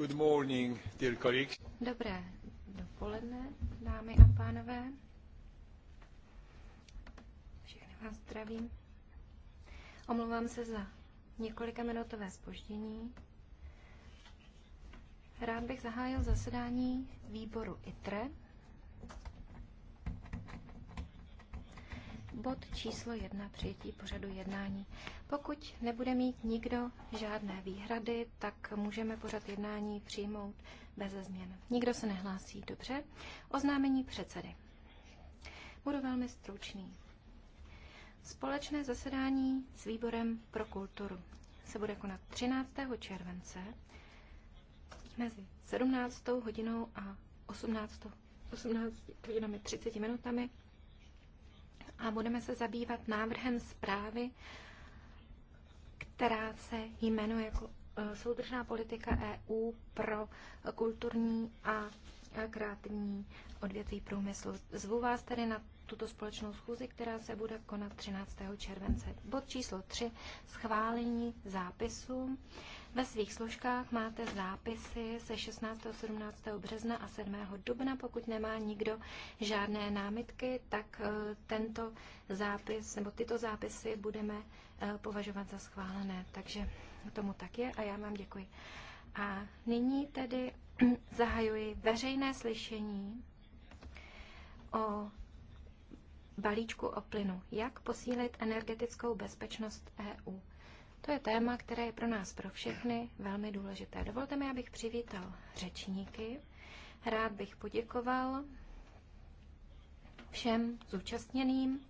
Good morning, dear colleagues. Dobré dopoledne, dámy a pánové. Všechny vás zdravím. Omlouvám se za několika minutové spoždění. Rád bych zahájil zasedání výboru ITRE. Bod číslo jedna přijetí pořadu jednání. Pokud nebude mít nikdo žádné výhrady, tak můžeme pořad jednání přijmout bez změn. Nikdo se nehlásí, dobře. Oznámení předsedy. Budu velmi stručný. Společné zasedání s výborem pro kulturu se bude konat 13. července mezi 17. hodinou a 18. 18 hodinami 30 minutami a budeme se zabývat návrhem zprávy která se jmenuje jako e, soudržná politika EU pro kulturní a kreativní odvětví průmyslu. Zvu vás tedy na tuto společnou schůzi, která se bude konat 13. července. Bod číslo 3. Schválení zápisu. Ve svých složkách máte zápisy se 16. 17. března a 7. dubna. Pokud nemá nikdo žádné námitky, tak e, tento zápis nebo tyto zápisy budeme Eh, považovat za schválené. Takže tomu tak je a já vám děkuji. A nyní tedy zahajuji veřejné slyšení o balíčku o plynu. Jak posílit energetickou bezpečnost EU? To je téma, které je pro nás, pro všechny, velmi důležité. Dovolte mi, abych přivítal řečníky. Rád bych poděkoval všem zúčastněným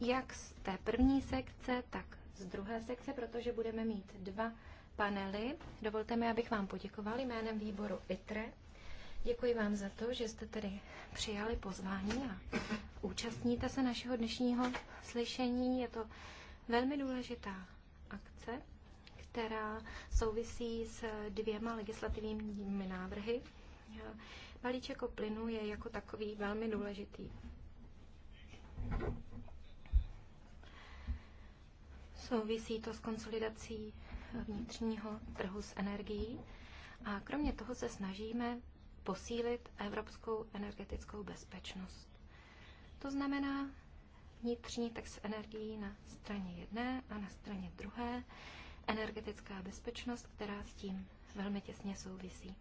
jak z té první sekce, tak z druhé sekce, protože budeme mít dva panely. Dovolte mi, abych vám poděkovali jménem výboru ITRE. Děkuji vám za to, že jste tedy přijali pozvání a účastníte se našeho dnešního slyšení. Je to velmi důležitá akce, která souvisí s dvěma legislativními návrhy. Balíček o plynu je jako takový velmi důležitý. Souvisí to s konsolidací vnitřního trhu s energií a kromě toho se snažíme posílit evropskou energetickou bezpečnost. To znamená vnitřní tak s energií na straně jedné a na straně druhé, energetická bezpečnost, která s tím velmi těsně souvisí.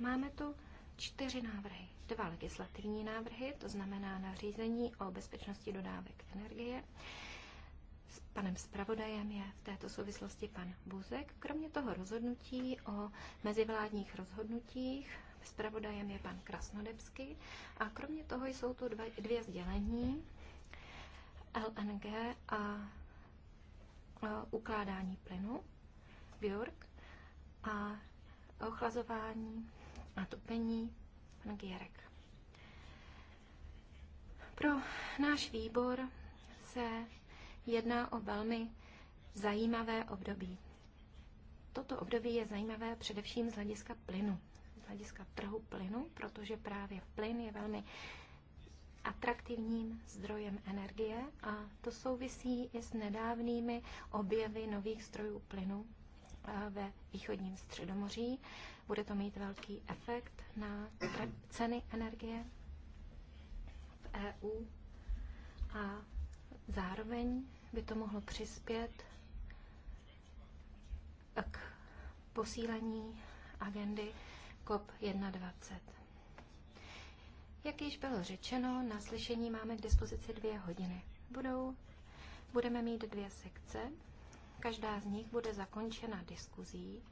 Máme tu čtyři návrhy. Dva legislativní návrhy, to znamená nařízení o bezpečnosti dodávek energie. S panem zpravodajem je v této souvislosti pan Buzek. Kromě toho rozhodnutí o mezivládních rozhodnutích Spravodajem je pan Krasnodebsky a kromě toho jsou tu dva, dvě sdělení LNG a, a ukládání plynu Björk a ochlazování a topení, pan Gierek. Pro náš výbor se jedná o velmi zajímavé období. Toto období je zajímavé především z hlediska plynu, z hlediska trhu plynu, protože právě plyn je velmi atraktivním zdrojem energie a to souvisí i s nedávnými objevy nových zdrojů plynu eh, ve východním středomoří. Bude to mít velký efekt na ceny energie v EU a zároveň by to mohlo přispět k posílení agendy COP21. Jak již bylo řečeno, na slyšení máme k dispozici dvě hodiny. Budou, budeme mít dvě sekce, každá z nich bude zakončena diskuzí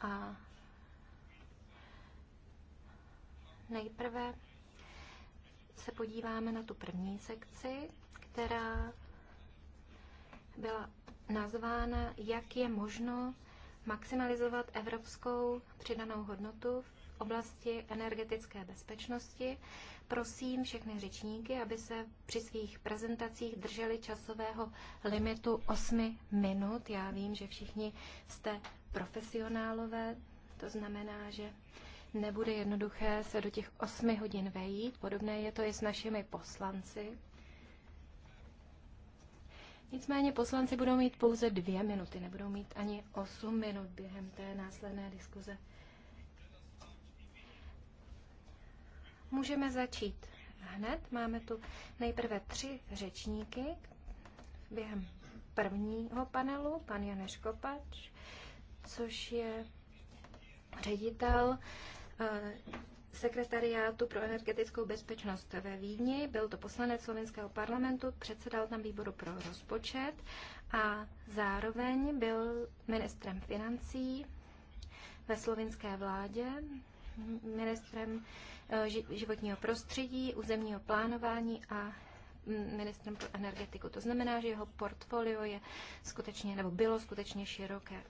a Nejprve se podíváme na tu první sekci, která byla nazvána, jak je možno maximalizovat evropskou přidanou hodnotu v oblasti energetické bezpečnosti. Prosím všechny řečníky, aby se při svých prezentacích drželi časového limitu 8 minut. Já vím, že všichni jste profesionálové, to znamená, že nebude jednoduché se do těch osmi hodin vejít. Podobné je to i s našimi poslanci. Nicméně poslanci budou mít pouze dvě minuty, nebudou mít ani osm minut během té následné diskuze. Můžeme začít hned. Máme tu nejprve tři řečníky během prvního panelu, pan Janeš Kopač, což je ředitel Eh, sekretariátu pro energetickou bezpečnost ve Vídni. Byl to poslanec slovenského parlamentu, předsedal tam výboru pro rozpočet a zároveň byl ministrem financí ve slovinské vládě, ministrem eh, životního prostředí, územního plánování a mm, ministrem pro energetiku. To znamená, že jeho portfolio je skutečně, nebo bylo skutečně široké.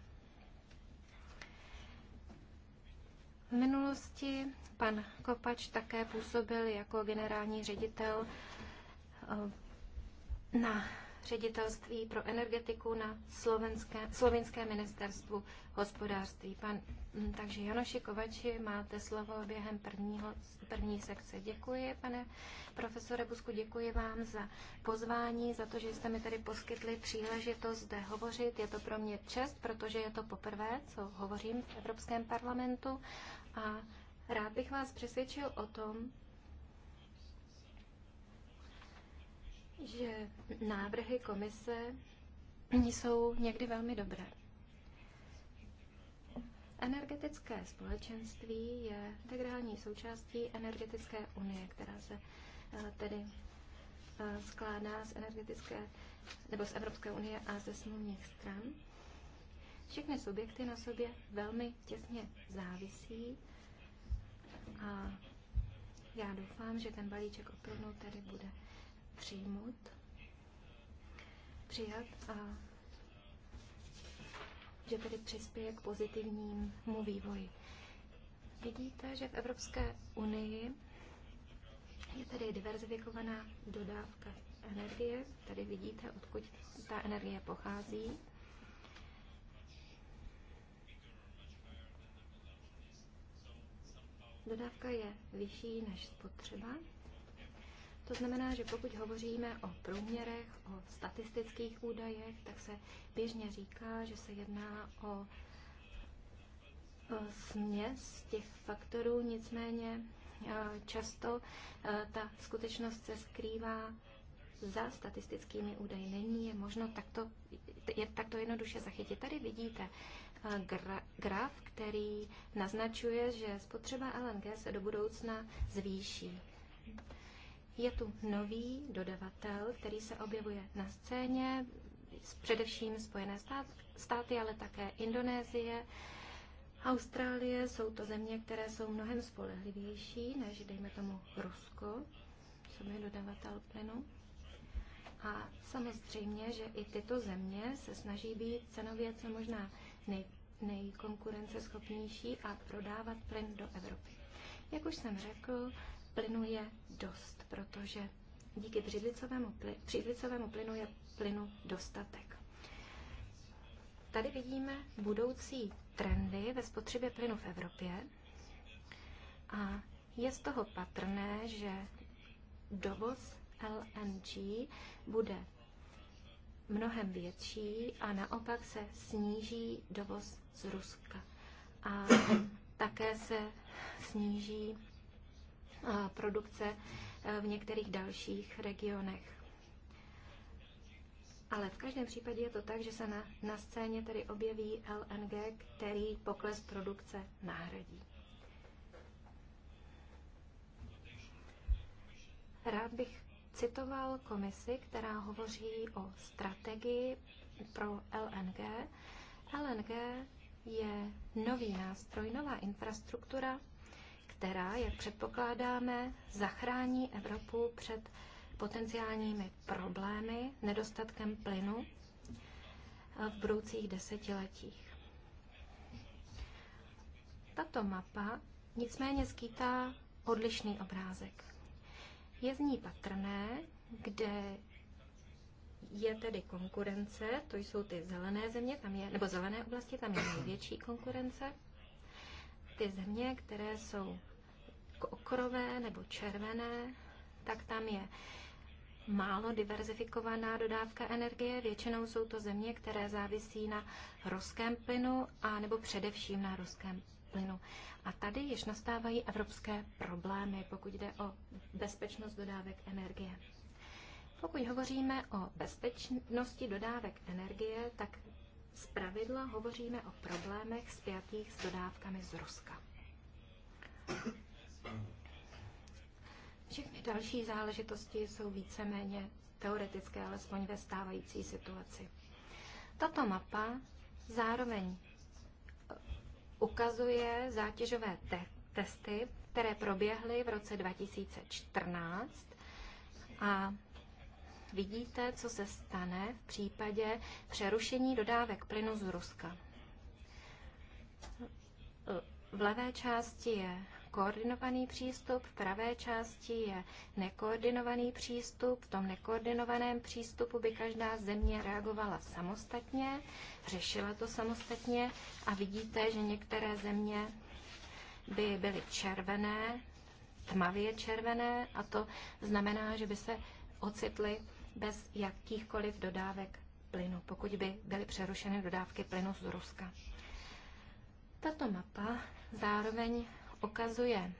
V minulosti pan Kopač také působil jako generální ředitel eh, na ředitelství pro energetiku na slovenské, slovinské ministerstvu hospodářství. Pan, mm, takže Janoši Kovači, máte slovo během prvního, první sekce. Děkuji, pane profesore Busku, děkuji vám za pozvání, za to, že jste mi tady poskytli příležitost zde hovořit. Je to pro mě čest, protože je to poprvé, co hovořím v Evropském parlamentu a rád bych vás přesvědčil o tom, že návrhy komise jsou někdy velmi dobré. Energetické společenství je integrální součástí energetické unie, která se eh, tedy eh, skládá z energetické nebo z Evropské unie a ze smluvních stran. Všechny subjekty na sobě velmi těsně závisí a já doufám, že ten balíček opravdu tedy tady bude přijmout, přijat a že tedy přispěje k pozitivnímu vývoji. Vidíte, že v Evropské unii je tady diverzifikovaná dodávka energie. Tady vidíte, odkud ta energie pochází. Dodávka je vyšší než spotřeba, to znamená, že pokud hovoříme o průměrech, o statistických údajech, tak se běžně říká, že se jedná o, o e, směs těch faktorů, nicméně e, často e, ta skutečnost se skrývá za statistickými údaji. Není je možno takto, je takto jednoduše zachytit. Tady vidíte gra, graf, který naznačuje, že spotřeba LNG se do budoucna zvýší. Je tu nový dodavatel, který se objevuje na scéně, především Spojené státy, ale také Indonésie, Austrálie. Jsou to země, které jsou mnohem spolehlivější než, dejme tomu, Rusko, co je dodavatel plynu. A samozřejmě, že i tyto země se snaží být cenově co možná nej, nejkonkurenceschopnější a prodávat plyn do Evropy. Jak už jsem řekl, plynu je dost, protože díky břidlicovému, pli, břidlicovému plynu je plynu dostatek. Tady vidíme budoucí trendy ve spotřebě plynu v Evropě a je z toho patrné, že dovoz LNG bude mnohem větší a naopak se sníží dovoz z Ruska. A také se sníží produkce eh, v některých dalších regionech. Ale v každém případě je to tak, že se na, na scéně tedy objeví LNG, který pokles produkce nahradí. Rád bych citoval komisi, která hovoří o strategii pro LNG. LNG je nový nástroj, nová infrastruktura, která, jak předpokládáme, zachrání Evropu před potenciálními problémy, nedostatkem plynu eh, v budoucích desetiletích. Tato mapa nicméně skýtá odlišný obrázek. Je z ní patrné, kde je tedy konkurence, to jsou ty zelené země, tam je, nebo zelené oblasti, tam je největší konkurence. Ty země, které jsou okrové nebo červené, tak tam je málo diverzifikovaná dodávka energie. Většinou jsou to země, které závisí na ruském plynu a nebo především na ruském plynu. A tady již nastávají evropské problémy, pokud jde o bezpečnost dodávek energie. Pokud hovoříme o bezpečnosti dodávek energie, tak z pravidla hovoříme o problémech spjatých s dodávkami z Ruska. Všechny další záležitosti jsou víceméně teoretické, alespoň ve stávající situaci. Tato mapa zároveň eh, ukazuje zátěžové te- testy, které proběhly v roce 2014 a vidíte, co se stane v případě přerušení dodávek plynu z Ruska. V levé části je koordinovaný přístup, v pravé části je nekoordinovaný přístup. V tom nekoordinovaném přístupu by každá země reagovala samostatně, řešila to samostatně a vidíte, že některé země by byly červené, tmavě červené a to znamená, že by se ocitly bez jakýchkoliv dodávek plynu, pokud by byly přerušeny dodávky plynu z Ruska. Tato mapa zároveň ukazuje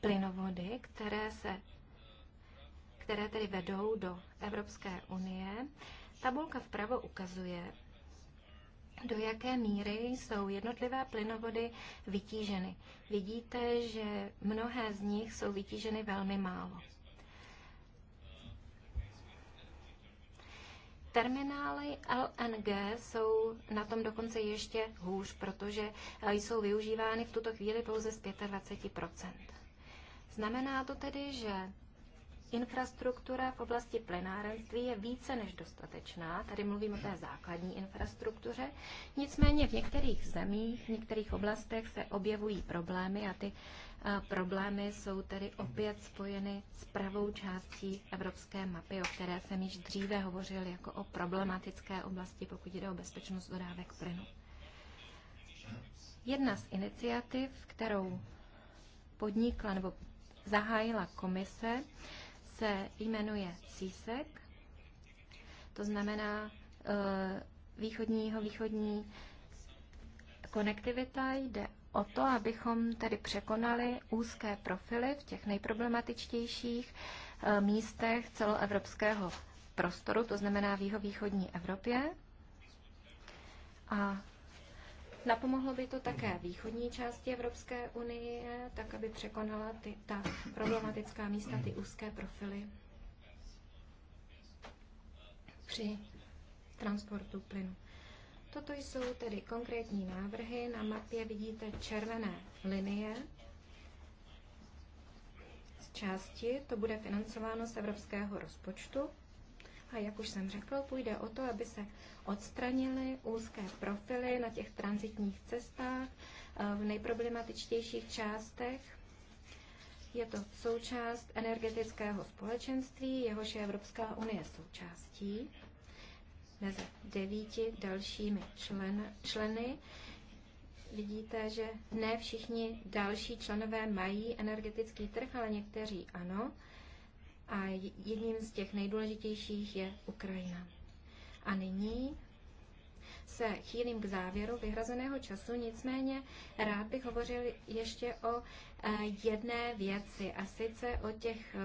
plynovody, které, se, které tedy vedou do Evropské unie. Tabulka vpravo ukazuje, do jaké míry jsou jednotlivé plynovody vytíženy. Vidíte, že mnohé z nich jsou vytíženy velmi málo. Terminály LNG jsou na tom dokonce ještě hůř, protože eh, jsou využívány v tuto chvíli pouze z 25 Znamená to tedy, že Infrastruktura v oblasti plenárenství je více než dostatečná, tady mluvím o té základní infrastruktuře, nicméně v některých zemích, v některých oblastech se objevují problémy a ty a problémy jsou tedy opět spojeny s pravou částí evropské mapy, o které jsem již dříve hovořil jako o problematické oblasti, pokud jde o bezpečnost dodávek plynu. Jedna z iniciativ, kterou podnikla nebo zahájila komise, se jmenuje Císek, to znamená eh, východního východní konektivita. Jde o to, abychom tedy překonali úzké profily v těch nejproblematičtějších eh, místech celoevropského prostoru, to znamená v jihovýchodní Evropě. A Napomohlo by to také východní části Evropské unie, tak aby překonala ty, ta problematická místa, ty úzké profily při transportu plynu. Toto jsou tedy konkrétní návrhy. Na mapě vidíte červené linie. Z části to bude financováno z evropského rozpočtu. A jak už jsem řekl, půjde o to, aby se odstranily úzké profily na těch transitních cestách eh, v nejproblematičtějších částech. Je to součást energetického společenství, jehož je Evropská unie součástí mezi devíti dalšími člen, členy. Vidíte, že ne všichni další členové mají energetický trh, ale někteří ano a jedním z těch nejdůležitějších je Ukrajina. A nyní se chýlím k závěru vyhrazeného času, nicméně rád bych hovořil ještě o e, jedné věci, a sice o těch e,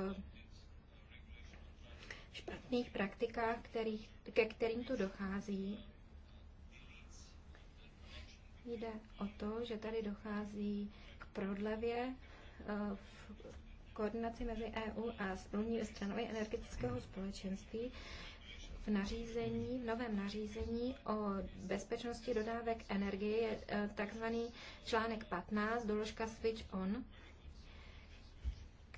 špatných praktikách, kterých, ke kterým tu dochází. Jde o to, že tady dochází k prodlevě e, v koordinaci mezi EU a smluvními stranami energetického společenství v nařízení, v novém nařízení o bezpečnosti dodávek energie je e, takzvaný článek 15, doložka Switch On,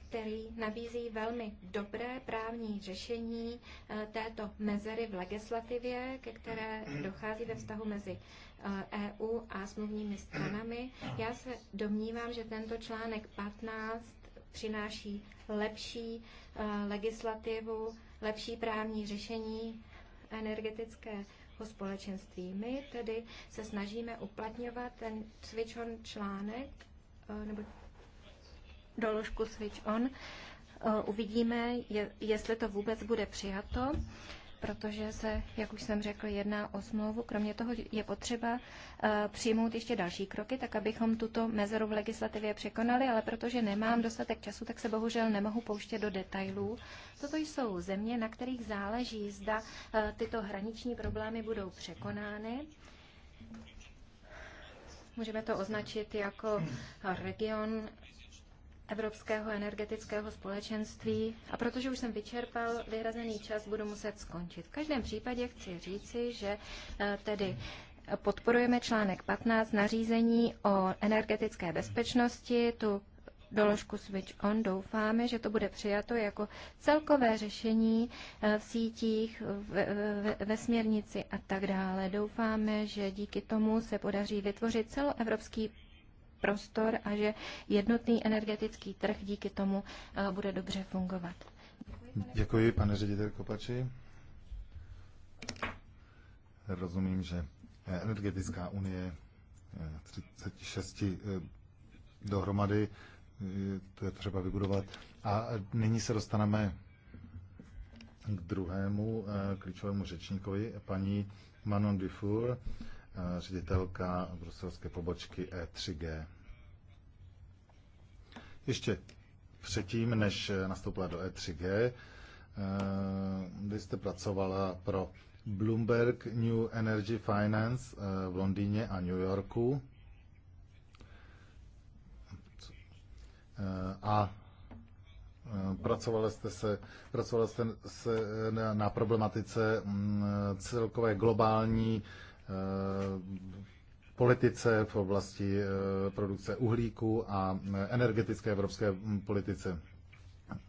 který nabízí velmi dobré právní řešení e, této mezery v legislativě, ke které dochází ve vztahu mezi EU e a smluvními stranami. Já se domnívám, že tento článek 15 přináší lepší eh, legislativu, lepší právní řešení energetické společenství. My tedy se snažíme uplatňovat ten switch on článek, eh, nebo doložku switch on. Eh, uvidíme, jestli to vůbec bude přijato protože se, jak už jsem řekl, jedná o smlouvu. Kromě toho je potřeba eh, přijmout ještě další kroky, tak abychom tuto mezeru v legislativě překonali, ale protože nemám dostatek času, tak se bohužel nemohu pouštět do detailů. Toto jsou země, na kterých záleží, zda eh, tyto hraniční problémy budou překonány. Můžeme to označit jako region Evropského energetického společenství a protože už jsem vyčerpal vyhrazený čas, budu muset skončit. V každém případě chci říci, že eh, tedy podporujeme článek 15 nařízení o energetické bezpečnosti, tu doložku Switch On. Doufáme, že to bude přijato jako celkové řešení eh, v sítích, ve, směrnici a tak dále. Doufáme, že díky tomu se podaří vytvořit celoevropský prostor a že jednotný energetický trh díky tomu eh, bude dobře fungovat. Děkuji, pane ředitel Kopači. Rozumím, že eh, energetická unie 36 eh, dohromady, to je třeba vybudovat. A nyní se dostaneme k druhému klíčovému řečníkovi, paní Manon Dufour, ředitelka bruselské pobočky E3G. Ještě předtím, než nastoupila do E3G, vy eh, jste pracovala pro Bloomberg New Energy Finance eh, v Londýně a New Yorku. Eh, a pracovala jste se, pracovala jste se na problematice mm, celkové globální politice, v oblasti eh, produkce uhlíku a eh, energetické evropské mm, politice.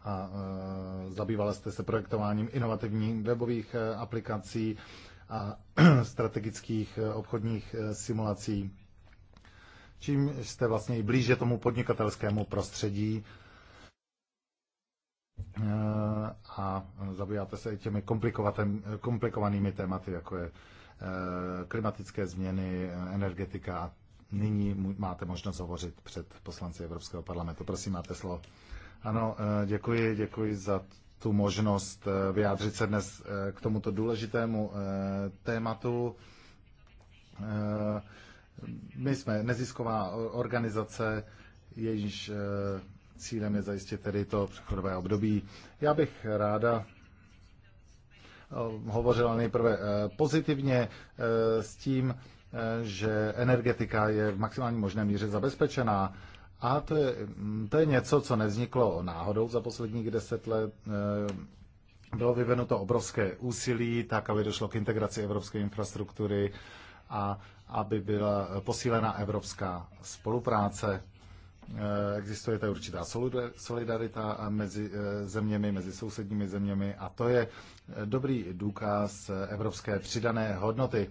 A eh, zabývala jste se projektováním inovativních webových aplikací a strategických obchodních simulací, čím jste vlastně i blíže tomu podnikatelskému prostředí a zabýváte se i těmi komplikovanými tématy, jako je Eh, klimatické změny, eh, energetika nyní máte možnost hovořit před poslanci Evropského parlamentu. Prosím, máte slovo. Ano, eh, děkuji, děkuji za tu možnost vyjádřit se dnes k tomuto důležitému tématu. My jsme nezisková organizace, jejíž cílem je zajistit tedy to přechodové období. Já bych ráda Eh, hovořila nejprve eh, pozitivně eh, s tím, že energetika je v maximální možné míře zabezpečená. A to je, mm, to je něco, co nevzniklo náhodou za posledních deset let. Bylo vyvenuto obrovské úsilí, tak aby došlo k integraci evropské infrastruktury a aby byla posílena evropská spolupráce. Eh, existuje ta určitá solidarita mezi eh, zeměmi, mezi sousedními zeměmi a to je eh, dobrý důkaz evropské přidané hodnoty.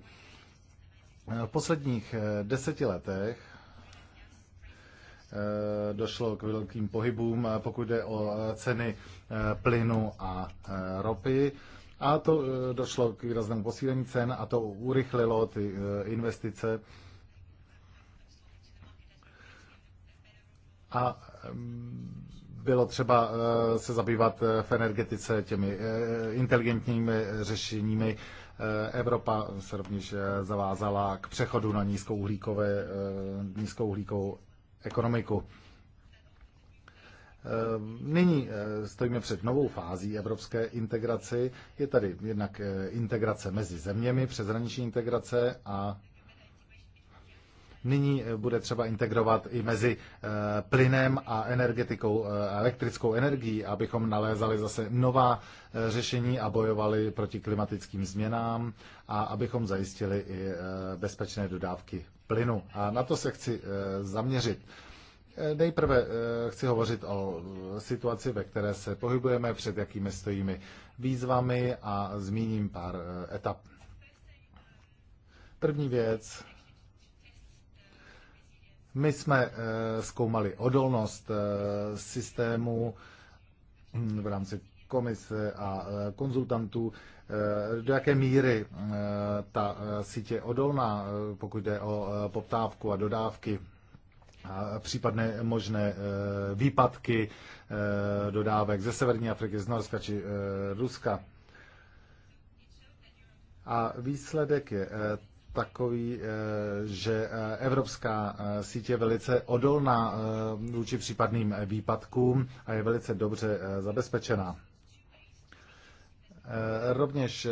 V posledních deseti letech došlo k velkým pohybům, pokud jde o ceny plynu a ropy. A to došlo k výraznému posílení cen a to urychlilo ty investice A bylo třeba eh, se zabývat eh, v energetice těmi eh, inteligentními řešeními. Evropa se rovněž zavázala k přechodu na nízkou nízkouhlíkovou ekonomiku. Nyní stojíme před novou fází evropské integraci. Je tady jednak integrace mezi zeměmi, přeshraniční integrace a nyní eh, bude třeba integrovat i mezi eh, plynem a energetikou, eh, elektrickou energií, abychom nalézali zase nová řešení a bojovali proti klimatickým změnám a abychom zajistili i bezpečné dodávky plynu. A na to se chci zaměřit. Nejprve chci hovořit o situaci, ve které se pohybujeme, před jakými stojíme výzvami a zmíním pár etap. První věc, my jsme eh, zkoumali odolnost eh, systému hm, v rámci komise a eh, konzultantů, do jaké míry ta sítě je odolná, pokud jde o poptávku a dodávky a případné možné výpadky dodávek ze Severní Afriky, z Norska či Ruska. A výsledek je takový, eh, že eh, evropská eh, síť je velice odolná vůči případným výpadkům a je velice dobře zabezpečená. Rovněž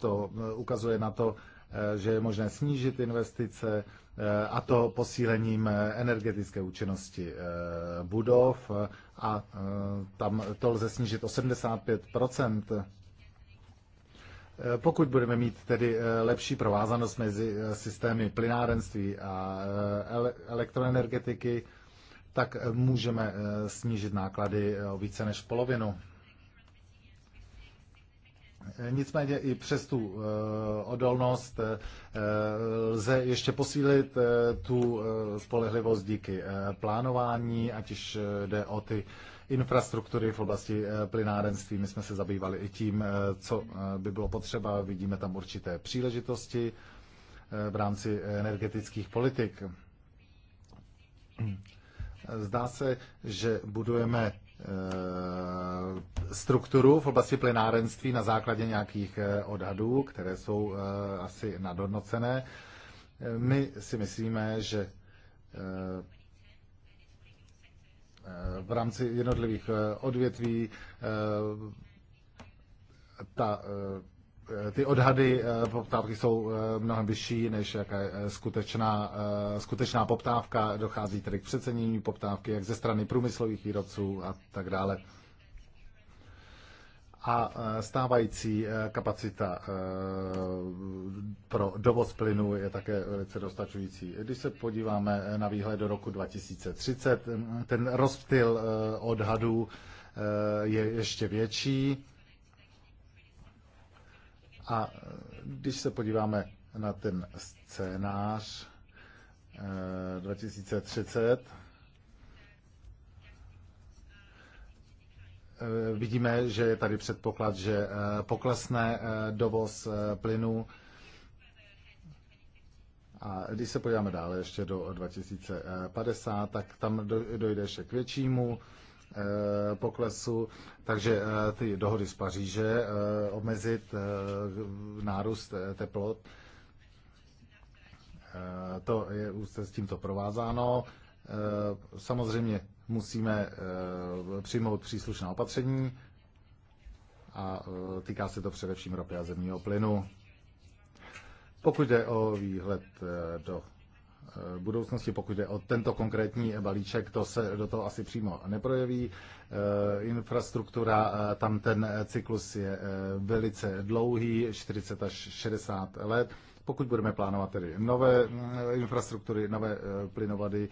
to ukazuje na to, že je možné snížit investice a to posílením energetické účinnosti budov a tam to lze snížit o 75 Eh, pokud budeme mít tedy eh, lepší provázanost mezi eh, systémy plynárenství a elektroenergetiky, tak můžeme snížit náklady o více než polovinu. Nicméně i přes tu odolnost lze ještě posílit tu spolehlivost díky plánování, ať již jde o ty infrastruktury v oblasti eh, plynárenství. My jsme se zabývali i tím, eh, co eh, by bylo potřeba. Vidíme tam určité příležitosti v rámci energetických politik. Zdá se, že budujeme strukturu v oblasti plynárenství na základě nějakých odhadů, které jsou asi nadhodnocené. My si myslíme, že Eh, v rámci jednotlivých eh, odvětví. Eh, ta, ty odhady poptávky jsou mnohem vyšší, než jaká je skutečná, skutečná poptávka. Dochází tedy k přecenění poptávky, jak ze strany průmyslových výrobců a tak dále a e, stávající e, kapacita e, pro dovoz plynu je také velice dostačující. Když se podíváme na výhled do roku 2030, ten rozptyl odhadů je ještě větší. A když se podíváme na ten scénář 2030, Eh, vidíme, že je tady předpoklad, že eh, poklesne eh, dovoz plynu. A když se podíváme dále ještě do 2050, tak tam dojde ještě k většímu poklesu, takže ty dohody z Paříže omezit nárůst teplot, to je úzce s tímto provázáno. Samozřejmě musíme eh, přijmout příslušná opatření a eh, týká se to především ropy a zemního plynu. Pokud jde o výhled eh, do budoucnosti, pokud jde o tento konkrétní balíček, to se do toho asi přímo neprojeví. Infrastruktura, tam ten cyklus je velice dlouhý, 40 až 60 let. Pokud budeme plánovat tedy nové infrastruktury, nové plynovady,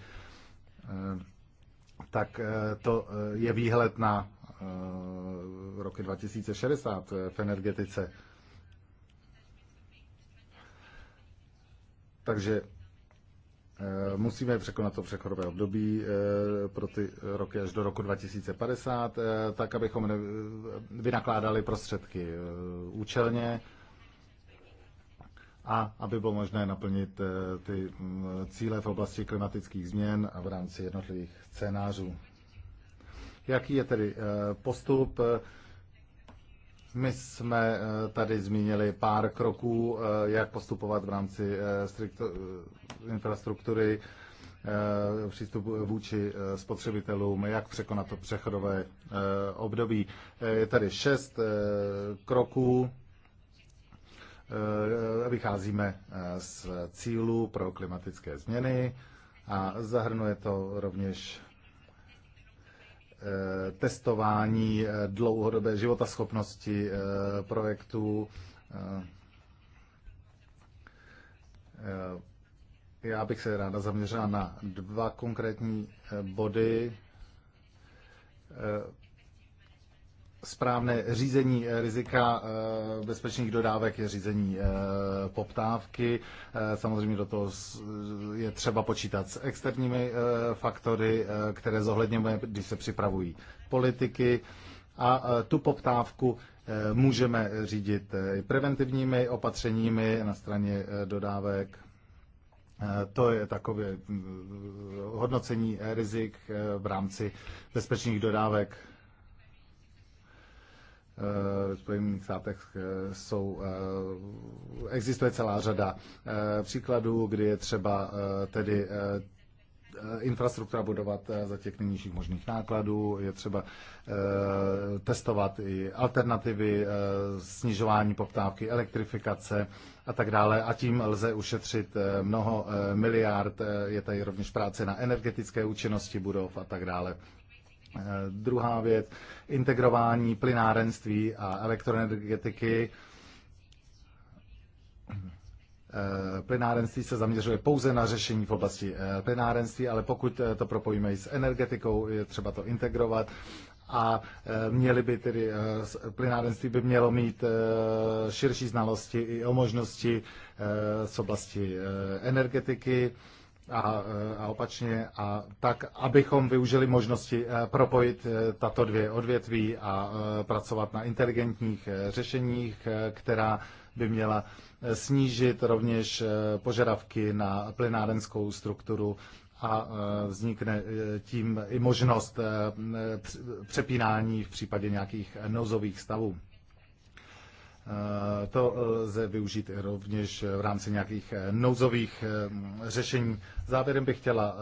tak eh, to eh, je výhled na eh, roky 2060 v energetice. Takže musíme překonat to přechodové období pro ty roky až do roku 2050, tak abychom vynakládali prostředky účelně a aby bylo možné naplnit ty mm, cíle v oblasti klimatických změn a v rámci jednotlivých scénářů. Jaký je tedy eh, postup? My jsme eh, tady zmínili pár kroků, eh, jak postupovat v rámci infrastruktury, přístupu vůči spotřebitelům, jak překonat to přechodové období. Je tady šest kroků. Vycházíme z cílů pro klimatické změny a zahrnuje to rovněž Eh, testování eh, dlouhodobé životaschopnosti eh, projektů. Já bych se ráda zaměřila na dva konkrétní body správné řízení eh, rizika eh, bezpečných dodávek je řízení eh, poptávky. Samozřejmě do toho je třeba počítat s externími faktory, které zohledněme, když se připravují politiky. A tu poptávku můžeme řídit i preventivními opatřeními na straně dodávek. To je takové mm, hodnocení rizik v rámci bezpečných dodávek Eh, v Spojených státech eh, jsou, eh, existuje celá řada příkladů, kdy je třeba tedy infrastruktura budovat za těch nejnižších možných nákladů, je třeba testovat i alternativy, snižování poptávky, elektrifikace a tak dále. A tím lze ušetřit mnoho miliard. Je tady rovněž práce na energetické účinnosti budov a tak dále. Eh, druhá věc, integrování plynárenství a elektroenergetiky. Eh, plynárenství se zaměřuje pouze na řešení v oblasti eh, plynárenství, ale pokud to propojíme i s energetikou, je třeba to integrovat a měli by tedy, plynárenství by mělo mít širší znalosti i o možnosti z oblasti energetiky a, e, a opačně, a tak, abychom využili možnosti e, propojit e, tato dvě odvětví a pracovat na inteligentních řešeních, která by měla snížit rovněž požadavky na plynárenskou strukturu a vznikne tím i možnost přepínání v případě nějakých nouzových stavů. Eh, to eh, lze využít rovněž eh, v rámci nějakých nouzových mm, řešení. Závěrem bych chtěla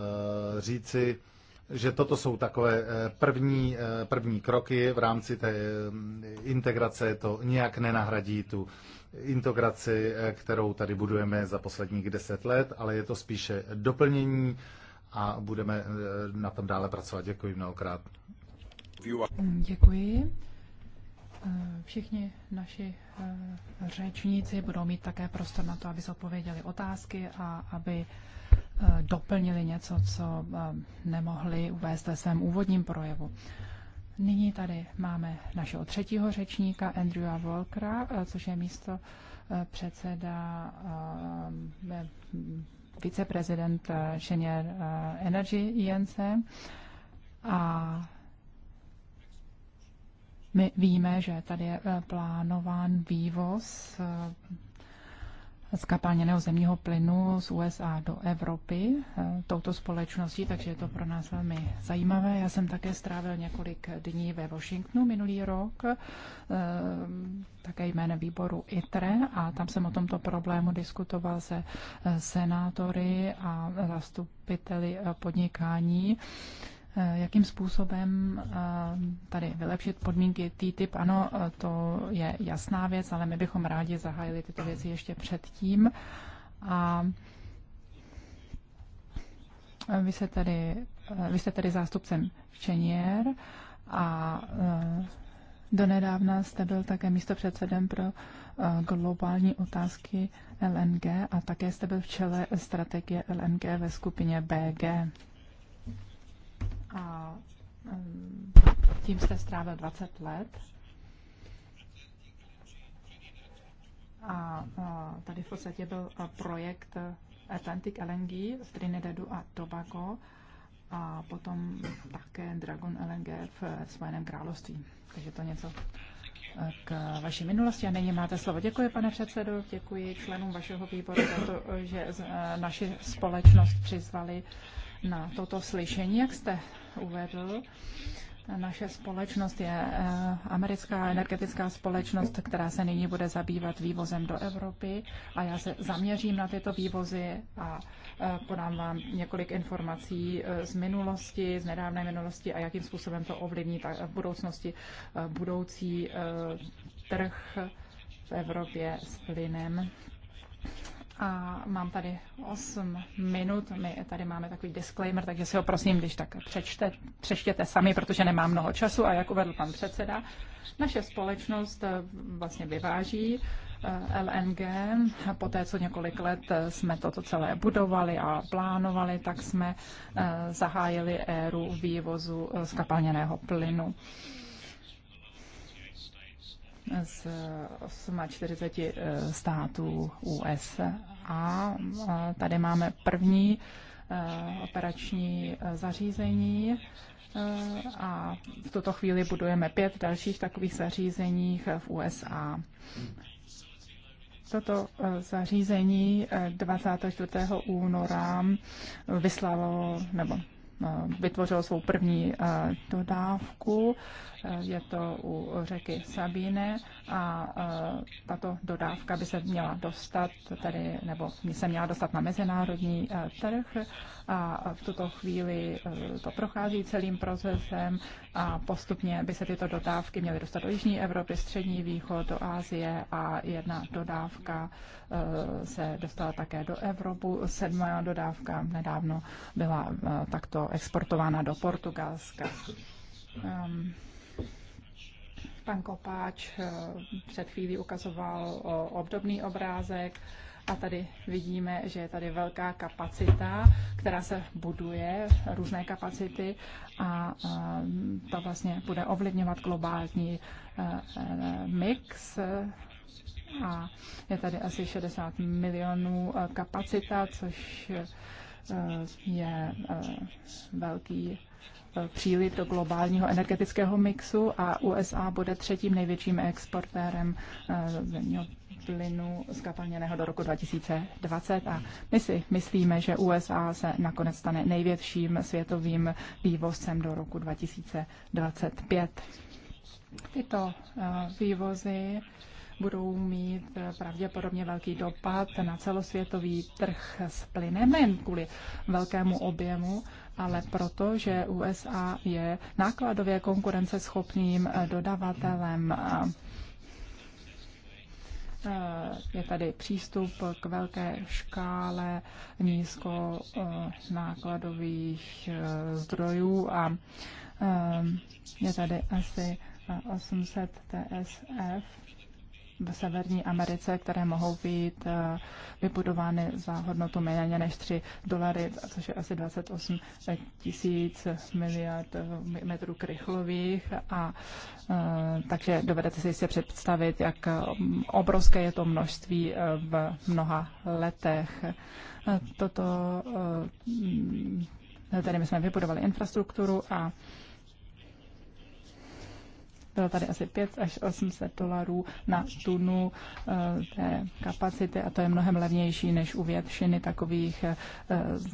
říci, že toto jsou takové první, první kroky v rámci té integrace. To nijak nenahradí tu integraci, kterou tady budujeme za posledních deset let, ale je to spíše doplnění a budeme na tom dále pracovat. Děkuji mnohokrát. Děkuji. Eh, všichni naši eh, řečníci budou mít také prostor na to, aby zodpověděli otázky a aby eh, doplnili něco, co nemohli uvést ve svém úvodním projevu. Nyní tady máme našeho třetího řečníka Andrewa Volkra, což je místo předseda viceprezident Šenier Energy INC. A my víme, že tady je eh, plánován vývoz skapalněného eh, zemního plynu z USA do Evropy eh, touto společností, takže je to pro nás velmi zajímavé. Já jsem také strávil několik dní ve Washingtonu minulý rok, také jménem výboru ITRE a tam jsem o tomto problému diskutoval se senátory a zastupiteli podnikání Eh, jakým způsobem eh, tady vylepšit podmínky TTIP. Ano, eh, to je jasná věc, ale my bychom rádi zahájili tyto věci ještě předtím. A vy, se tady, vy jste tady zástupcem Čenier a donedávna jste byl také místopředsedem pro globální otázky LNG a také jste byl v čele strategie LNG ve skupině BG a tím jste strávil 20 let. A, tady v podstatě byl projekt Atlantic LNG z Trinidadu a Tobago a potom také Dragon LNG v Spojeném království. Takže to něco e, k vaší minulosti a nyní máte slovo. Děkuji, pane předsedo, děkuji členům vašeho výboru za to, že e, naši společnost přizvali na toto slyšení. Jak jste uvedl, naše společnost je eh, americká energetická společnost, která se nyní bude zabývat vývozem do Evropy a já se zaměřím na tyto vývozy a eh, podám vám několik informací eh, z minulosti, z nedávné minulosti a jakým způsobem to ovlivní v budoucnosti budoucí trh v Evropě s plynem a mám tady 8 minut. My tady máme takový disclaimer, takže si ho prosím, když tak přečte, přečtěte sami, protože nemám mnoho času. A jak uvedl pan předseda, naše společnost eh, vlastně vyváží eh, LNG. Po poté, co několik let eh, jsme toto celé budovali a plánovali, tak jsme zahájili éru vývozu skapalněného plynu z 48 eh, států USA. Eh, tady máme první eh, operační zařízení a v tuto chvíli budujeme pět dalších takových zařízení v USA. Toto zařízení 24. února vyslalo nebo vytvořilo svou první dodávku Eh, je to u řeky Sabine a eh, tato dodávka by se měla dostat, tady, nebo se měla dostat na mezinárodní eh, trh a v tuto chvíli to prochází celým procesem a postupně by se tyto dodávky měly dostat do Jižní Evropy, Střední východ, do Asie a jedna dodávka se dostala také do Evropu. Sedmá dodávka nedávno byla takto exportována do Portugalska. Um, Pan Kopáč eh, před chvílí ukazoval eh, obdobný obrázek a tady vidíme, že je tady velká kapacita, která se buduje, různé kapacity a eh, to vlastně bude ovlivňovat globální mix a je tady asi 60 milionů kapacita, což je velký příliv do globálního energetického mixu a USA bude třetím největším exportérem eh, zemního plynu skapalněného do roku 2020 a my si myslíme, že USA se nakonec stane největším světovým vývozcem do roku 2025. Tyto eh, vývozy budou mít eh, pravděpodobně velký dopad na celosvětový trh s plynem, nejen kvůli velkému objemu, ale proto, že USA je nákladově konkurenceschopným eh, dodavatelem. Eh, je tady přístup k velké škále nízko eh, nákladových zdrojů a je tady asi 800 TSF v Severní Americe, které mohou být eh, vybudovány za hodnotu méně než 3 dolary, což je asi 28 tisíc miliard eh, metrů krychlových. A, eh, takže dovedete si jistě představit, jak obrovské je to množství v mnoha letech. Toto, tedy my jsme vybudovali infrastrukturu a bylo tady asi 5 až 800 dolarů na tunu eh, té kapacity a to je mnohem levnější než u většiny takových eh,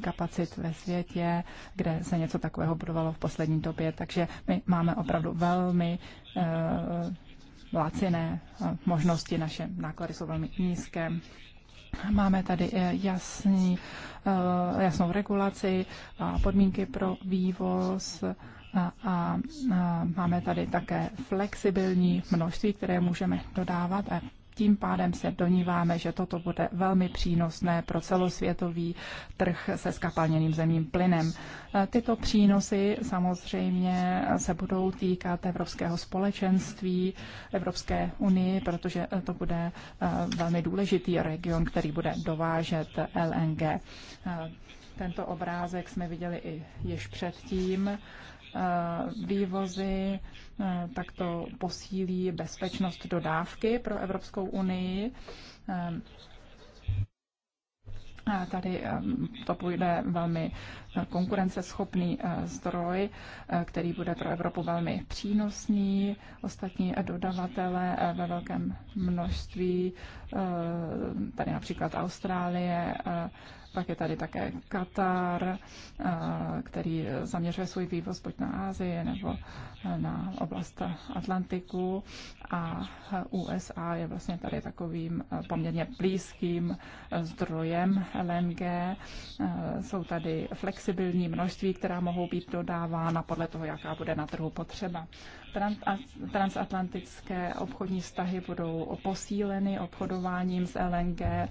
kapacit ve světě, kde se něco takového budovalo v poslední době. Takže my máme opravdu velmi eh, laciné možnosti, naše náklady jsou velmi nízké. Máme tady jasný, jasnou regulaci a podmínky pro vývoz a, a máme tady také flexibilní množství, které můžeme dodávat a tím pádem se doníváme, že toto bude velmi přínosné pro celosvětový trh se skapalněným zemním plynem. Tyto přínosy samozřejmě se budou týkat Evropského společenství, Evropské unii, protože to bude velmi důležitý region, který bude dovážet LNG. Tento obrázek jsme viděli i již předtím. Eh, vývozy, eh, tak to posílí bezpečnost dodávky pro Evropskou unii. Eh, a tady to půjde velmi konkurenceschopný zdroj, který bude pro Evropu velmi přínosný. Ostatní dodavatele ve velkém množství, tady například Austrálie, pak je tady také Katar, eh, který zaměřuje svůj vývoz buď na Ázii nebo eh, na oblast Atlantiku a eh, USA je vlastně tady takovým poměrně blízkým zdrojem LNG. Jsou tady flexibilní množství, která mohou být dodávána podle toho, jaká bude na trhu potřeba transatlantické obchodní vztahy budou posíleny obchodováním s LNG eh,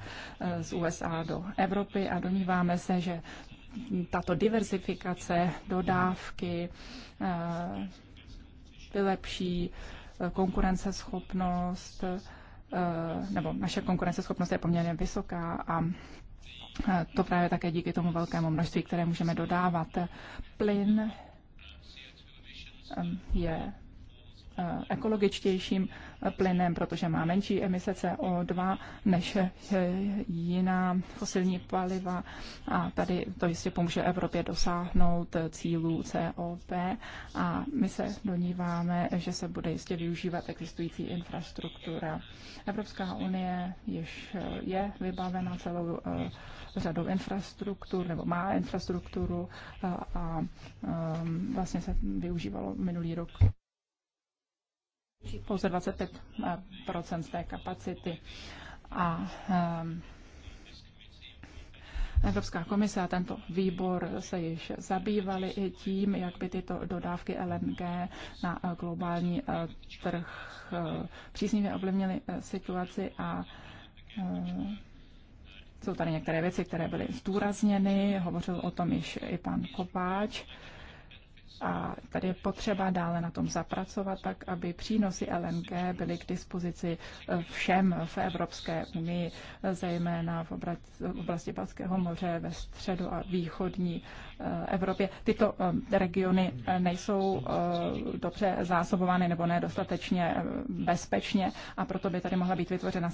z USA do Evropy a domníváme se, že tato diversifikace dodávky vylepší eh, eh, konkurenceschopnost, nebo naše konkurenceschopnost je poměrně vysoká a to právě také díky tomu velkému množství, které můžeme dodávat. Plyn je Eh, ekologičtějším plynem, protože má menší emise CO2 než eh, jiná fosilní paliva. A tady to jistě pomůže Evropě dosáhnout cílů COP. A my se doníváme, že se bude jistě využívat existující infrastruktura. Evropská unie již eh, je vybavena celou řadou infrastruktur, nebo má infrastrukturu a, a vlastně se využívalo minulý rok pouze 25 eh, z té kapacity. A ehm, Evropská komise a tento výbor se již zabývali i tím, jak by tyto dodávky LNG na eh, globální eh, trh příznivě ovlivnily situaci a jsou tady některé věci, které byly zdůrazněny, hovořil o tom již i pan Kopáč. A tady je potřeba dále na tom zapracovat tak, aby přínosy LNG byly k dispozici všem v Evropské unii, zejména v oblasti Balského moře, ve středu a východní Eh, Evropě tyto eh, regiony eh, nejsou dobře zásobovány nebo nedostatečně bezpečně a proto by tady mohla být vytvořena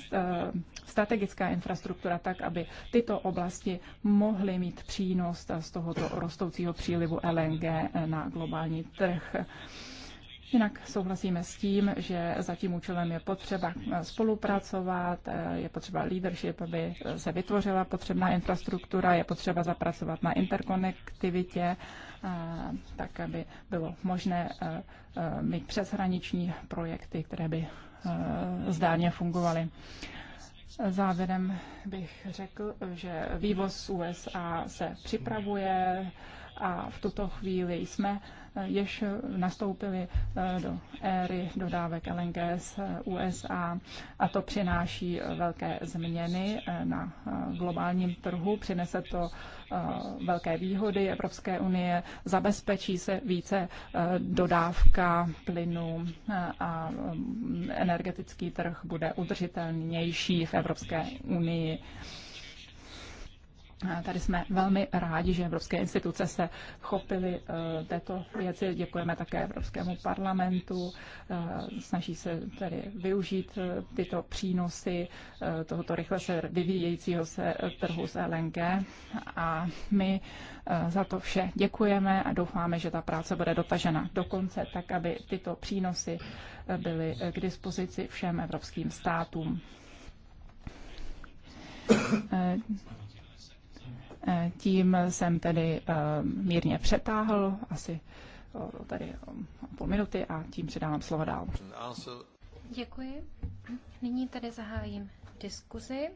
strategická infrastruktura tak, aby tyto oblasti mohly mít přínos z tohoto rostoucího přílivu LNG na globální trh. Jinak souhlasíme s tím, že za tím účelem je potřeba eh, spolupracovat, eh, je potřeba leadership, aby eh, se vytvořila potřebná infrastruktura, je potřeba zapracovat na interkonektivitě, tak aby bylo možné mít přeshraniční projekty, které by zdárně fungovaly. Závěrem bych řekl, že vývoz z USA se připravuje a v tuto chvíli jsme jež nastoupili eh, do éry dodávek LNG z eh, USA a to přináší eh, velké změny na globálním trhu, přinese to velké výhody Evropské unie, zabezpečí se více dodávka plynu a mm, energetický trh bude udržitelnější v Evropské unii. Tady jsme velmi rádi, že evropské instituce se chopily eh, této věci. Děkujeme také Evropskému parlamentu. Eh, snaží se tedy využít eh, tyto přínosy tohoto rychle se vyvíjejícího se trhu s LNG. A my za to vše děkujeme a doufáme, že ta práce bude dotažena do konce, tak aby tyto přínosy byly k dispozici všem evropským státům. Tím jsem tedy eh, mírně přetáhl, asi eh, tady eh, půl minuty a tím předávám slovo dál. Děkuji. Nyní tedy zahájím diskuzi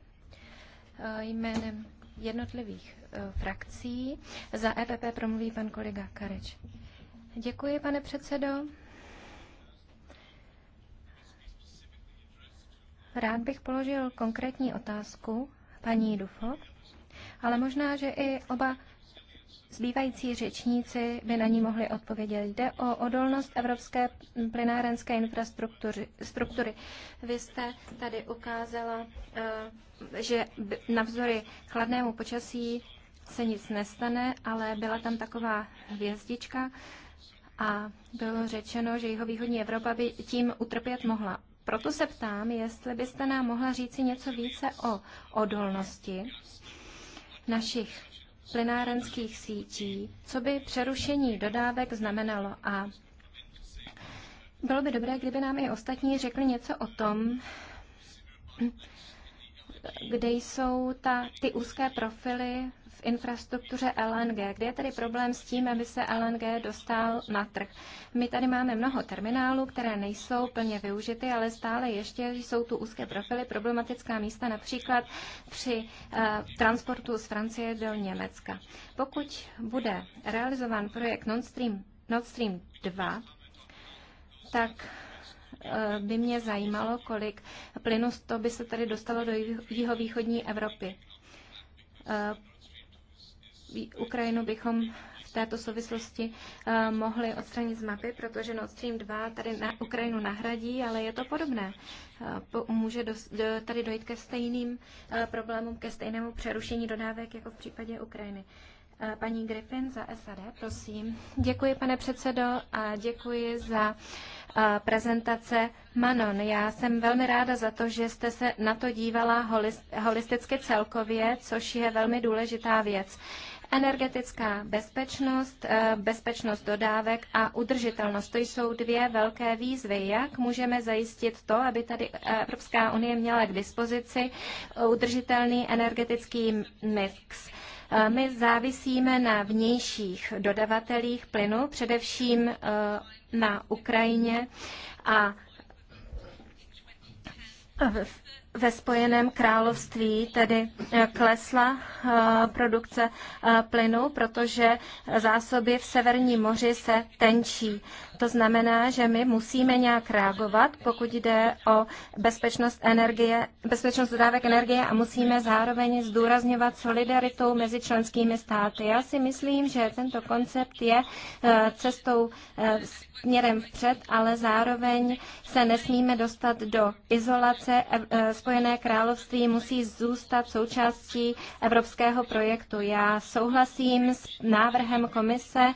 jménem jednotlivých frakcí. Za EPP promluví pan kolega Kareč. Děkuji, pane předsedo. Rád bych položil konkrétní otázku paní Dufov ale možná, že i oba Zbývající řečníci by na ní mohli odpovědět. Jde o odolnost evropské plynárenské infrastruktury. Struktury. Vy jste tady ukázala, eh, že vzory chladnému počasí se nic nestane, ale byla tam taková hvězdička a bylo řečeno, že jeho východní Evropa by tím utrpět mohla. Proto se ptám, jestli byste nám mohla říci něco více o odolnosti našich plynárenských sítí, co by přerušení dodávek znamenalo. A bylo by dobré, kdyby nám i ostatní řekli něco o tom, kde jsou ta, ty úzké profily infrastruktuře LNG. Kde je tedy problém s tím, aby se LNG dostal na trh? My tady máme mnoho terminálů, které nejsou plně využity, ale stále ještě jsou tu úzké profily, problematická místa, například při eh, transportu z Francie do Německa. Pokud bude realizován projekt Nord Stream, Nord Stream 2, tak eh, by mě zajímalo, kolik plynu to by se tady dostalo do jihovýchodní Evropy. Eh, Ukrajinu bychom v této souvislosti eh, mohli odstranit z mapy, protože Nord Stream 2 tady na Ukrajinu nahradí, ale je to podobné. Eh, může tady dojít ke stejným eh, problémům, ke stejnému přerušení dodávek jako v případě Ukrajiny. Paní Griffin za SAD, prosím. Děkuji, pane předsedo, a děkuji za prezentace Manon. Já jsem velmi ráda za to, že jste se na to dívala holisticky celkově, což je velmi důležitá věc. Energetická bezpečnost, eh, bezpečnost dodávek a udržitelnost. To jsou dvě velké výzvy. Jak můžeme zajistit to, aby tady Evropská unie měla k dispozici udržitelný energetický mix? Eh, my závisíme na vnějších dodavatelích plynu, především eh, na Ukrajině a ve Spojeném království tedy eh, klesla eh, produkce eh, plynu, protože zásoby v Severním moři se tenčí. To znamená, že my musíme nějak reagovat, pokud jde o bezpečnost, energie, bezpečnost dodávek energie a musíme zároveň zdůrazňovat solidaritu mezi členskými státy. Já si myslím, že tento koncept je eh, cestou eh, směrem vpřed, ale zároveň se nesmíme dostat do izolace. Eh, Spojené království musí zůstat součástí evropského projektu. Já souhlasím s návrhem komise,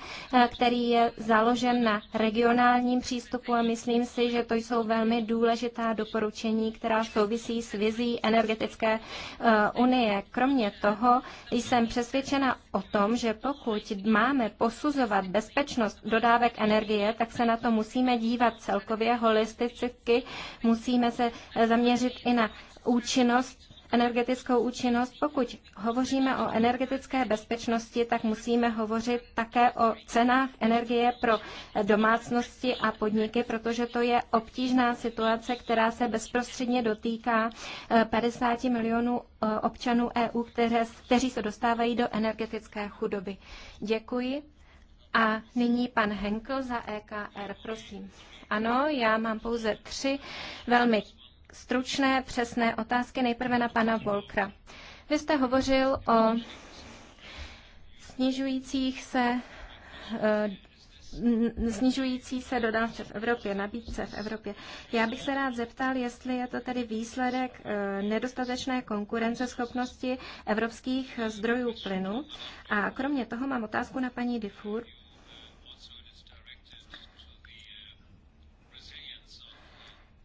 který je založen na regionu regionálním přístupu a myslím si, že to jsou velmi důležitá doporučení, která souvisí s vizí energetické eh, unie. Kromě toho jsem přesvědčena o tom, že pokud máme posuzovat bezpečnost dodávek energie, tak se na to musíme dívat celkově holisticky, musíme se eh, zaměřit i na účinnost energetickou účinnost. Pokud hovoříme o energetické bezpečnosti, tak musíme hovořit také o cenách energie pro domácnosti a podniky, protože to je obtížná situace, která se bezprostředně dotýká 50 eh, milionů eh, občanů EU, které, kteří se dostávají do energetické chudoby. Děkuji. A nyní pan Henkel za EKR, prosím. Ano, já mám pouze tři velmi stručné, přesné otázky nejprve na pana Volkra. Vy jste hovořil o snižujících se eh, snižující se dodávce v Evropě, nabídce v Evropě. Já bych se rád zeptal, jestli je to tedy výsledek eh, nedostatečné konkurenceschopnosti evropských zdrojů plynu. A kromě toho mám otázku na paní Difur.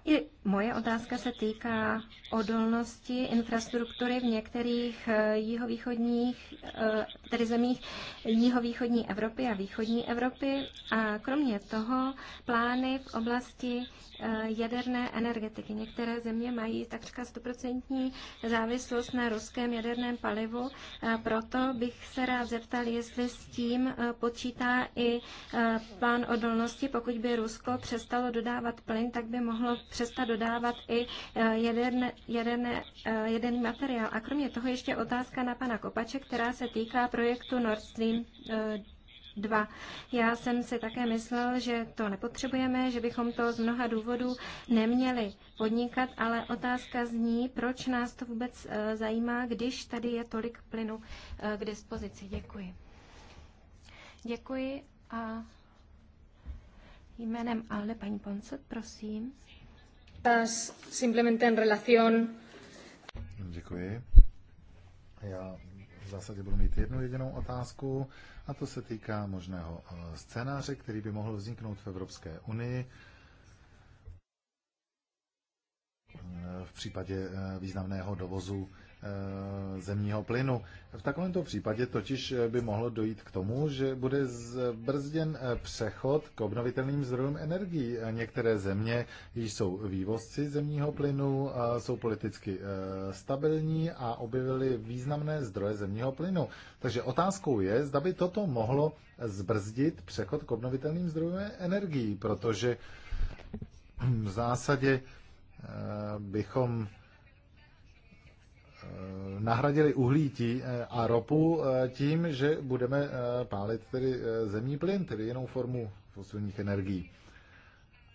I Moje otázka se týká odolnosti infrastruktury v některých eh, jihovýchodních, eh, tedy zemích jihovýchodní Evropy a východní Evropy. A kromě toho plány v oblasti eh, jaderné energetiky. Některé země mají takřka stoprocentní závislost na ruském jaderném palivu, a proto bych se rád zeptal, jestli s tím počítá i plán odolnosti. Pokud by Rusko přestalo dodávat plyn, tak by mohlo přestat dodávat dodávat i eh, jeden, jeden, eh, jeden materiál. A kromě toho ještě otázka na pana Kopače, která se týká projektu Nord Stream 2. Eh, Já jsem si také myslel, že to nepotřebujeme, že bychom to z mnoha důvodů neměli podnikat, ale otázka zní, proč nás to vůbec zajímá, když tady je tolik plynu k dispozici. Děkuji. Děkuji a jménem Alde paní Poncet, prosím. Simplemente en relación... Děkuji. Já v zásadě budu mít jednu jedinou otázku a to se týká možného eh, scénáře, který by mohl vzniknout v Evropské unii v případě eh, významného dovozu eh, zemního plynu. V takovémto případě totiž eh, by mohlo dojít k tomu, že bude zbrzděn přechod k obnovitelným zdrojům energií. Některé země jsou vývozci zemního plynu, jsou politicky stabilní a objevily významné zdroje zemního plynu. Takže otázkou je, zda by toto mohlo zbrzdit přechod k obnovitelným zdrojům energií, protože v zásadě bychom eh, nahradili uhlí eh, a ropu eh, tím, že budeme pálit tedy zemní plyn, tedy jinou formu fosilních energií.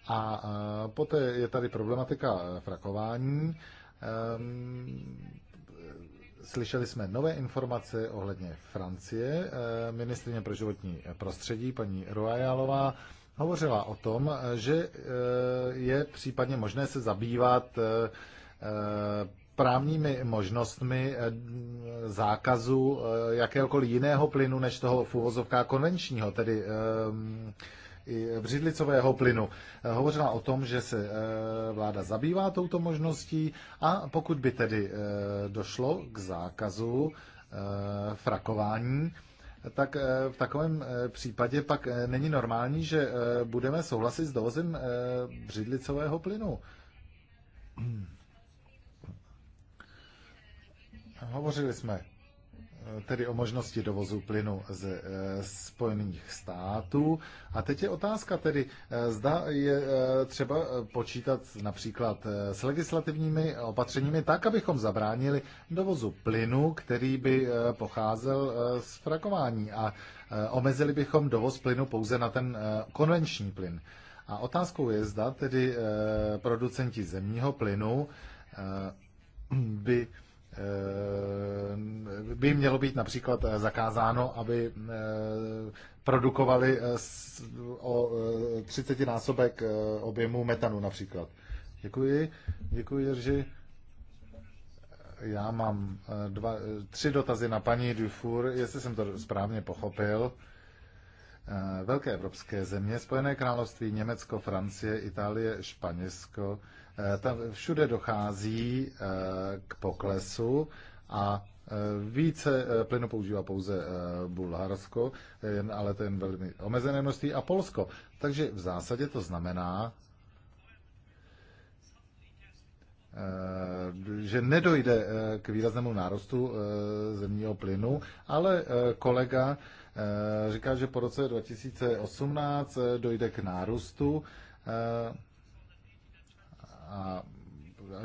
A poté je tady problematika frakování. Ehm, slyšeli jsme nové informace ohledně Francie. Ministrině pro životní prostředí, paní Royalová, hovořila o tom, že eh, je případně možné se zabývat eh, eh, právními možnostmi zákazu jakéhokoliv jiného plynu než toho v uvozovkách konvenčního, tedy břidlicového plynu. Hovořila o tom, že se vláda zabývá touto možností a pokud by tedy došlo k zákazu frakování, tak eh, v takovém eh, případě pak eh, není normální, že budeme souhlasit s dovozem břidlicového plynu. Hmm. Hovořili jsme tedy o možnosti dovozu plynu z eh, Spojených států. A teď je otázka tedy, eh, zda je eh, třeba počítat například s legislativními opatřeními tak, abychom zabránili dovozu plynu, který by pocházel z frakování a omezili bychom dovoz plynu pouze na ten konvenční plyn. A otázkou je, zda tedy producenti zemního plynu by Eh, by mělo být například eh, zakázáno, aby eh, produkovali o 30 násobek objemu metanu například. Děkuji, děkuji Jerži. Já mám dva, tři dotazy na paní Dufour, jestli jsem to správně pochopil. Velké evropské země, Spojené království, Německo, Francie, Itálie, Španělsko, Eh, Tam všude dochází eh, k poklesu a eh, více plynu používá pouze Bulharsko, ale ten velmi omezené množství, a Polsko. Takže v zásadě to znamená, že nedojde k výraznému nárostu zemního plynu, ale kolega říká, že po roce 2018 dojde k nárůstu a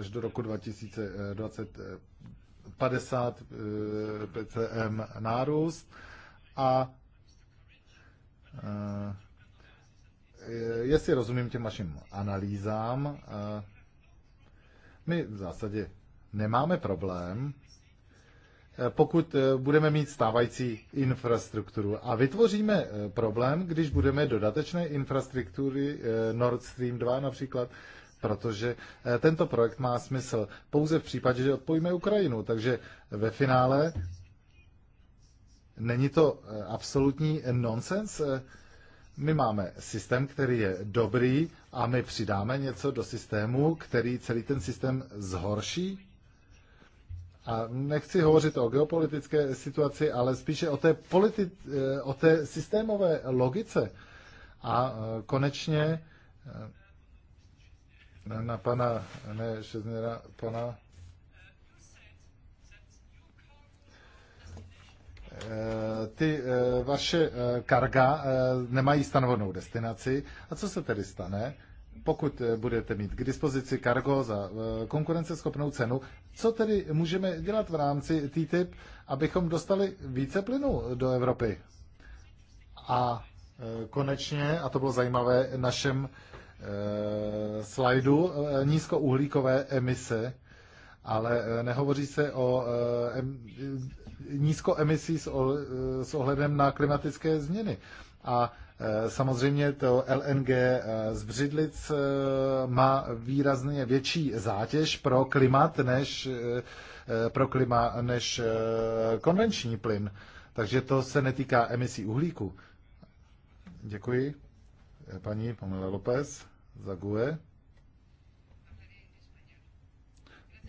až do roku 2050 eh, PCM eh, nárůst a eh, jestli rozumím těm vašim analýzám, my v zásadě nemáme problém, pokud budeme mít stávající infrastrukturu. A vytvoříme problém, když budeme dodatečné infrastruktury Nord Stream 2 například protože eh, tento projekt má smysl pouze v případě, že odpojíme Ukrajinu. Takže ve finále není to eh, absolutní nonsens. Eh, my máme systém, který je dobrý a my přidáme něco do systému, který celý ten systém zhorší. A nechci hovořit o geopolitické situaci, ale spíše o té, politi- o té systémové logice. A konečně na, na pana, ne, Šeznera, pana eh, ty eh, vaše eh, karga nemají stanovenou destinaci. A co se tedy stane? Pokud budete mít k dispozici kargo za konkurenceschopnou cenu, co tedy můžeme dělat v rámci TTIP, abychom dostali více plynu do Evropy? A konečně, a to bylo zajímavé, našem Eh, slajdu eh, nízkouhlíkové emise, ale eh, nehovoří se o nízkoemisí s ohledem na klimatické změny. A samozřejmě to LNG z Břidlic má výrazně větší zátěž pro klimat než, pro klima než konvenční plyn. Takže to se netýká emisí uhlíku. Děkuji. Paní Pamela López. Zague.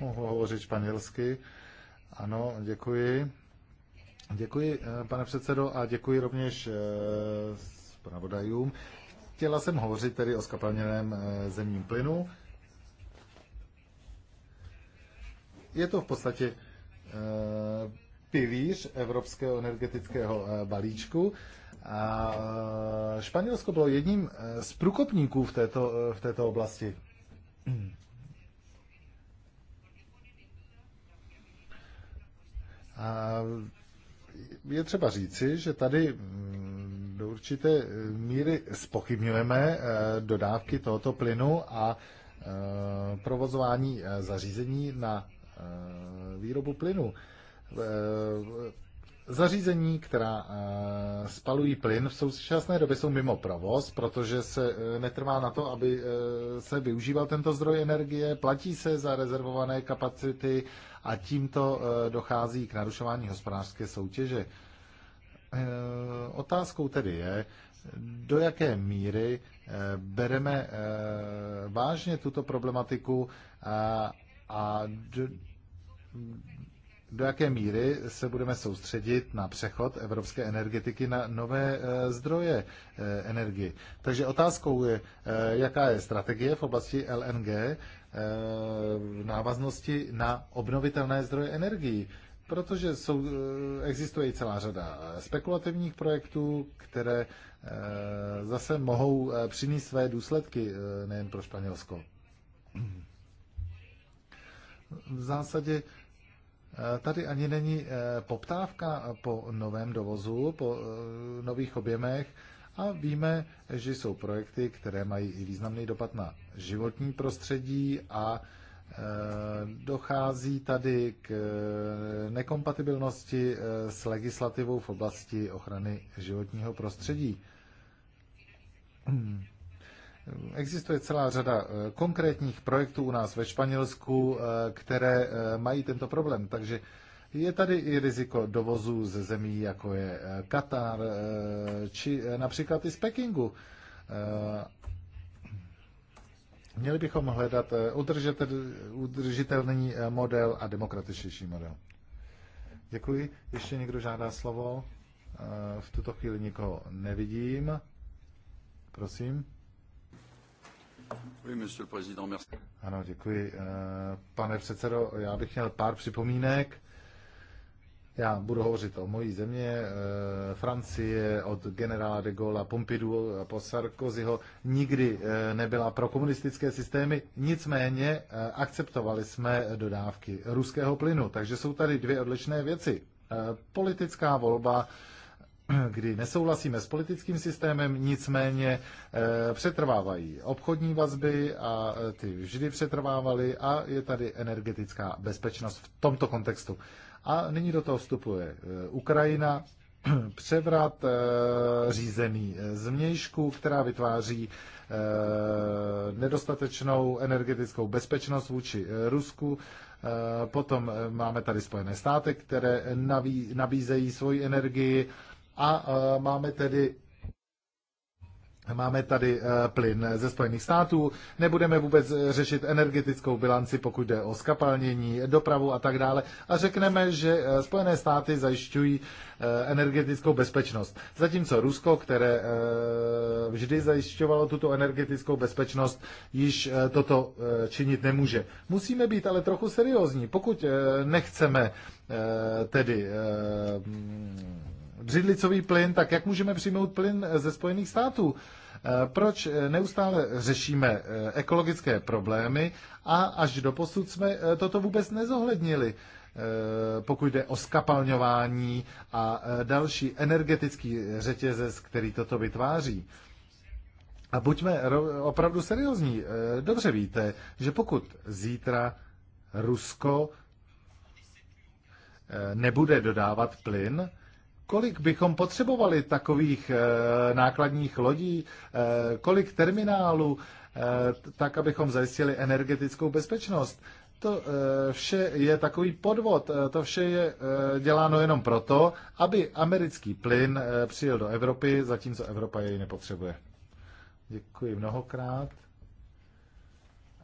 Mohu hovořit španělsky. Ano, děkuji. Děkuji, eh, pane předsedo, a děkuji rovněž eh, zpravodajům. Chtěla jsem hovořit tedy o skapalněném eh, zemním plynu. Je to v podstatě pilíř evropského energetického balíčku. A e, Španělsko bylo jedním e, z průkopníků v této, e, v této oblasti. A je třeba říci, že tady mm, do určité míry spochybňujeme dodávky tohoto plynu a provozování zařízení na výrobu plynu. Zařízení, která eh, spalují plyn, v současné době jsou mimo provoz, protože se eh, netrvá na to, aby eh, se využíval tento zdroj energie, platí se za rezervované kapacity a tímto dochází k narušování hospodářské soutěže. Otázkou tedy je, do jaké míry bereme vážně tuto problematiku a, a do jaké míry se budeme soustředit na přechod evropské energetiky na nové eh, zdroje eh, energie. Takže otázkou je, eh, jaká je strategie v oblasti LNG v návaznosti na obnovitelné zdroje energie, Protože jsou, existuje i celá řada spekulativních projektů, které zase mohou přinést své důsledky nejen pro Španělsko. V zásadě Tady ani není eh, poptávka po novém dovozu, po eh, nových objemech a víme, že jsou projekty, které mají i významný dopad na životní prostředí a eh, dochází tady k nekompatibilnosti s legislativou v oblasti ochrany životního prostředí. Existuje celá řada eh, konkrétních projektů u nás ve Španělsku, eh, které eh, mají tento problém. Takže je tady i riziko dovozu ze zemí, jako je Katar, či například i z Pekingu. Měli bychom hledat udržitelný model a demokratičtější model. Děkuji. Ještě někdo žádá slovo? V tuto chvíli nikoho nevidím. Prosím. Ano, děkuji. Eh, pane předsedo, já bych měl pár připomínek. Já budu hovořit o mojí země, eh, Francie, od generála de Gaulle, Pompidou a po Sarkozyho. Nikdy eh, nebyla pro komunistické systémy, nicméně akceptovali jsme dodávky ruského plynu. Takže jsou tady dvě odlišné věci. Politická volba kdy nesouhlasíme s politickým systémem, nicméně eh, přetrvávají obchodní vazby a eh, ty vždy přetrvávaly a je tady energetická bezpečnost v tomto kontextu. A nyní do toho vstupuje eh, Ukrajina, převrat řízený změjšku, která vytváří nedostatečnou energetickou bezpečnost vůči Rusku. Potom máme tady Spojené státy, které nabízejí svoji energii a e, máme tedy Máme tady e, plyn ze Spojených států, nebudeme vůbec řešit energetickou bilanci, pokud jde o skapalnění, dopravu a tak dále. A řekneme, že e, Spojené státy zajišťují energetickou bezpečnost. Zatímco Rusko, které vždy zajišťovalo tuto energetickou bezpečnost, již toto činit nemůže. Musíme být ale trochu seriózní, pokud nechceme tedy břidlicový plyn, tak jak můžeme přijmout plyn ze Spojených států? Eh, proč neustále řešíme eh, ekologické problémy a až do posud jsme eh, toto vůbec nezohlednili? pokud jde o skapalňování a další energetický řetězec, který toto vytváří. A buďme opravdu seriózní. Dobře víte, že pokud zítra Rusko nebude dodávat plyn, kolik bychom potřebovali takových eh, nákladních lodí, eh, kolik terminálů, eh, tak abychom zajistili energetickou bezpečnost. To vše je takový podvod. To vše je děláno jenom proto, aby americký plyn přijel do Evropy, zatímco Evropa jej nepotřebuje. Děkuji mnohokrát.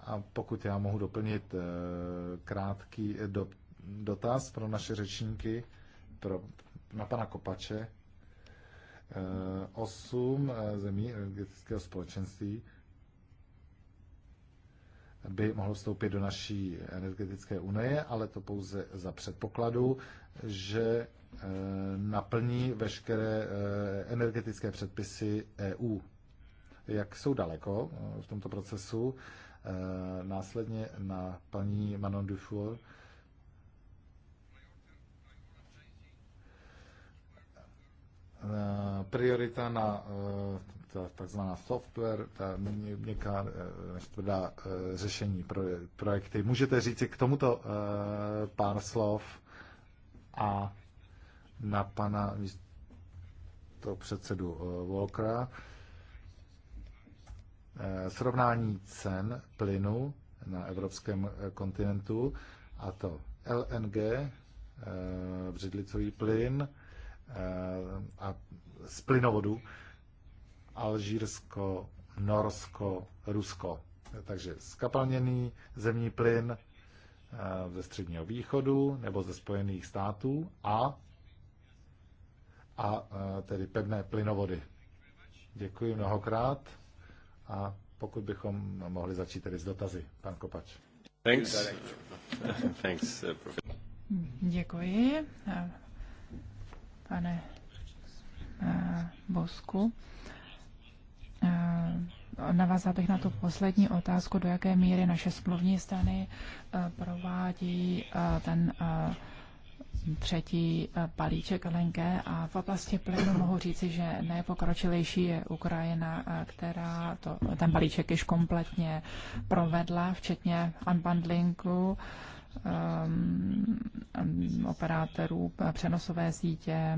A pokud já mohu doplnit krátký dotaz pro naše řečníky, pro na pana Kopače. Eh, osm eh, zemí energetického společenství by mohlo vstoupit do naší energetické unie, ale to pouze za předpokladu, že eh, naplní veškeré energetické předpisy EU. Jak jsou daleko v tomto procesu? Následně na paní Manon Dufour Eh, priorita na eh, takzvaná software, ta měkká než eh, tvrdá řešení pro projekty. Můžete říci k tomuto pár slov a na pana to předsedu Volkera. Srovnání cen plynu na evropském kontinentu a to LNG, břidlicový plyn, a z plynovodu Alžírsko, Norsko, Rusko. Takže skapalněný zemní plyn eh, ze Středního východu nebo ze Spojených států a, a eh, tedy pevné plynovody. Děkuji mnohokrát a pokud bychom mohli začít tedy s dotazy, pan Kopač. Thanks. Thanks, eh, Děkuji, pane eh, Bosku. Eh, Navázala bych na tu poslední otázku, do jaké míry naše smluvní strany eh, provádí ten třetí palíček LNG a v oblasti plynu mohu říci, že nejpokročilejší je Ukrajina, která to, ten balíček již kompletně provedla, včetně unbundlingu Um, operátorů přenosové sítě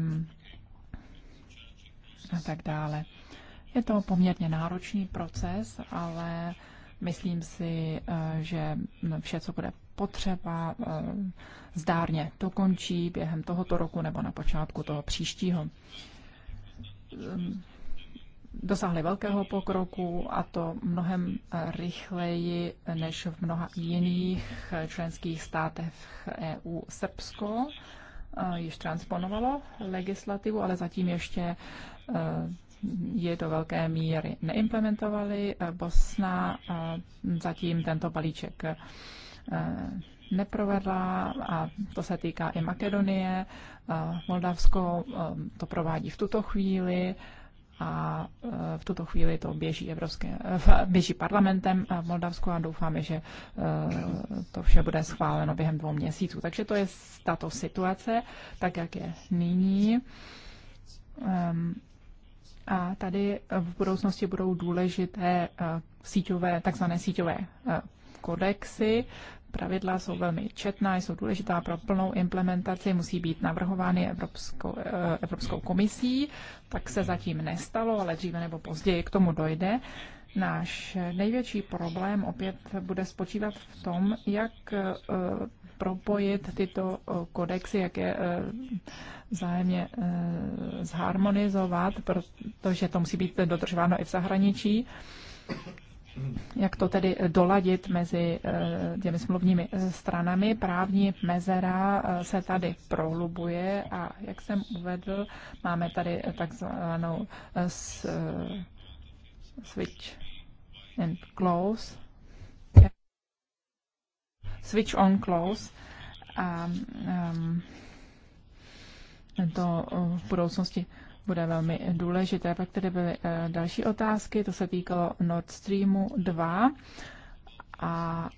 a tak dále. Je to poměrně náročný proces, ale myslím si, eh, že vše, co bude potřeba, eh, zdárně dokončí během tohoto roku nebo na počátku toho příštího dosáhli velkého pokroku a to mnohem eh, rychleji než v mnoha jiných eh, členských státech EU. Srbsko eh, již transponovalo legislativu, ale zatím ještě je do velké míry neimplementovali. Bosna zatím tento balíček neprovedla a to se týká i Makedonie. Moldavsko to provádí v tuto chvíli a e, v tuto chvíli to běží, evropské, e, běží parlamentem v Moldavsku a doufáme, že e, to vše bude schváleno během dvou měsíců. Takže to je tato situace, tak jak je nyní. A tady v budoucnosti budou důležité síťové, takzvané síťové kodexy, pravidla jsou velmi četná, jsou důležitá pro plnou implementaci, musí být navrhovány Evropskou, eh, Evropskou komisí, tak se zatím nestalo, ale dříve nebo později k tomu dojde. Náš největší problém opět bude spočívat v tom, jak eh, propojit tyto eh, kodexy, jak je zájemně zharmonizovat, protože to musí být dodržováno i v zahraničí jak to tedy doladit mezi eh, těmi smluvními eh, stranami. Právní mezera eh, se tady prohlubuje a jak jsem uvedl, máme tady takzvanou switch and close. Switch on close. A um, to v budoucnosti bude velmi důležité. Pak tady byly eh, další otázky, to se týkalo Nord Streamu 2 a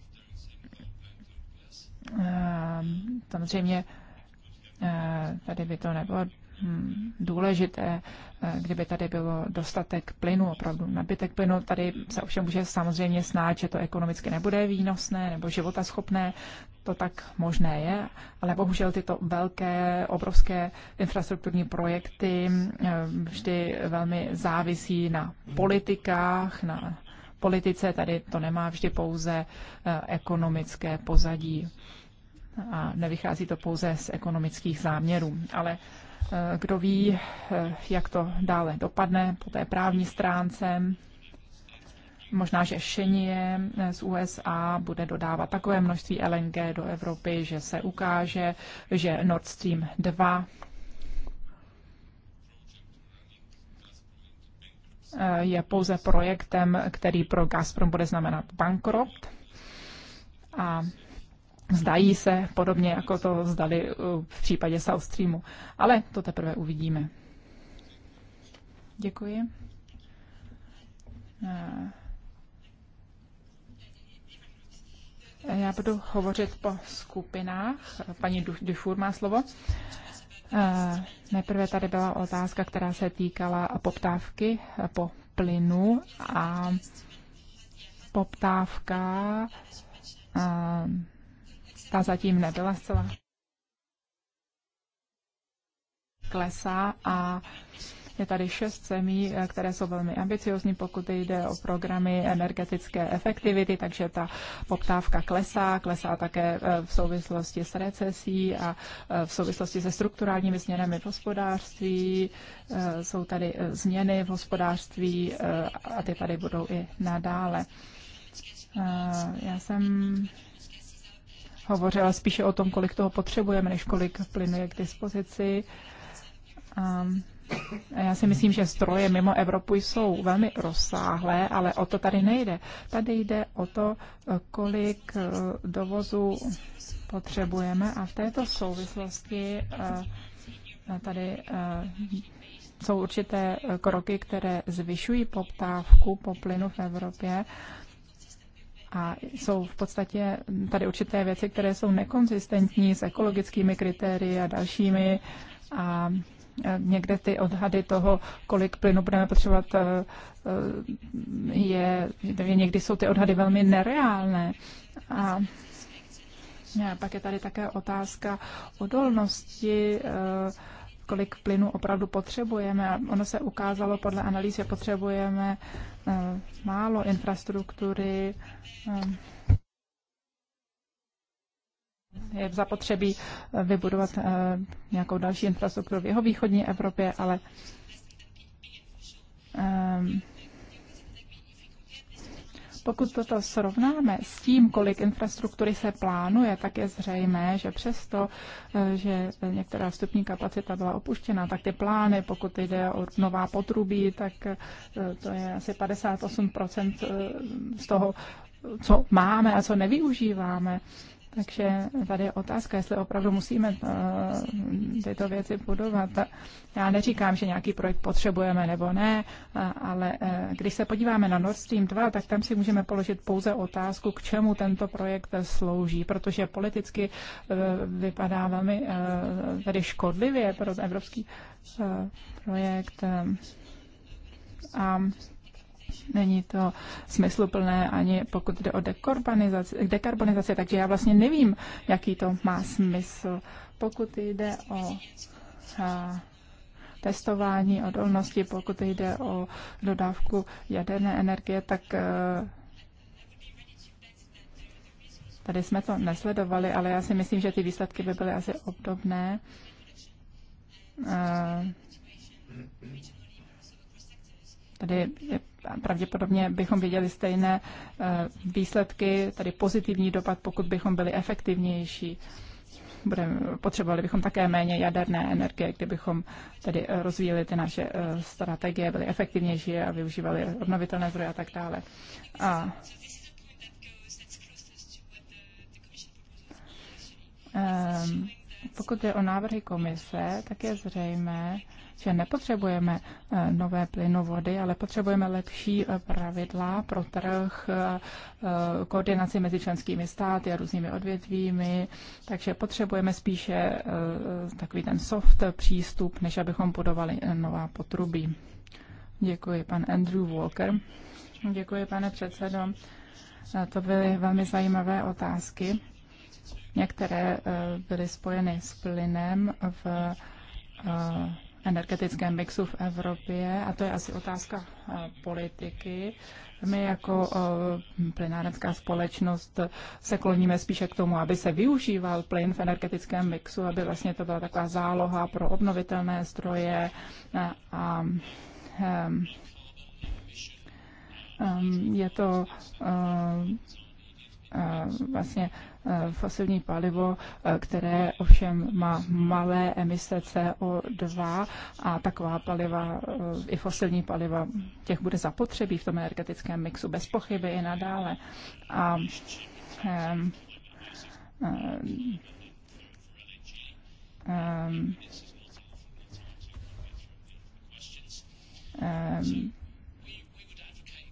eh, samozřejmě eh, tady by to nebylo Hmm, důležité, eh, kdyby tady bylo dostatek plynu, opravdu nadbytek plynu. Tady se ovšem může samozřejmě snát, že to ekonomicky nebude výnosné nebo životaschopné. To tak možné je, ale bohužel tyto velké, obrovské infrastrukturní projekty eh, vždy velmi závisí na politikách, na politice. Tady to nemá vždy pouze eh, ekonomické pozadí a nevychází to pouze z ekonomických záměrů. Ale kdo ví, jak to dále dopadne po té právní stránce. Možná, že Šenie z USA bude dodávat takové množství LNG do Evropy, že se ukáže, že Nord Stream 2 je pouze projektem, který pro Gazprom bude znamenat bankrot. A Zdají se podobně, jako to zdali eh, v případě South Streamu. Ale to teprve uvidíme. Děkuji. Eh, já budu hovořit po skupinách. Paní Dufur má slovo. Eh, nejprve tady byla otázka, která se týkala poptávky po plynu a poptávka ta zatím nebyla zcela klesá a je tady šest zemí, eh, které jsou velmi ambiciozní, pokud jde o programy energetické efektivity, takže ta poptávka klesá, klesá také eh, v souvislosti s recesí a eh, v souvislosti se strukturálními změnami v hospodářství. Jsou tady změny v hospodářství a ty tady budou i nadále. Já jsem hovořila spíše o tom, kolik toho potřebujeme, než kolik plynu je k dispozici. Ehm, a já si myslím, že stroje mimo Evropu jsou velmi rozsáhlé, ale o to tady nejde. Tady jde o to, kolik eh, dovozu potřebujeme a v této souvislosti eh, tady eh, jsou určité kroky, které zvyšují poptávku po plynu v Evropě a jsou v podstatě tady určité věci, které jsou nekonzistentní s ekologickými kritérii a dalšími a někde ty odhady toho, kolik plynu budeme potřebovat, e, e, je, někdy jsou ty odhady velmi nereálné. A pak je tady také otázka odolnosti e, kolik plynu opravdu potřebujeme. ono se ukázalo podle analýz, že potřebujeme eh, málo infrastruktury, eh, je zapotřebí eh, vybudovat nějakou další infrastrukturu v jeho východní Evropě, ale pokud toto srovnáme s tím, kolik infrastruktury se plánuje, tak je zřejmé, že přesto, eh, že některá vstupní kapacita byla opuštěna, tak ty plány, pokud jde o nová potrubí, tak eh, to je asi 58% eh, z toho, co máme a co nevyužíváme. Takže tady je otázka, jestli opravdu musíme eh, tyto věci budovat. Já neříkám, že nějaký projekt potřebujeme nebo ne, eh, ale eh, když se podíváme na Nord Stream 2, tak tam si můžeme položit pouze otázku, k čemu tento projekt slouží, protože politicky vypadá velmi tedy škodlivě pro evropský projekt. A Není to smysluplné ani pokud jde o dekarbonizaci, dekarbonizaci, takže já vlastně nevím, jaký to má smysl. Pokud jde o a, testování odolnosti, pokud jde o dodávku jaderné energie, tak e, tady jsme to nesledovali, ale já si myslím, že ty výsledky by byly asi obdobné. E, tady je pravděpodobně bychom viděli stejné eh, výsledky, tady pozitivní dopad, pokud bychom byli efektivnější. Budeme, potřebovali bychom také méně jaderné energie, kdybychom tedy eh, rozvíjeli ty naše eh, strategie, byly efektivnější a využívali obnovitelné zdroje a tak dále. A ehm, pokud je o návrhy komise, tak je zřejmé, že nepotřebujeme eh, nové plynovody, ale potřebujeme lepší eh, pravidla pro trh, eh, koordinaci mezi členskými státy a různými odvětvími, takže potřebujeme spíše takový ten soft přístup, než abychom budovali nová potrubí. Děkuji, pan Andrew Walker. Děkuji, pane předsedo. To byly velmi zajímavé otázky. Některé byly spojeny s plynem v energetickém mixu v Evropě a to je asi otázka eh, politiky. My jako eh, plynárenská společnost se kloníme spíše k tomu, aby se využíval plyn v energetickém mixu, aby vlastně to byla taková záloha pro obnovitelné stroje eh, a, a ehm, ehm, je to vlastně Eh, fosilní palivo, eh, které ovšem má malé emise CO2 a taková paliva, eh, i fosilní paliva, těch bude zapotřebí v tom energetickém mixu bez pochyby i nadále. A um, um, um, um,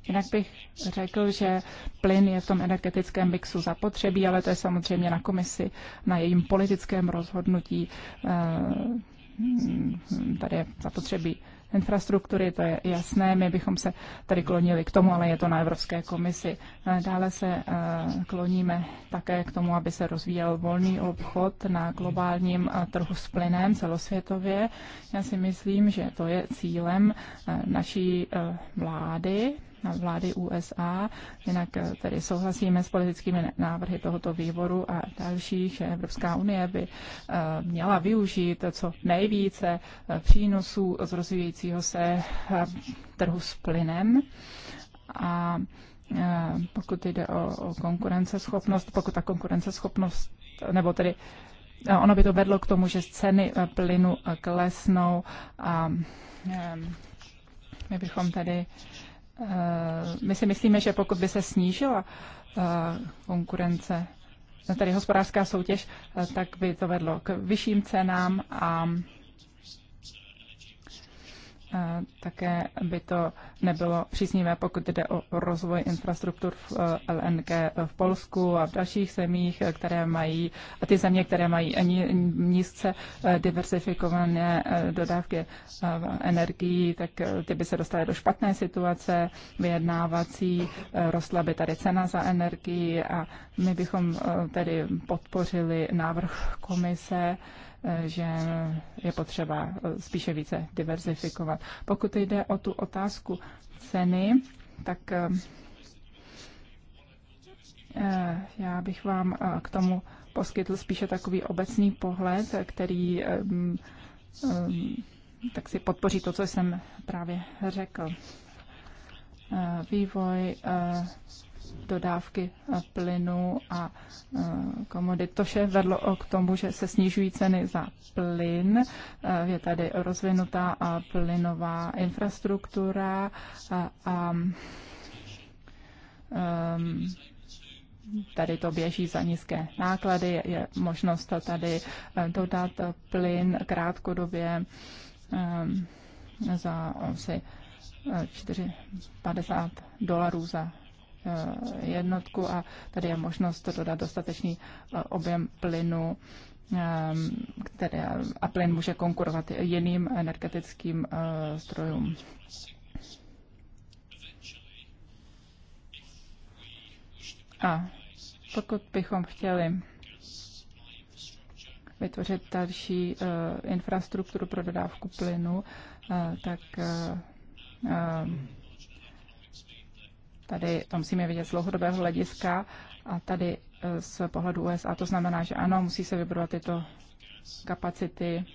jinak bych řekl, že plyn je v tom energetickém mixu zapotřebí, ale to je samozřejmě na komisi, na jejím politickém rozhodnutí. Eh, tady je zapotřebí infrastruktury, to je jasné, my bychom se tady klonili k tomu, ale je to na Evropské komisi. Eh, dále se eh, kloníme také k tomu, aby se rozvíjel volný obchod na globálním trhu s plynem celosvětově. Já si myslím, že to je cílem naší vlády, vlády USA. Jinak eh, tedy souhlasíme s politickými návrhy tohoto výboru a dalších. Evropská unie by eh, měla využít co nejvíce eh, přínosů z rozvíjejícího se trhu s plynem. A pokud jde o, o konkurenceschopnost, pokud ta konkurenceschopnost, nebo tedy ono by to vedlo k tomu, že ceny plynu klesnou a my bychom tedy Eh, my si myslíme, že pokud by se snížila eh, konkurence, eh, tedy hospodářská soutěž, tak by to vedlo k vyšším cenám a také by to nebylo příznivé, pokud jde o rozvoj infrastruktur v eh, LNG v Polsku a v dalších zemích, eh, které mají, a ty země, které mají nízce eh, diversifikované dodávky energií, tak ty by se dostaly do špatné situace vyjednávací, rostla by tady cena za energii a my bychom tedy podpořili návrh komise, že je potřeba eh, spíše více diverzifikovat. Pokud jde o tu otázku ceny, tak eh, eh, já bych vám k tomu poskytl spíše takový obecný pohled, který tak si podpoří to, co jsem právě řekl. Vývoj dodávky eh, plynu a eh, komodit. To vše vedlo eh, k tomu, že se snižují ceny za plyn. Je tady rozvinutá plynová infrastruktura a, a um, ehm, tady to běží za nízké náklady, je možnost tady dodat plyn krátkodobě ehm, za asi 4,50 dolarů za Eh, jednotku a tady je možnost dodat dostatečný eh, objem plynu eh, které, a plyn může konkurovat jiným energetickým strojům. A pokud bychom chtěli vytvořit další infrastrukturu pro dodávku plynu, tak Tady to musíme vidět z dlouhodobého hlediska a tady e, z pohledu USA to znamená, že ano, musí se vybudovat tyto kapacity.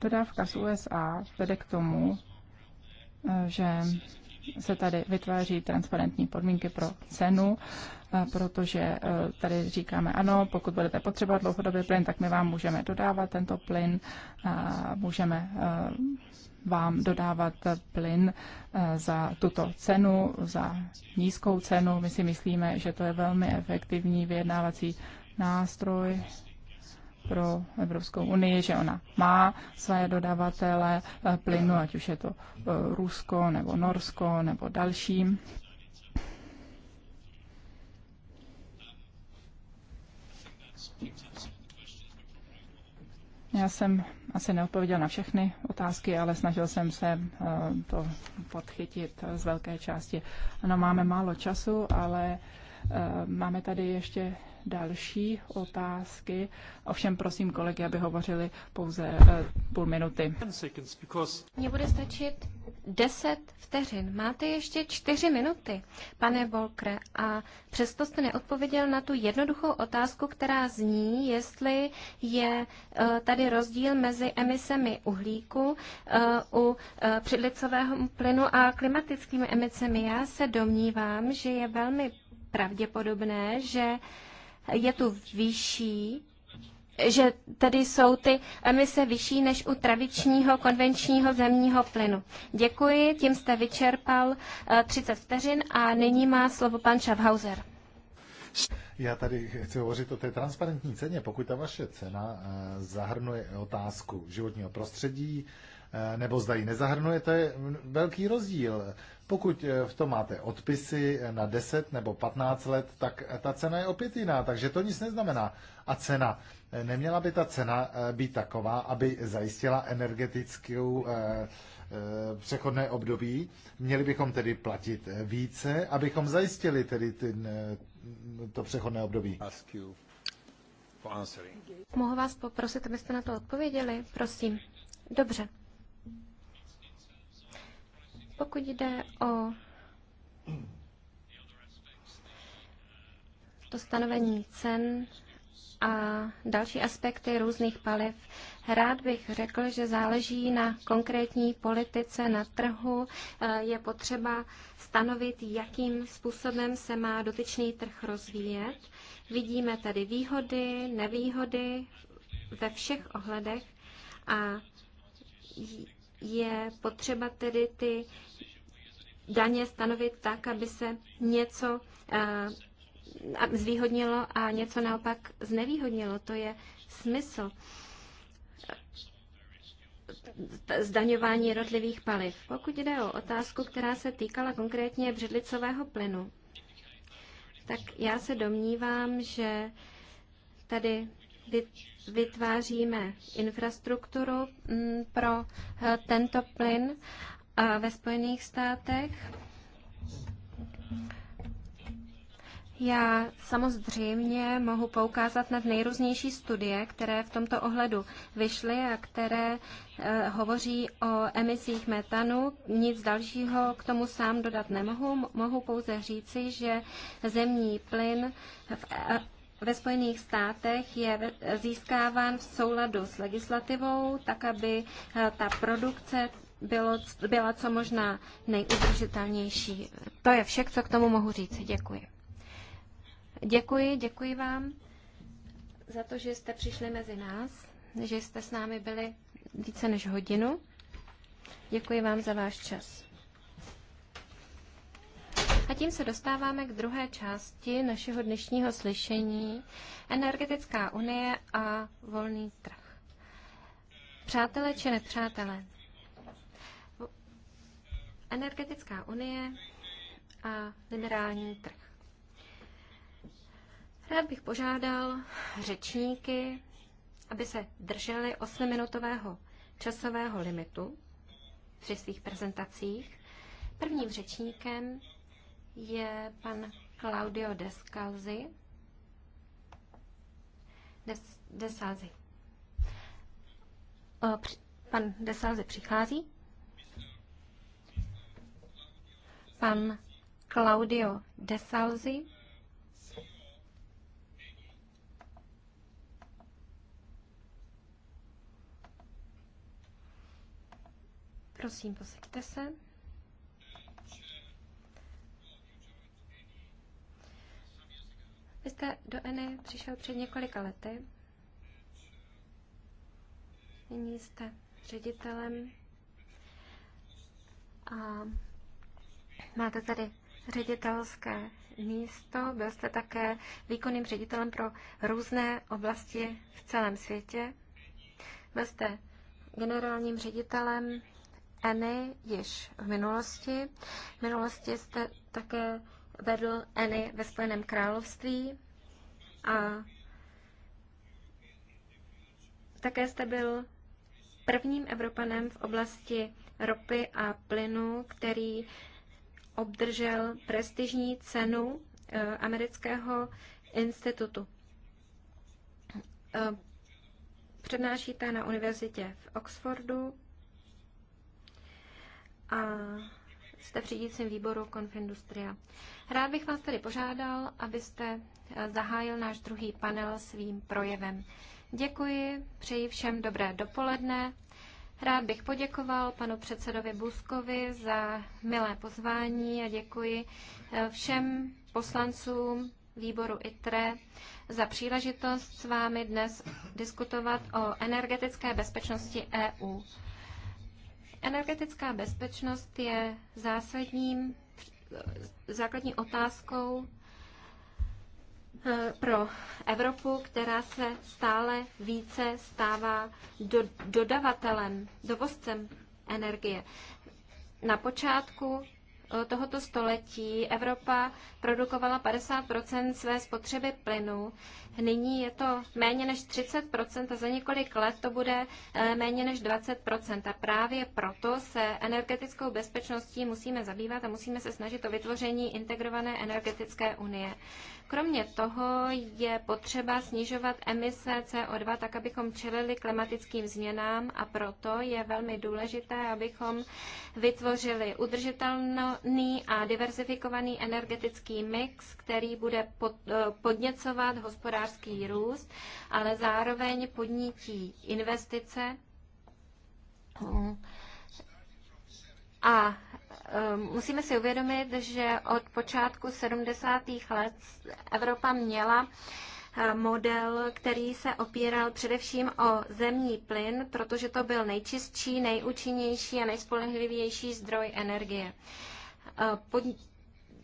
Dodávka z USA vede k tomu, e, že se tady vytváří transparentní podmínky pro cenu, eh, protože eh, tady říkáme ano, pokud budete potřebovat dlouhodobý plyn, tak my vám můžeme dodávat tento plyn, můžeme eh, vám dodávat plyn za tuto cenu, za nízkou cenu. My si myslíme, že to je velmi efektivní vyjednávací nástroj pro Evropskou unii, že ona má své dodavatele eh, plynu, ať už je to eh, Rusko nebo Norsko nebo další. Já jsem asi neodpověděl na všechny otázky, ale snažil jsem se eh, to podchytit z velké části. Ano, máme málo času, ale máme tady ještě další otázky. Ovšem prosím kolegy, aby hovořili pouze eh, půl minuty. Mně bude stačit 10 vteřin. Máte ještě 4 minuty, pane Volkre, a přesto jste neodpověděl na tu jednoduchou otázku, která zní, jestli je eh, tady rozdíl mezi emisemi uhlíku eh, u předlicového plynu a klimatickými emisemi. Já se domnívám, že je velmi pravděpodobné, že je tu vyšší, že tedy jsou ty emise vyšší než u tradičního konvenčního zemního plynu. Děkuji, tím jste vyčerpal 30 eh, vteřin a nyní má slovo pan Schaffhauser. Já tady chci hovořit o té transparentní ceně. Pokud ta vaše cena eh, zahrnuje otázku životního prostředí, eh, nebo zda ji nezahrnuje, to je velký rozdíl. Pokud eh, v tom máte odpisy eh, na 10 nebo 15 let, tak eh, ta cena je opět jiná, takže to nic neznamená. A cena. Neměla by ta cena být taková, aby zajistila energetickou přechodné období. Měli bychom tedy platit více, abychom zajistili tedy ten, to přechodné období. Mohu vás poprosit, abyste na to odpověděli? Prosím. Dobře. Pokud jde o to stanovení cen a další aspekty různých paliv, rád bych řekl, že záleží na konkrétní politice na trhu. Eh, je potřeba stanovit, jakým způsobem se má dotyčný trh rozvíjet. Vidíme tady výhody, nevýhody ve všech ohledech a je potřeba tedy ty daně stanovit tak, aby se něco eh, zvýhodnilo a něco naopak znevýhodnilo. To je smysl eh, zdaňování jednotlivých paliv. Pokud jde o otázku, která se týkala konkrétně břidlicového plynu, tak já se domnívám, že tady vytváříme infrastrukturu mm, pro eh, tento plyn eh, ve Spojených státech. Já samozřejmě mohu poukázat na nejrůznější studie, které v tomto ohledu vyšly a které e, hovoří o emisích metanu. Nic dalšího k tomu sám dodat nemohu. Mohu pouze říci, že zemní plyn v ve Spojených státech je získáván v souladu s legislativou, tak aby eh, ta produkce bylo, byla co možná nejudržitelnější. To je vše, co k tomu mohu říct. Děkuji. Děkuji, děkuji vám za to, že jste přišli mezi nás, že jste s námi byli více než hodinu. Děkuji vám za váš čas. A tím se dostáváme k druhé části našeho dnešního slyšení Energetická unie a volný trh. Přátelé či nepřátelé? Energetická unie a minerální trh. Rád bych požádal řečníky, aby se drželi 8-minutového časového limitu při svých prezentacích. Prvním řečníkem je pan Claudio Descalzi. Des, Desalzi. O, při, pan Desalzi přichází. Pan Claudio Desalzi. Prosím, posaďte se. Vy jste do Eny přišel před několika lety. Nyní jste ředitelem a máte tady ředitelské místo. Byl jste také výkonným ředitelem pro různé oblasti v celém světě. Byl jste generálním ředitelem ENY již v minulosti. V minulosti jste také vedl eny ve Spojeném království a také jste byl prvním Evropanem v oblasti ropy a plynu, který obdržel prestižní cenu eh, amerického institutu. Eh, přednášíte na univerzitě v Oxfordu a jste v řídícím výboru Konfindustria. Rád bych vás tedy požádal, abyste eh, zahájil náš druhý panel svým projevem. Děkuji, přeji všem dobré dopoledne. Rád bych poděkoval panu předsedovi Buskovi za milé pozvání a děkuji eh, všem poslancům výboru ITRE za příležitost s vámi dnes diskutovat o energetické bezpečnosti EU. Energetická bezpečnost je zásadním, základní otázkou eh, pro Evropu, která se stále více stává do, dodavatelem, dovozcem energie. Na počátku Eh, tohoto století Evropa produkovala 50 své spotřeby plynu. Nyní je to méně než 30 a za několik let to bude eh, méně než 20 A právě proto se energetickou bezpečností musíme zabývat a musíme se snažit o vytvoření integrované energetické unie. Kromě toho je potřeba snižovat emise CO2 tak, abychom čelili klimatickým změnám a proto je velmi důležité, abychom vytvořili udržitelný a diverzifikovaný energetický mix, který bude eh, podněcovat hospodářský růst, ale zároveň podnítí investice a Ehm, musíme si uvědomit, že od počátku 70. let Evropa měla eh, model, který se opíral především o zemní plyn, protože to byl nejčistší, nejúčinnější a nejspolehlivější zdroj energie. Ehm,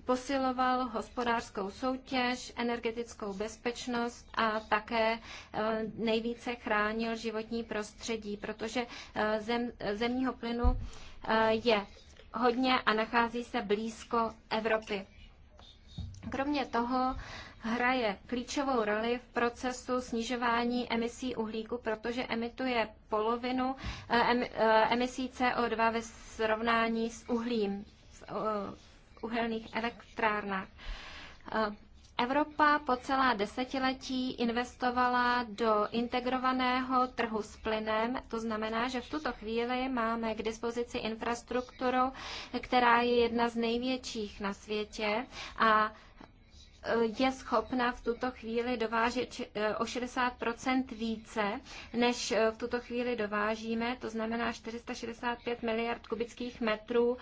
posiloval hospodářskou soutěž, energetickou bezpečnost a také eh, nejvíce chránil životní prostředí, protože eh, zem, zemního plynu je hodně a nachází se blízko Evropy. Kromě toho hraje klíčovou roli v procesu snižování emisí uhlíku, protože emituje polovinu eh, eh, emisí CO2 ve srovnání s uhlím v eh, uhelných elektrárnách. Evropa po celá desetiletí investovala do integrovaného trhu s plynem, to znamená, že v tuto chvíli máme k dispozici infrastrukturu, která je jedna z největších na světě a e, je schopna v tuto chvíli dovážet e, o 60 více, než e, v tuto chvíli dovážíme, to znamená 465 miliard kubických metrů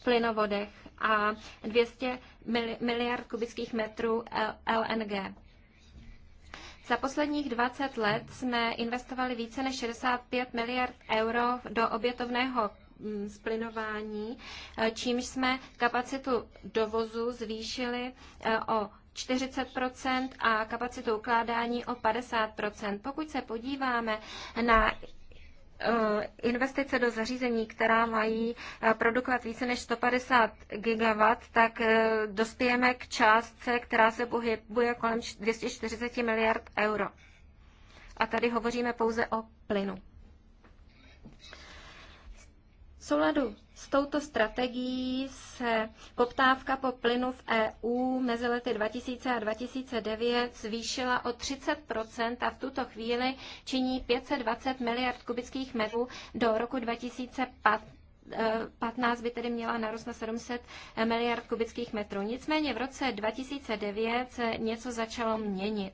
v plynovodech a 200 miliard kubických metrů LNG. Za posledních 20 let jsme investovali více než 65 miliard euro do obětovného mm, splinování, eh, čímž jsme kapacitu dovozu zvýšili eh, o 40 a kapacitu ukládání o 50 Pokud se podíváme na Eh, investice do zařízení, která mají eh, produkovat více než 150 gigawatt, tak eh, dospějeme k částce, která se pohybuje kolem 240 miliard euro. A tady hovoříme pouze o plynu. V souladu s touto strategií se poptávka po plynu v EU mezi lety 2000 a 2009 zvýšila o 30 a v tuto chvíli činí 520 miliard kubických metrů. Do roku 2015 eh, by tedy měla narost na 700 miliard kubických metrů. Nicméně v roce 2009 se něco začalo měnit.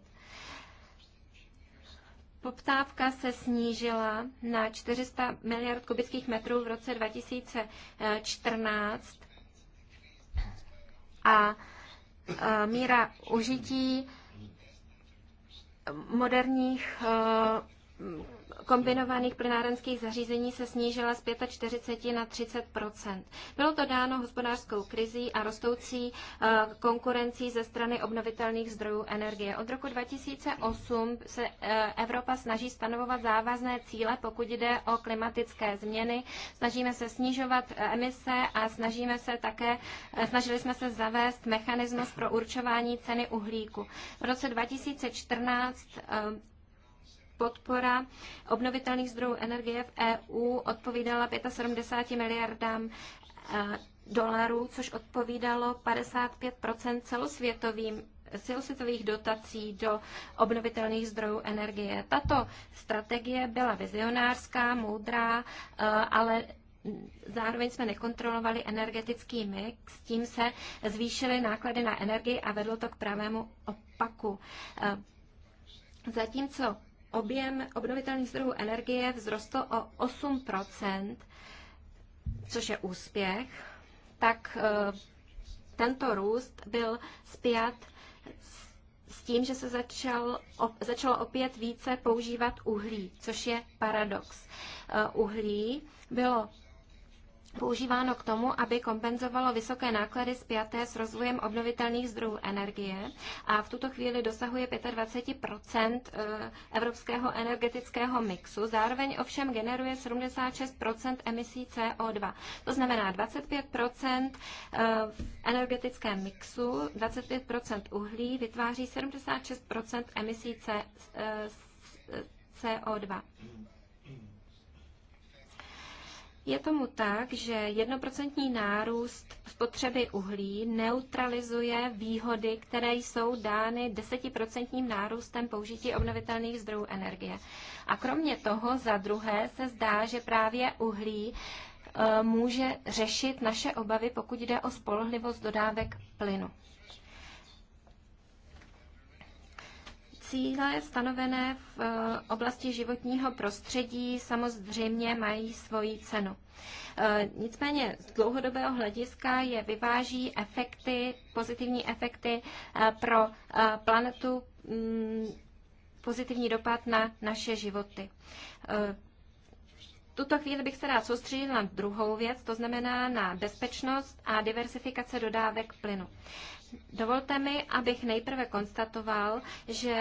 Poptávka se snížila na 400 miliard kubických metrů v roce 2014 a míra užití moderních eh, kombinovaných plynárenských zařízení se snížila z 45 na 30 Bylo to dáno hospodářskou krizí a rostoucí eh, konkurencí ze strany obnovitelných zdrojů energie. Od roku 2008 se eh, Evropa snaží stanovovat závazné cíle, pokud jde o klimatické změny. Snažíme se snižovat eh, emise a snažíme se také, snažili jsme se zavést mechanismus pro určování ceny uhlíku. V roce 2014 podpora obnovitelných zdrojů energie v EU odpovídala 75 miliardám eh, dolarů, což odpovídalo 55 celosvětovým celosvětových dotací do obnovitelných zdrojů energie. Tato strategie byla vizionářská, moudrá, eh, ale Zároveň jsme nekontrolovali energetický mix, tím se zvýšily náklady na energii a vedlo to k pravému opaku. Eh, zatímco objem obnovitelných zdrojů energie vzrostl o 8 což je úspěch, tak e, tento růst byl zpět s tím, že se začal, začalo opět více používat uhlí, což je paradox. E, uhlí bylo používáno k tomu, aby kompenzovalo vysoké náklady spjaté s rozvojem obnovitelných zdrojů energie a v tuto chvíli dosahuje 25 eh, evropského energetického mixu. Zároveň ovšem generuje 76 emisí CO2. To znamená 25 eh, v energetickém mixu, 25 uhlí vytváří 76 emisí CO2. Eh, je tomu tak, že jednoprocentní nárůst spotřeby uhlí neutralizuje výhody, které jsou dány desetiprocentním nárůstem použití obnovitelných zdrojů energie. A kromě toho, za druhé, se zdá, že právě uhlí eh, může řešit naše obavy, pokud jde o spolehlivost dodávek plynu. Cíle stanovené v eh, oblasti životního prostředí samozřejmě mají svoji cenu. Eh, nicméně z dlouhodobého hlediska je vyváží efekty, pozitivní efekty eh, pro planetu, mm, pozitivní dopad na naše životy tuto chvíli bych se rád soustředil na druhou věc, to znamená na bezpečnost a diversifikace dodávek plynu. Dovolte mi, abych nejprve konstatoval, že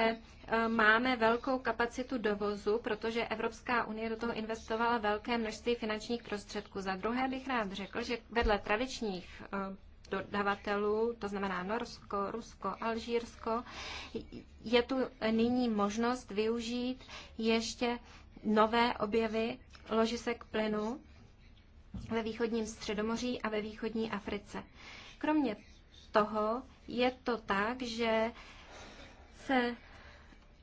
eh, máme velkou kapacitu dovozu, protože Evropská unie do toho investovala velké množství finančních prostředků. Za druhé bych rád řekl, že vedle tradičních eh, dodavatelů, to znamená Norsko, Rusko, Alžírsko, je tu nyní možnost využít ještě nové objevy ložisek plynu ve východním Středomoří a ve východní Africe. Kromě toho je to tak, že se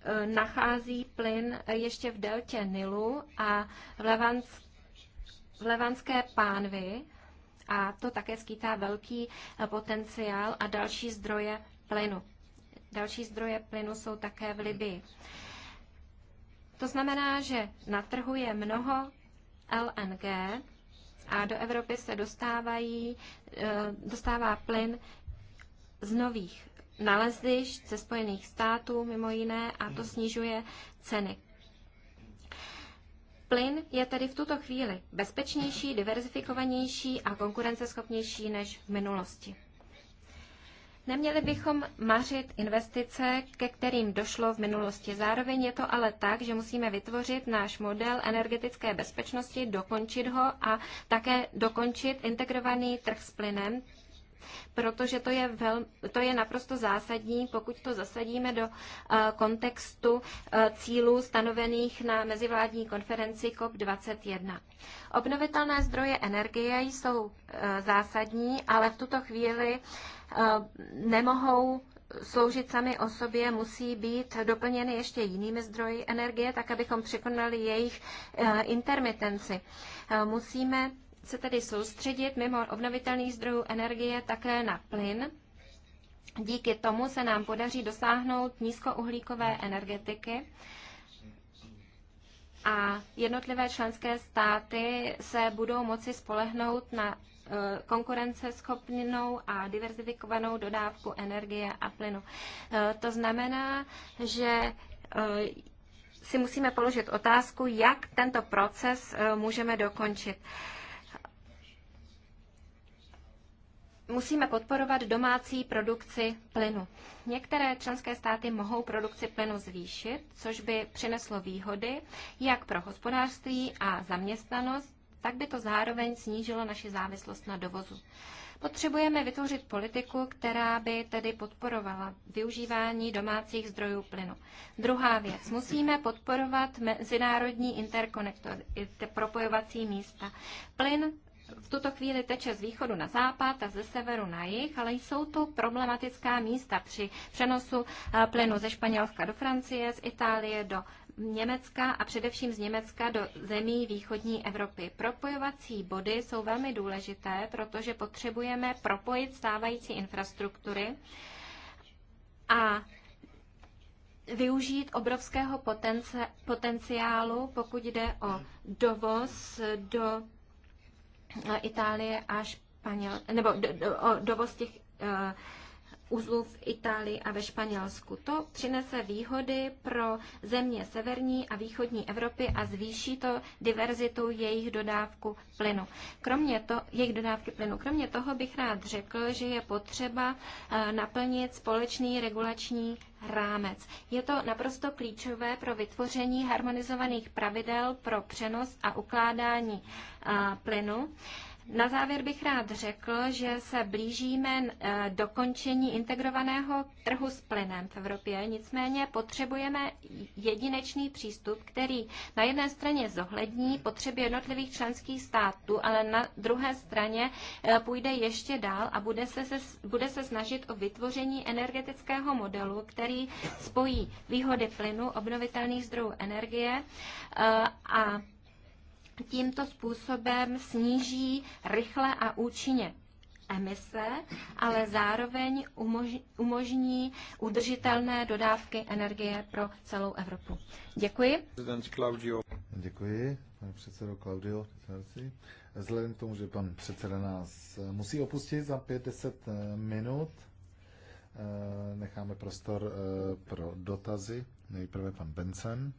e, nachází plyn ještě v deltě Nilu a v, Levansk, v Levanské pánvi a to také skýtá velký e, potenciál a další zdroje plynu. Další zdroje plynu jsou také v Libii. To znamená, že na trhu je mnoho LNG a do Evropy se dostávají, e, dostává plyn z nových nalezišť ze Spojených států mimo jiné a to snižuje ceny. Plyn je tedy v tuto chvíli bezpečnější, diverzifikovanější a konkurenceschopnější než v minulosti. Neměli bychom mařit investice, ke kterým došlo v minulosti. Zároveň je to ale tak, že musíme vytvořit náš model energetické bezpečnosti, dokončit ho a také dokončit integrovaný trh s plynem, protože to je, vel, to je naprosto zásadní, pokud to zasadíme do eh, kontextu eh, cílů stanovených na mezivládní konferenci COP21. Obnovitelné zdroje energie jsou eh, zásadní, ale v tuto chvíli nemohou sloužit sami o sobě, musí být doplněny ještě jinými zdroji energie, tak abychom překonali jejich intermitenci. Musíme se tedy soustředit mimo obnovitelných zdrojů energie také na plyn. Díky tomu se nám podaří dosáhnout nízkouhlíkové energetiky a jednotlivé členské státy se budou moci spolehnout na e, konkurenceschopnou a diverzifikovanou dodávku energie a plynu. E, to znamená, že e, si musíme položit otázku, jak tento proces můžeme dokončit. musíme podporovat domácí produkci plynu. Některé členské státy mohou produkci plynu zvýšit, což by přineslo výhody jak pro hospodářství a zaměstnanost, tak by to zároveň snížilo naši závislost na dovozu. Potřebujeme vytvořit politiku, která by tedy podporovala využívání domácích zdrojů plynu. Druhá věc. Musíme podporovat mezinárodní interkonektory, propojovací místa. Plyn v tuto chvíli teče z východu na západ a ze severu na jih, ale jsou to problematická místa při přenosu eh, plynu ze Španělska do Francie, z Itálie do Německa a především z Německa do zemí východní Evropy. Propojovací body jsou velmi důležité, protože potřebujeme propojit stávající infrastruktury a využít obrovského potenciálu, pokud jde o dovoz do Itálie a Španěl, nebo do, do, dovoz těch eh, uzlu v Itálii a ve Španělsku. To přinese výhody pro země severní a východní Evropy a zvýší to diverzitu jejich dodávku plynu. Kromě to, jejich dodávky plynu. Kromě toho bych rád řekl, že je potřeba eh, naplnit společný regulační rámec. Je to naprosto klíčové pro vytvoření harmonizovaných pravidel pro přenos a ukládání eh, plynu. Na závěr bych rád řekl, že se blížíme eh, dokončení integrovaného trhu s plynem v Evropě, nicméně potřebujeme jedinečný přístup, který na jedné straně zohlední potřeby jednotlivých členských států, ale na druhé straně eh, půjde ještě dál a bude se, se, bude se snažit o vytvoření energetického modelu, který spojí výhody plynu, obnovitelných zdrojů energie eh, a tímto způsobem sníží rychle a účinně emise, ale zároveň umožní udržitelné dodávky energie pro celou Evropu. Děkuji. Děkuji, pane předsedo Claudio. Vzhledem k tomu, že pan předseda nás eh, musí opustit za 50 eh, minut, eh, necháme prostor pro dotazy. Nejprve pan Benson.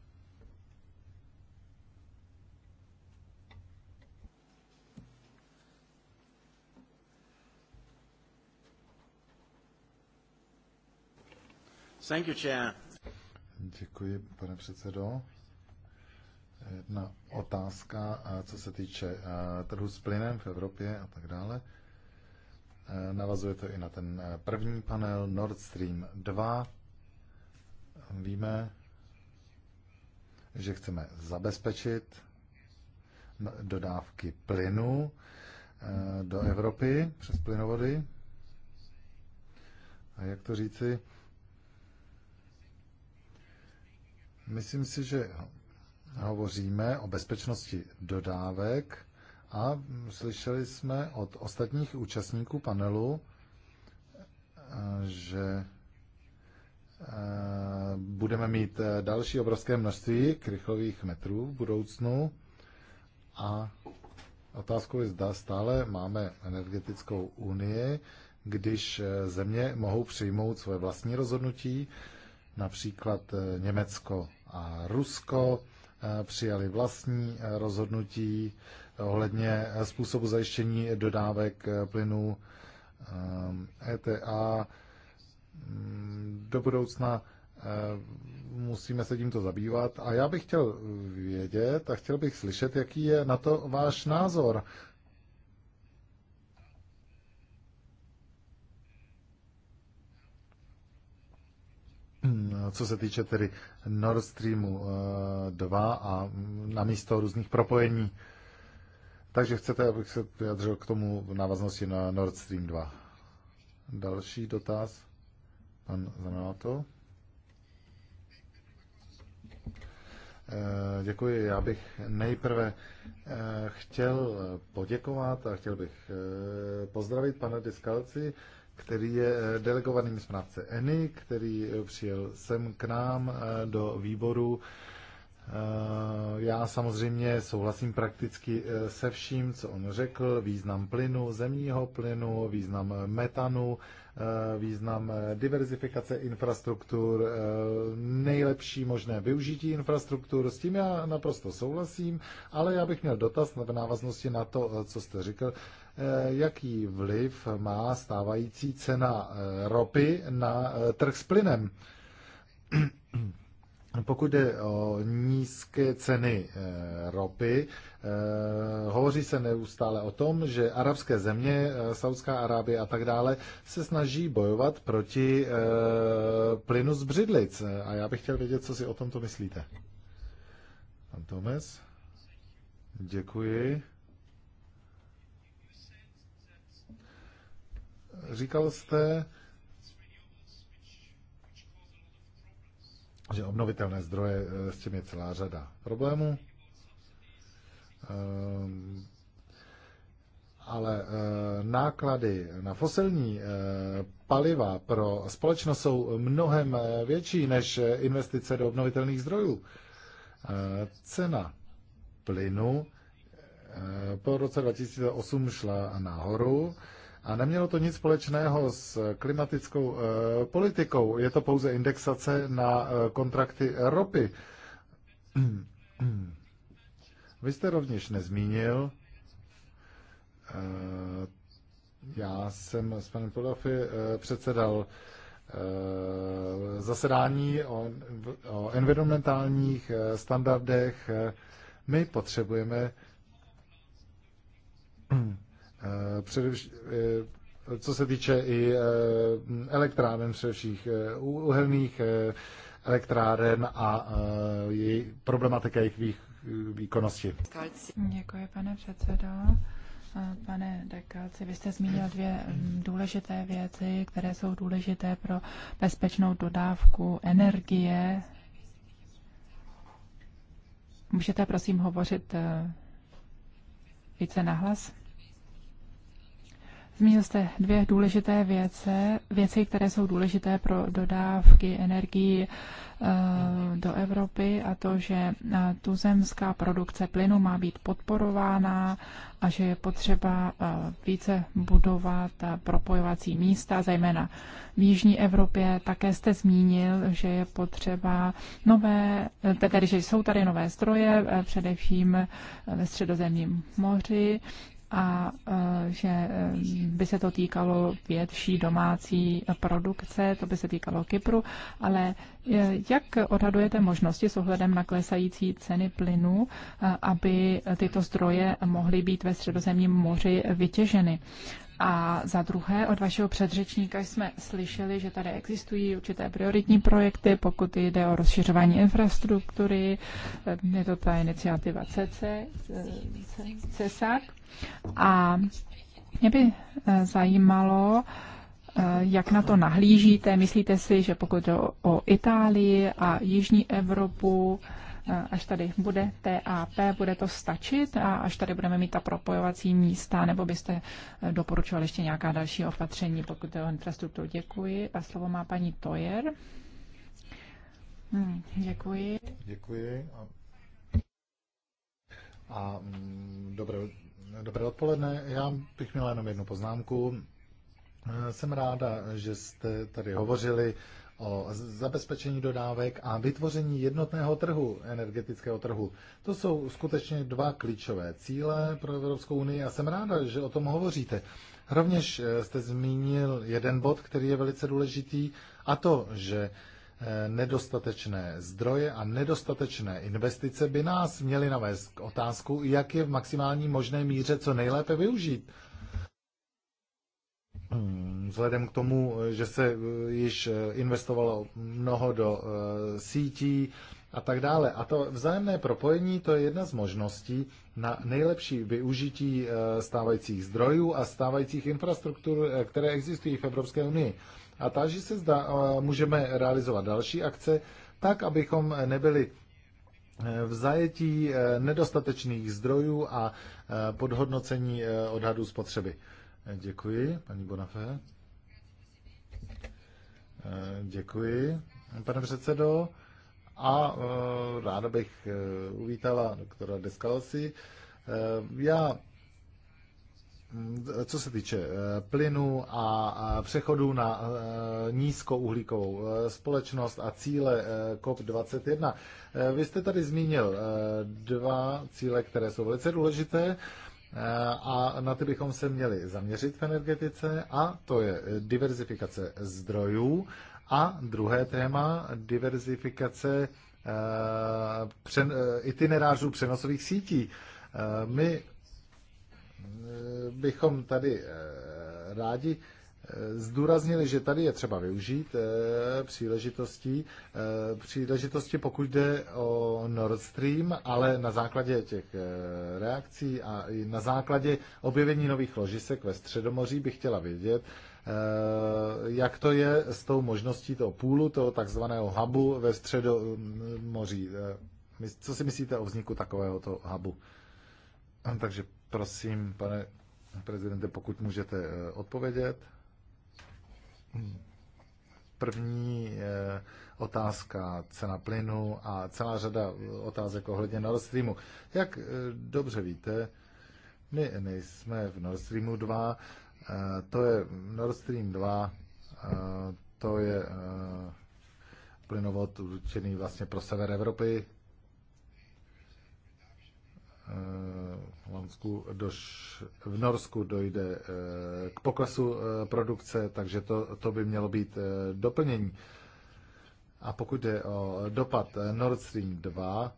Thank you, Chair. Děkuji, pane předsedo. Jedna otázka, co se týče trhu s plynem v Evropě a tak dále. Navazuje to i na ten první panel Nord Stream 2. Víme, že chceme zabezpečit dodávky plynu do Evropy přes plynovody. A jak to říci? Myslím si, že hovoříme o bezpečnosti dodávek a slyšeli jsme od ostatních účastníků panelu, eh, že eh, budeme mít eh, další obrovské množství krychlových metrů v budoucnu a otázkou je, zda stále máme energetickou unii, když země mohou přijmout své vlastní rozhodnutí, například Německo a Rusko eh, přijali vlastní eh, rozhodnutí ohledně eh, způsobu zajištění dodávek plynu ETA. E mm, do budoucna musíme se tímto zabývat. A já bych chtěl vědět a chtěl bych slyšet, jaký je na to váš názor. Mm, co se týče tedy Nord Streamu 2 eh, a na místo různých propojení. Takže chcete, abych se vyjadřil k tomu v návaznosti na Nord Stream 2. Další dotaz, pan Zanato. Eh, děkuji. Já bych nejprve eh, chtěl poděkovat a chtěl bych pozdravit pana Diskalci který je eh, delegovaným správce ENI, který eh, přijel sem k nám eh, do výboru. Já samozřejmě souhlasím prakticky se vším, co on řekl, význam plynu, zemního plynu, význam metanu, význam diverzifikace infrastruktur, nejlepší možné využití infrastruktur, s tím já naprosto souhlasím, ale já bych měl dotaz v návaznosti na to, co jste řekl. Eh, jaký vliv má stávající cena eh, ropy na eh, trh s plynem. Pokud jde o nízké ceny ropy, hovoří se neustále o tom, že arabské země, Saudská Arábie a tak dále, se snaží bojovat proti plynu z břidlic. A já bych chtěl vědět, co si o tomto myslíte. Pan Tomes? Děkuji. Říkal jste, že obnovitelné zdroje, eh, s tím je celá řada problémů. Eh, ale eh, náklady na fosilní paliva pro společnost jsou mnohem větší než investice do obnovitelných zdrojů. Cena plynu po roce 2008 šla nahoru a nemělo to nic společného s eh, klimatickou e, politikou. Je to pouze indexace na e, kontrakty ropy. Vy jste rovněž nezmínil, e, já jsem s panem Podafy e, předsedal e, zasedání o, o environmentálních standardech. My potřebujeme Eh, především, eh, co se týče i eh, elektráren, především uhelných elektráren a její problematika jejich výkonnosti. Děkuji, pane předsedo. Pane Dekalci, vy jste zmínil dvě mm, důležité věci, které jsou důležité pro bezpečnou dodávku energie. Můžete prosím hovořit více nahlas? Zmínil jste dvě důležité věce, věci, které jsou důležité pro dodávky energii eh, do Evropy a to, že eh, tuzemská produkce plynu má být podporována a že je potřeba eh, více budovat propojovací místa, zejména v Jižní Evropě. Také jste zmínil, že je potřeba nové, tedy že jsou tady nové stroje, především ve Středozemním moři a e, že e, by se to týkalo větší domácí produkce, to by se týkalo Kypru, ale e, jak odhadujete možnosti s ohledem na klesající ceny plynu, aby tyto zdroje mohly být ve středozemním moři vytěženy? A za druhé, od vašeho předřečníka jsme slyšeli, že tady existují určité prioritní projekty, pokud jde o rozšiřování infrastruktury, je to ta iniciativa CC, CESAC. A mě by e, zajímalo, e, jak na to nahlížíte? Myslíte si, že pokud jde o Itálii a Jižní Evropu, až tady bude TAP, bude to stačit a až tady budeme mít ta propojovací místa, nebo byste eh, doporučovali ještě nějaká další opatření, pokud je o infrastrukturu. Děkuji a slovo má paní Tojer. Hmm, děkuji. Děkuji. A, a mm, dobré, dobré odpoledne. Já bych měla jenom jednu poznámku. Eh, jsem ráda, že jste tady hovořili o zabezpečení dodávek a vytvoření jednotného trhu, energetického trhu. To jsou skutečně dva klíčové cíle pro Evropskou unii a jsem ráda, že o tom hovoříte. Rovněž eh, jste zmínil jeden bod, který je velice důležitý, a to, že eh, nedostatečné zdroje a nedostatečné investice by nás měly navést k otázku, jak je v maximální možné míře co nejlépe využít Hmm, vzhledem k tomu, že se eh, již eh, investovalo mnoho do eh, sítí a tak dále. A to vzájemné propojení to je jedna z možností na nejlepší využití stávajících zdrojů a stávajících infrastruktur, které existují v Evropské unii. A táží se zda, můžeme realizovat další akce, tak, abychom nebyli v zajetí nedostatečných zdrojů a podhodnocení odhadů spotřeby. Děkuji, paní Bonafé. Eh, děkuji, pane předsedo. A eh, ráda bych eh, uvítala doktora Deskalsi. Já, hm, co se týče plynu a přechodu na nízkouhlíkovou společnost a cíle COP21, vy jste tady zmínil dva cíle, které jsou velice důležité Eh, a na ty bychom se měli zaměřit v energetice a to je diverzifikace zdrojů a druhé téma diverzifikace eh, eh, itinerářů přenosových sítí. My bychom tady rádi zdůraznili, že tady je třeba využít eh, příležitosti, eh, příležitosti, pokud jde o Nord Stream, ale na základě těch eh, reakcí a i na základě objevení nových ložisek ve Středomoří bych chtěla vědět, jak to je s tou možností toho půlu, toho takzvaného hubu ve Středomoří. Co si myslíte o vzniku takového toho hubu? Takže prosím, pane prezidente, pokud můžete odpovědět. První otázka cena plynu a celá řada otázek ohledně Nord Streamu. Jak eh, dobře víte, my nejsme v Nord Streamu 2, eh, to je Nord Stream 2, eh, to je plynovod určený vlastně pro sever Evropy, v Norsku dojde eh, k poklesu eh, produkce, takže to, to by mělo být eh, doplnění. A pokud je o dopad Nord Stream 2,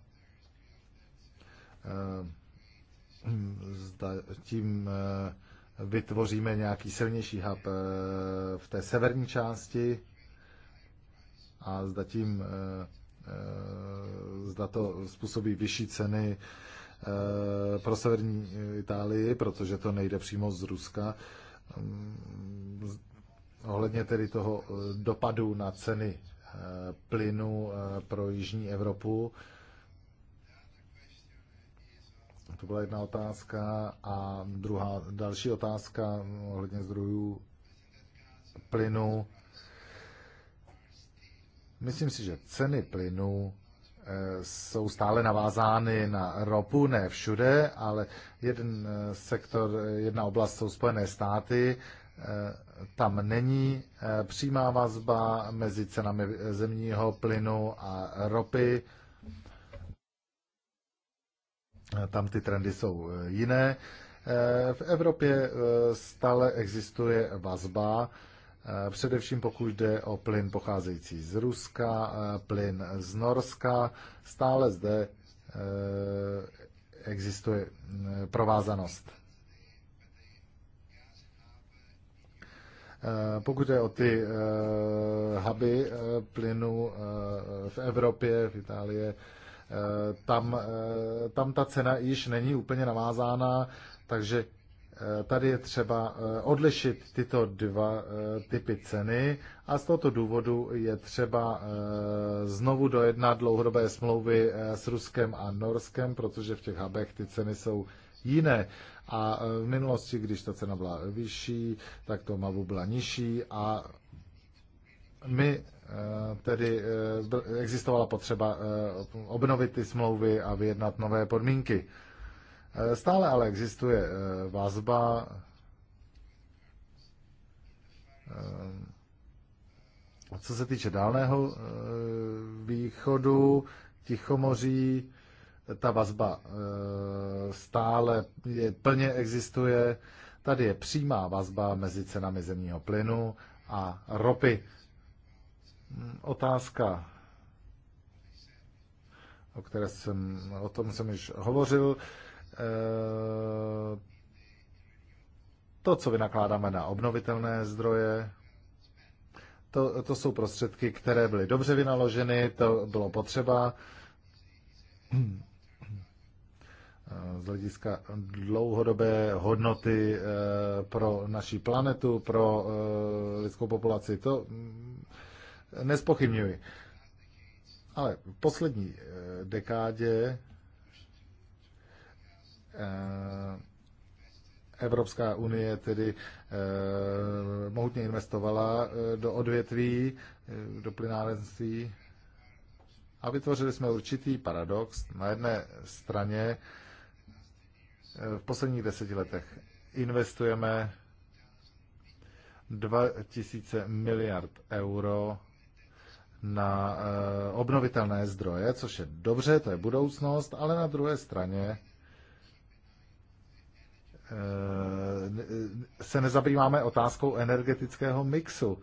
hm, zda tím vytvoříme nějaký silnější hub v té severní části a zda tím zda to způsobí vyšší ceny Eh, pro severní Itálii, protože to nejde přímo z Ruska. Mm, ohledně tedy toho eh, dopadu na ceny eh, plynu pro jižní Evropu. To byla jedna otázka. A druhá, další otázka mm, ohledně zdrojů plynu. Myslím si, že ceny plynu jsou stále navázány na ropu, ne všude, ale jeden eh, sektor, eh, jedna oblast jsou Spojené státy, eh, tam není přímá vazba mezi cenami zemního plynu a ropy. Tam ty trendy jsou jiné. V Evropě stále existuje vazba Eh, především pokud jde o plyn pocházející z Ruska, eh, plyn z Norska, stále zde eh, existuje provázanost. Pokud jde o ty huby plynu v Evropě, v Itálii, tam, tam ta cena již není úplně navázána, takže Eh, tady je třeba eh, odlišit tyto dva eh, typy ceny a z tohoto důvodu je třeba znovu dojednat dlouhodobé smlouvy s Ruskem a Norskem, protože v těch hubech ty ceny jsou jiné. A v minulosti, když ta cena byla vyšší, tak to mavu byla nižší a my tedy existovala potřeba obnovit ty smlouvy a vyjednat nové podmínky. Eh, stále ale existuje eh, vazba eh, co se týče dálného východu, Tichomoří, ta vazba stále je, plně existuje. Tady je přímá vazba mezi cenami zemního plynu a ropy. Hm, otázka, o které jsem, o tom jsem již hovořil. Eh, to, co vynakládáme na obnovitelné zdroje, to, to jsou prostředky, které byly dobře vynaloženy, to bylo potřeba eh, z hlediska dlouhodobé hodnoty eh, pro naši planetu, pro lidskou populaci. To mm, nespochybňuji. Ale v poslední dekádě Eh, Evropská unie tedy eh, mohutně investovala eh, do odvětví, eh, do plynárenství a vytvořili jsme určitý paradox. Na jedné straně v posledních deseti letech investujeme 2000 miliard euro na obnovitelné zdroje, což je dobře, to je budoucnost, ale na druhé straně Eh, se nezabýváme otázkou energetického mixu.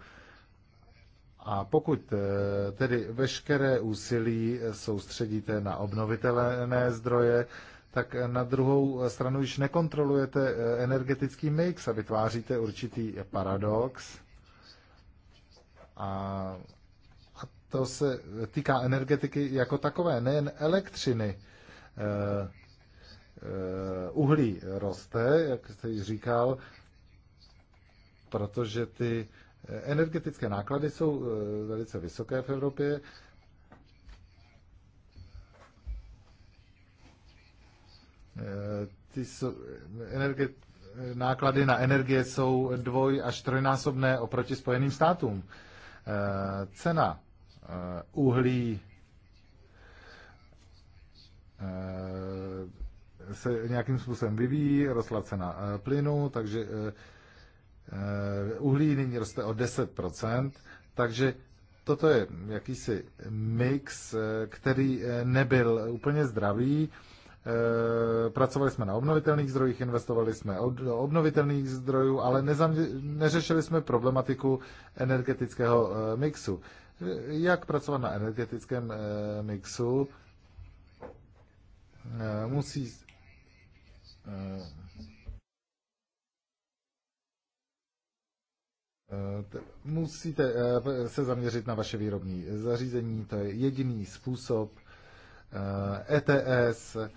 A pokud eh, tedy veškeré úsilí soustředíte na obnovitelné zdroje, tak na druhou stranu již nekontrolujete eh, energetický mix a vytváříte určitý paradox. A, to se týká energetiky jako takové, nejen elektřiny. Eh, uhlí roste, jak jste již říkal, protože ty eh, energetické náklady jsou eh, velice vysoké v Evropě. Ty jsou, energe, náklady na energie jsou dvoj až trojnásobné oproti Spojeným státům. Cena uhlí se nějakým způsobem vyvíjí, rostla cena eh, plynu, takže eh, eh, uhlí nyní roste o 10%, takže toto je jakýsi mix, který nebyl úplně zdravý. Pracovali jsme na obnovitelných zdrojích, investovali jsme do obnovitelných zdrojů, ale neřešili jsme problematiku energetického mixu. Jak pracovat na energetickém mixu? Musí Eh, eh, musíte eh, se zaměřit na vaše výrobní zařízení, to je jediný způsob. ETS, e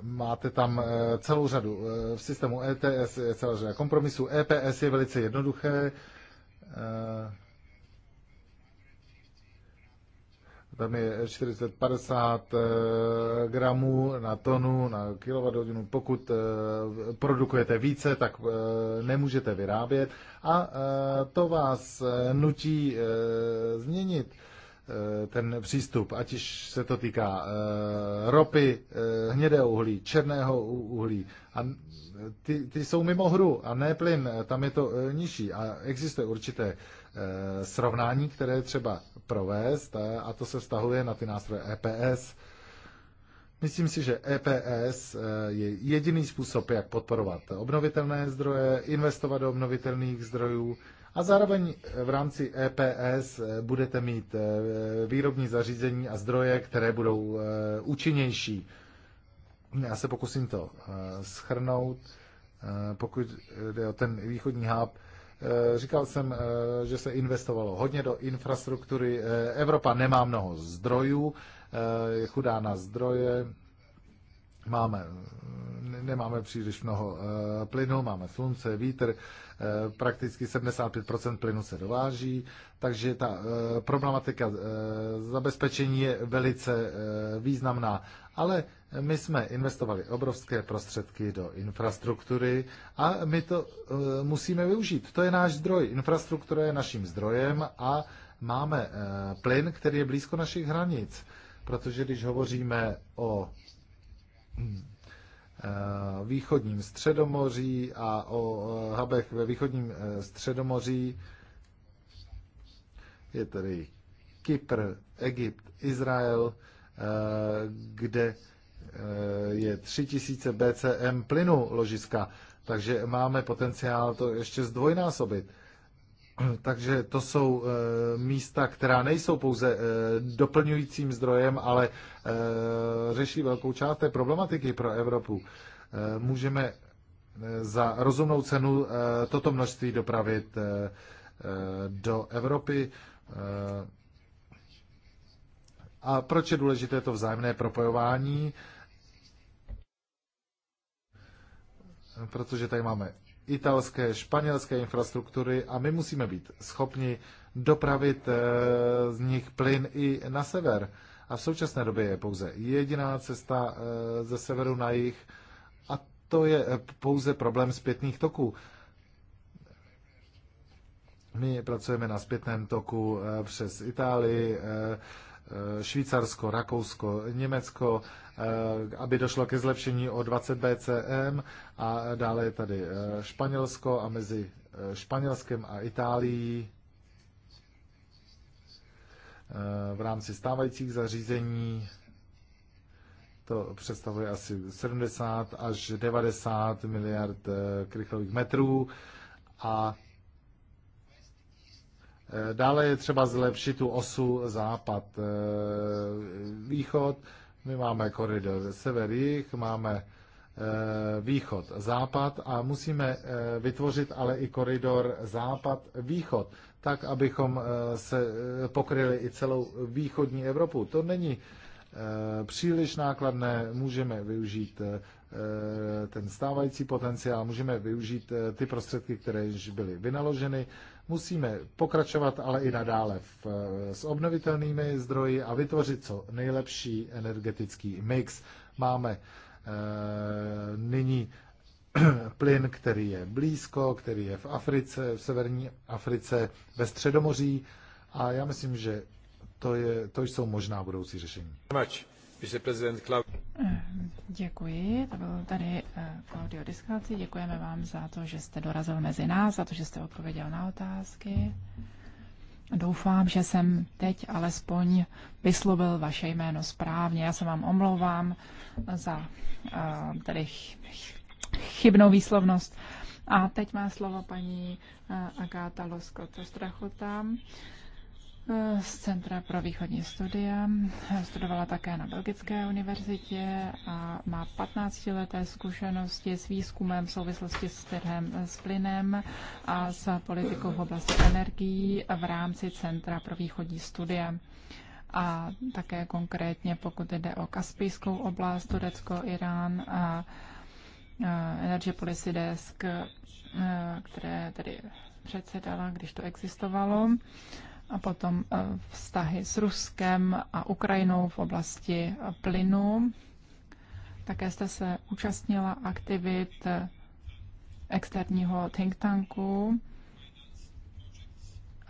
Máte tam celou řadu. V systému ETS je celá řada kompromisů. EPS je velice jednoduché. tam je 450 eh, gramů na tonu, na kWh. Pokud eh, produkujete více, tak eh, nemůžete vyrábět a to vás nutí změnit ten přístup, ať již se to týká ropy, hnědého uhlí, černého uhlí. A ty, ty jsou mimo hru a ne plyn, tam je to nižší. A existuje určité srovnání, které třeba provést a to se vztahuje na ty nástroje EPS. Myslím si, že EPS eh, je jediný způsob, jak podporovat obnovitelné zdroje, investovat do obnovitelných zdrojů a zároveň v rámci EPS eh, budete mít eh, výrobní zařízení a zdroje, které budou účinnější. Já se pokusím to schrnout. Pokud jde o ten východní hub, Eh, říkal jsem, eh, že se investovalo hodně do infrastruktury. Eh, Evropa nemá mnoho zdrojů, je chudá na zdroje, máme, nemáme příliš mnoho plynu, máme slunce, vítr, prakticky 75% plynu se dováží, takže ta problematika zabezpečení je velice významná. Ale my jsme investovali obrovské prostředky do infrastruktury a my to eh, musíme využít. To je náš zdroj. Infrastruktura je naším zdrojem a máme eh, plyn, který je blízko našich hranic. Protože když hovoříme o hm, eh, východním středomoří a o habech ve východním středomoří, je tedy Kypr, Egypt, Izrael, kde Eh, je 3000 BCM plynu ložiska, takže máme potenciál to ještě zdvojnásobit. Takže to jsou eh, místa, která nejsou pouze eh, doplňujícím zdrojem, ale řeší velkou část té problematiky pro Evropu. Můžeme za rozumnou cenu toto množství dopravit do Evropy. A proč je důležité to vzájemné propojování? protože tady máme italské, španělské infrastruktury a my musíme být schopni dopravit eh, z nich plyn i na sever. A v současné době je pouze jediná cesta eh, ze severu na jih a to je eh, pouze problém zpětných toků. My pracujeme na zpětném toku přes Itálii, Švýcarsko, Rakousko, Německo, eh, aby došlo ke zlepšení o 20 BCM a dále je tady eh, Španělsko a mezi eh, Španělskem a Itálií v rámci stávajících zařízení to představuje asi 70 až 90 miliard krychlových metrů a Dále je třeba zlepšit tu osu západ-východ. Eh, My máme koridor sever-jih, máme eh, východ-západ a musíme eh, vytvořit ale i koridor západ-východ, tak, abychom se pokryli i celou východní Evropu. To není příliš nákladné, můžeme využít ten stávající potenciál, můžeme využít ty prostředky, které již byly vynaloženy Musíme pokračovat ale i nadále v, s obnovitelnými zdroji a vytvořit co nejlepší energetický mix. Máme e, nyní plyn, který je blízko, který je v Africe, v severní Africe, ve Středomoří a já myslím, že to, je, to jsou možná budoucí řešení. Mač viceprezident Děkuji, to byl tady eh, Claudio Discalci. Děkujeme vám za to, že jste dorazil mezi nás, za to, že jste odpověděl na otázky. Doufám, že jsem teď alespoň vyslovil vaše jméno správně. Já se vám omlouvám za eh, tady chybnou výslovnost. A teď má slovo paní eh, Agáta Loskota Strachota z Centra pro východní studia. Studovala také na Belgické univerzitě a má 15-leté zkušenosti s výzkumem v souvislosti s trhem s plynem a s politikou v oblasti energií v rámci Centra pro východní studia a také konkrétně pokud jde o Kaspijskou oblast, Turecko, Irán a Energy Policy Desk, které tedy předsedala, když to existovalo a potom eh, vztahy s Ruskem a Ukrajinou v oblasti eh, plynu. Také jste se účastnila aktivit eh, externího think tanku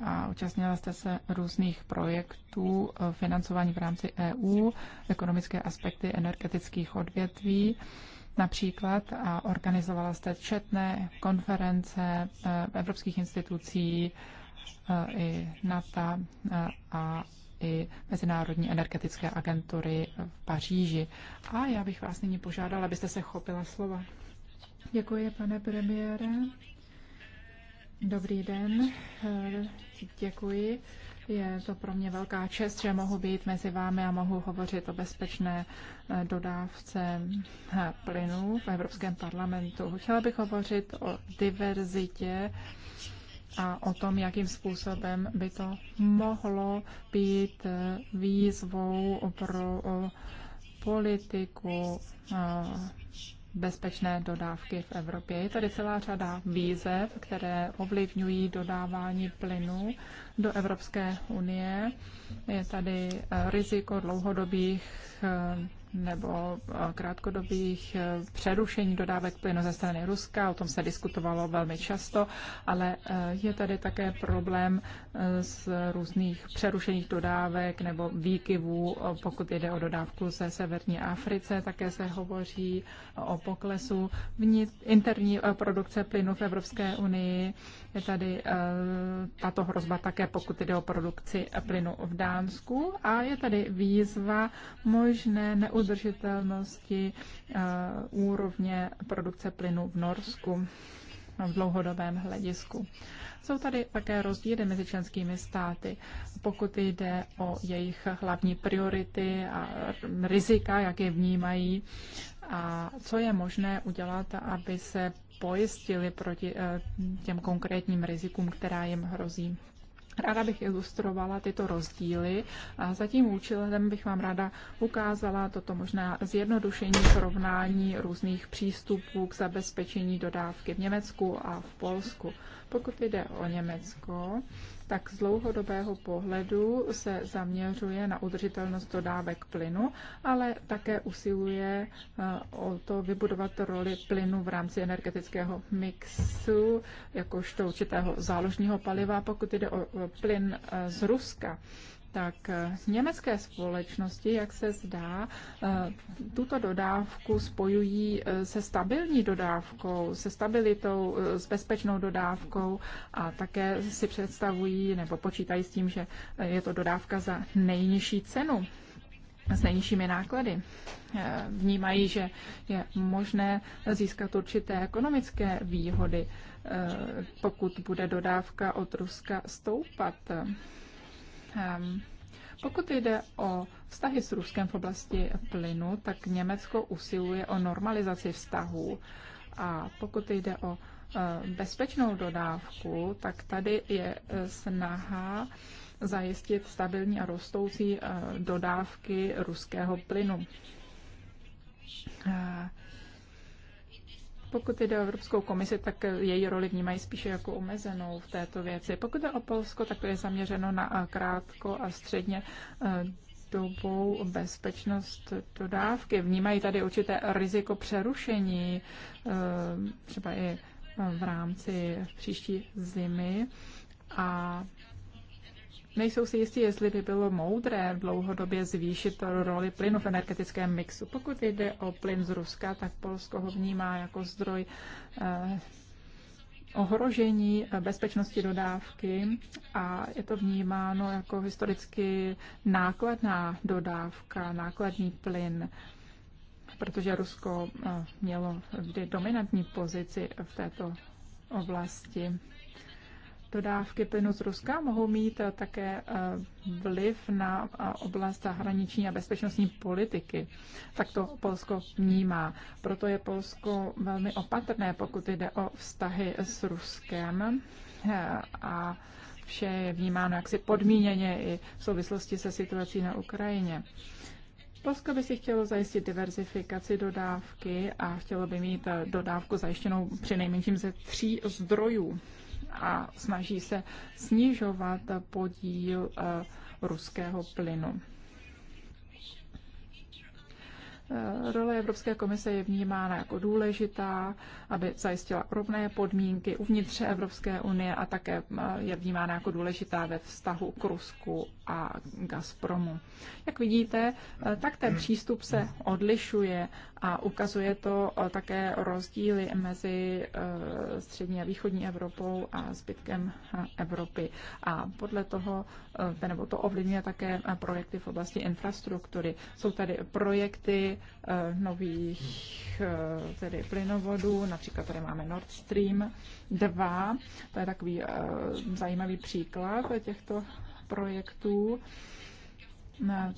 a účastnila jste se různých projektů financování v rámci EU, ekonomické aspekty energetických odvětví například a organizovala jste četné konference evropských institucí, Eh, i NATO eh, a i Mezinárodní energetické agentury v Paříži. A já bych vás nyní požádala, abyste se chopila slova. Děkuji, pane premiére. Dobrý den, eh, děkuji. Je to pro mě velká čest, že mohu být mezi vámi a mohu hovořit o bezpečné dodávce plynu v Evropském parlamentu. Chtěla bych hovořit o diverzitě a o tom, jakým způsobem by to mohlo být výzvou pro politiku bezpečné dodávky v Evropě. Je tady celá řada výzev, které ovlivňují dodávání plynu do Evropské unie. Je tady eh, riziko dlouhodobých eh, nebo eh, krátkodobých přerušení dodávek plynu ze strany Ruska. O tom se diskutovalo velmi často, ale je tady také problém z různých přerušených dodávek nebo výkyvů, pokud jde o dodávku ze Severní Africe. Také se hovoří o poklesu interní produkce plynu v Evropské unii. Je tady tato hrozba také také pokud jde o produkci plynu v Dánsku. A je tady výzva možné neudržitelnosti eh, úrovně produkce plynu v Norsku no, v dlouhodobém hledisku. Jsou tady také rozdíly mezi členskými státy, pokud jde o jejich hlavní priority a rizika, jak je vnímají a co je možné udělat, aby se pojistili proti eh, těm konkrétním rizikům, která jim hrozí. Ráda bych ilustrovala tyto rozdíly a za tím účelem bych vám ráda ukázala toto možná zjednodušení srovnání různých přístupů k zabezpečení dodávky v Německu a v Polsku. Pokud jde o Německo, tak z dlouhodobého pohledu se zaměřuje na udržitelnost dodávek plynu, ale také usiluje eh, o to vybudovat roli plynu v rámci energetického mixu, jakožto určitého záložního paliva, pokud jde o plyn eh, z Ruska tak eh, německé společnosti, jak se zdá, eh, tuto dodávku spojují eh, se stabilní dodávkou, se stabilitou, s bezpečnou dodávkou a také si představují nebo počítají s tím, že je to dodávka za nejnižší cenu s nejnižšími náklady. Vnímají, že je možné získat určité ekonomické výhody, pokud bude dodávka od Ruska stoupat. Ehm, pokud jde o vztahy s Ruskem v oblasti plynu, tak Německo usiluje o normalizaci vztahů. A pokud jde o eh, bezpečnou dodávku, tak tady je eh, snaha zajistit stabilní a rostoucí eh, dodávky ruského plynu pokud jde o Evropskou komisi, tak její roli vnímají spíše jako omezenou v této věci. Pokud jde o Polsko, tak to je zaměřeno na krátko a středně eh, dobou bezpečnost dodávky. Vnímají tady určité riziko přerušení, eh, třeba i v rámci příští zimy. A nejsou si jistí, jestli by bylo moudré dlouhodobě zvýšit roli plynu v energetickém mixu. Pokud jde o plyn z Ruska, tak Polsko ho vnímá jako zdroj eh, ohrožení bezpečnosti dodávky a je to vnímáno jako historicky nákladná dodávka, nákladní plyn, protože Rusko eh, mělo vždy dominantní pozici v této oblasti dodávky plynu z Ruska mohou mít také eh, vliv na eh, oblast zahraniční a bezpečnostní politiky. Tak to Polsko vnímá. Proto je Polsko velmi opatrné, pokud jde o vztahy s Ruskem eh, a vše je vnímáno jaksi podmíněně i v souvislosti se situací na Ukrajině. Polsko by si chtělo zajistit diverzifikaci dodávky a chtělo by mít dodávku zajištěnou při nejmenším ze tří zdrojů a snaží se snižovat podíl eh, ruského plynu. Eh, role Evropské komise je vnímána jako důležitá, aby zajistila rovné podmínky uvnitř Evropské unie a také eh, je vnímána jako důležitá ve vztahu k Rusku a Gazpromu. Jak vidíte, eh, tak ten přístup se odlišuje a ukazuje to také rozdíly mezi střední a východní Evropou a zbytkem Evropy. A podle toho, nebo to ovlivňuje také projekty v oblasti infrastruktury. Jsou tady projekty, Eh, nových eh, tedy plynovodů, například tady máme Nord Stream 2, to je takový eh, zajímavý příklad těchto projektů.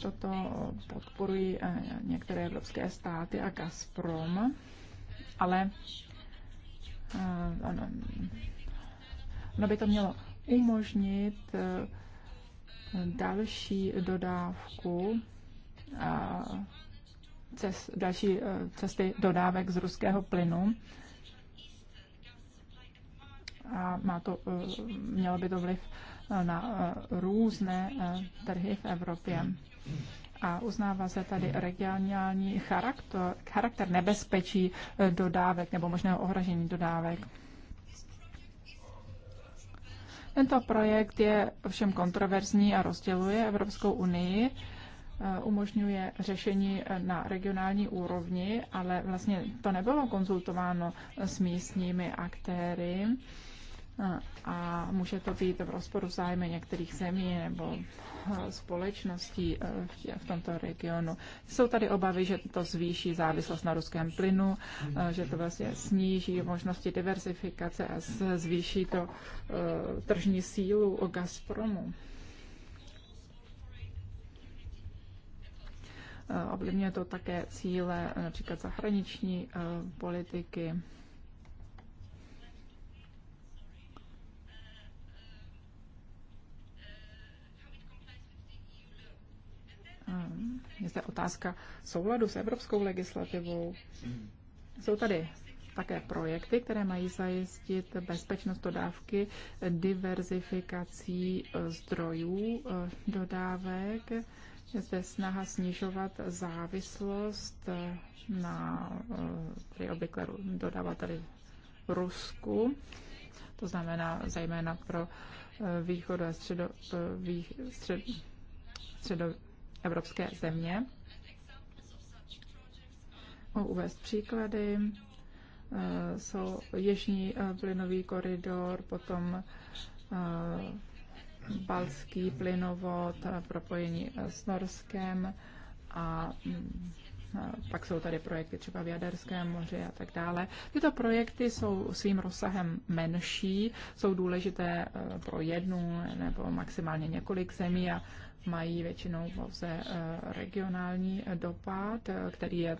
Toto podporují některé evropské státy a Gazprom, ale ano, ono by to mělo umožnit další dodávku cest, další eh, cesty dodávek z ruského plynu. A má to, eh, mělo by to vliv eh, na různé trhy v Evropě. A uznává se tady regionální charakter, charakter nebezpečí dodávek nebo možného ohrožení dodávek. Tento projekt je ovšem kontroverzní a rozděluje Evropskou unii umožňuje řešení na regionální úrovni, ale vlastně to nebylo konzultováno s místními aktéry a může to být v rozporu zájmy některých zemí nebo eh, společností eh, v tomto regionu. Jsou tady obavy, že to zvýší závislost na ruském plynu, eh, že to vlastně sníží možnosti diversifikace a zvýší to tržní sílu o Gazpromu. Eh, ovlivňuje to také cíle eh, například zahraniční eh, politiky. Je zde otázka souladu s evropskou legislativou. Jsou tady také projekty, které mají zajistit bezpečnost dodávky diverzifikací zdrojů dodávek je zde snaha snižovat závislost eh, na eh, tedy obvykle dodavateli Rusku, to znamená zejména pro eh, východ a středo, vý, střed, středoevropské země. Mohu uvést příklady. Jsou jižní plynový koridor, potom balský plynovod, eh, propojení eh, s Norskem a mm, eh, pak jsou tady projekty třeba v Jaderském moři a tak dále. Tyto projekty jsou svým rozsahem menší, jsou důležité pro jednu nebo maximálně několik zemí a mají většinou pouze regionální dopad, který je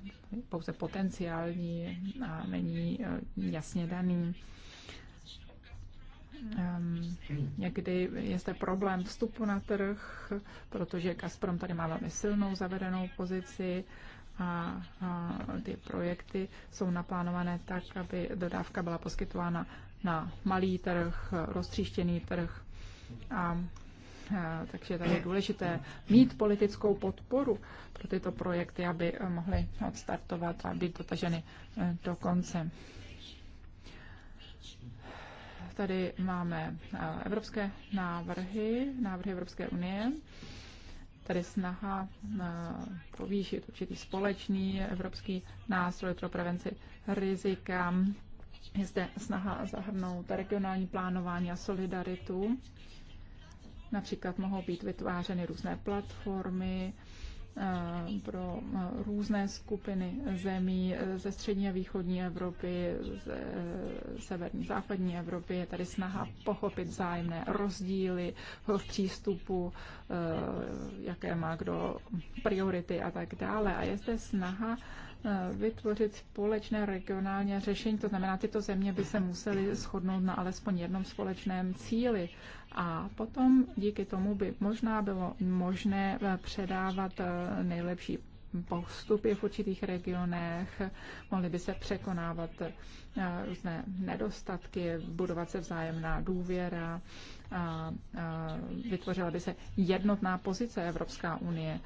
pouze potenciální a není jasně daný. Ehm, někdy je zde problém vstupu na trh, protože Gazprom tady má velmi silnou zavedenou pozici a, a ty projekty jsou naplánované tak, aby dodávka byla poskytována na malý trh, roztříštěný trh. A, a e, takže tady je důležité mít politickou podporu pro tyto projekty, aby mohly odstartovat a být dotaženy e, do konce. Tady máme eh, evropské návrhy, návrhy Evropské unie. Tady snaha eh, povýšit určitý společný evropský nástroj pro prevenci rizika. Je zde snaha zahrnout regionální plánování a solidaritu. Například mohou být vytvářeny různé platformy, Eh, pro eh, různé skupiny zemí eh, ze střední a východní Evropy, ze severní západní Evropy. Je tady snaha pochopit zájemné rozdíly v přístupu, jaké má kdo priority a tak dále. A je zde snaha Eh, vytvořit společné regionální řešení. To znamená, tyto země by se musely shodnout na alespoň jednom společném cíli. A potom díky tomu by možná bylo možné eh, předávat eh, nejlepší postupy v určitých regionech, mohly by se překonávat různé nedostatky, budovat se vzájemná důvěra a vytvořila by se jednotná pozice Evropská unie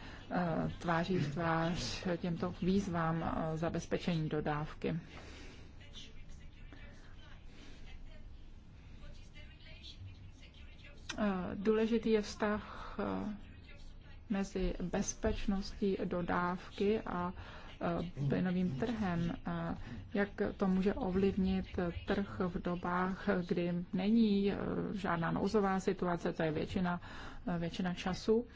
tváří v tvář těmto výzvám zabezpečení dodávky. Důležitý je vztah mezi bezpečností dodávky a plynovým eh, trhem. Jak to může ovlivnit trh v dobách, kdy není eh, žádná nouzová situace, to je většina, eh, většina času.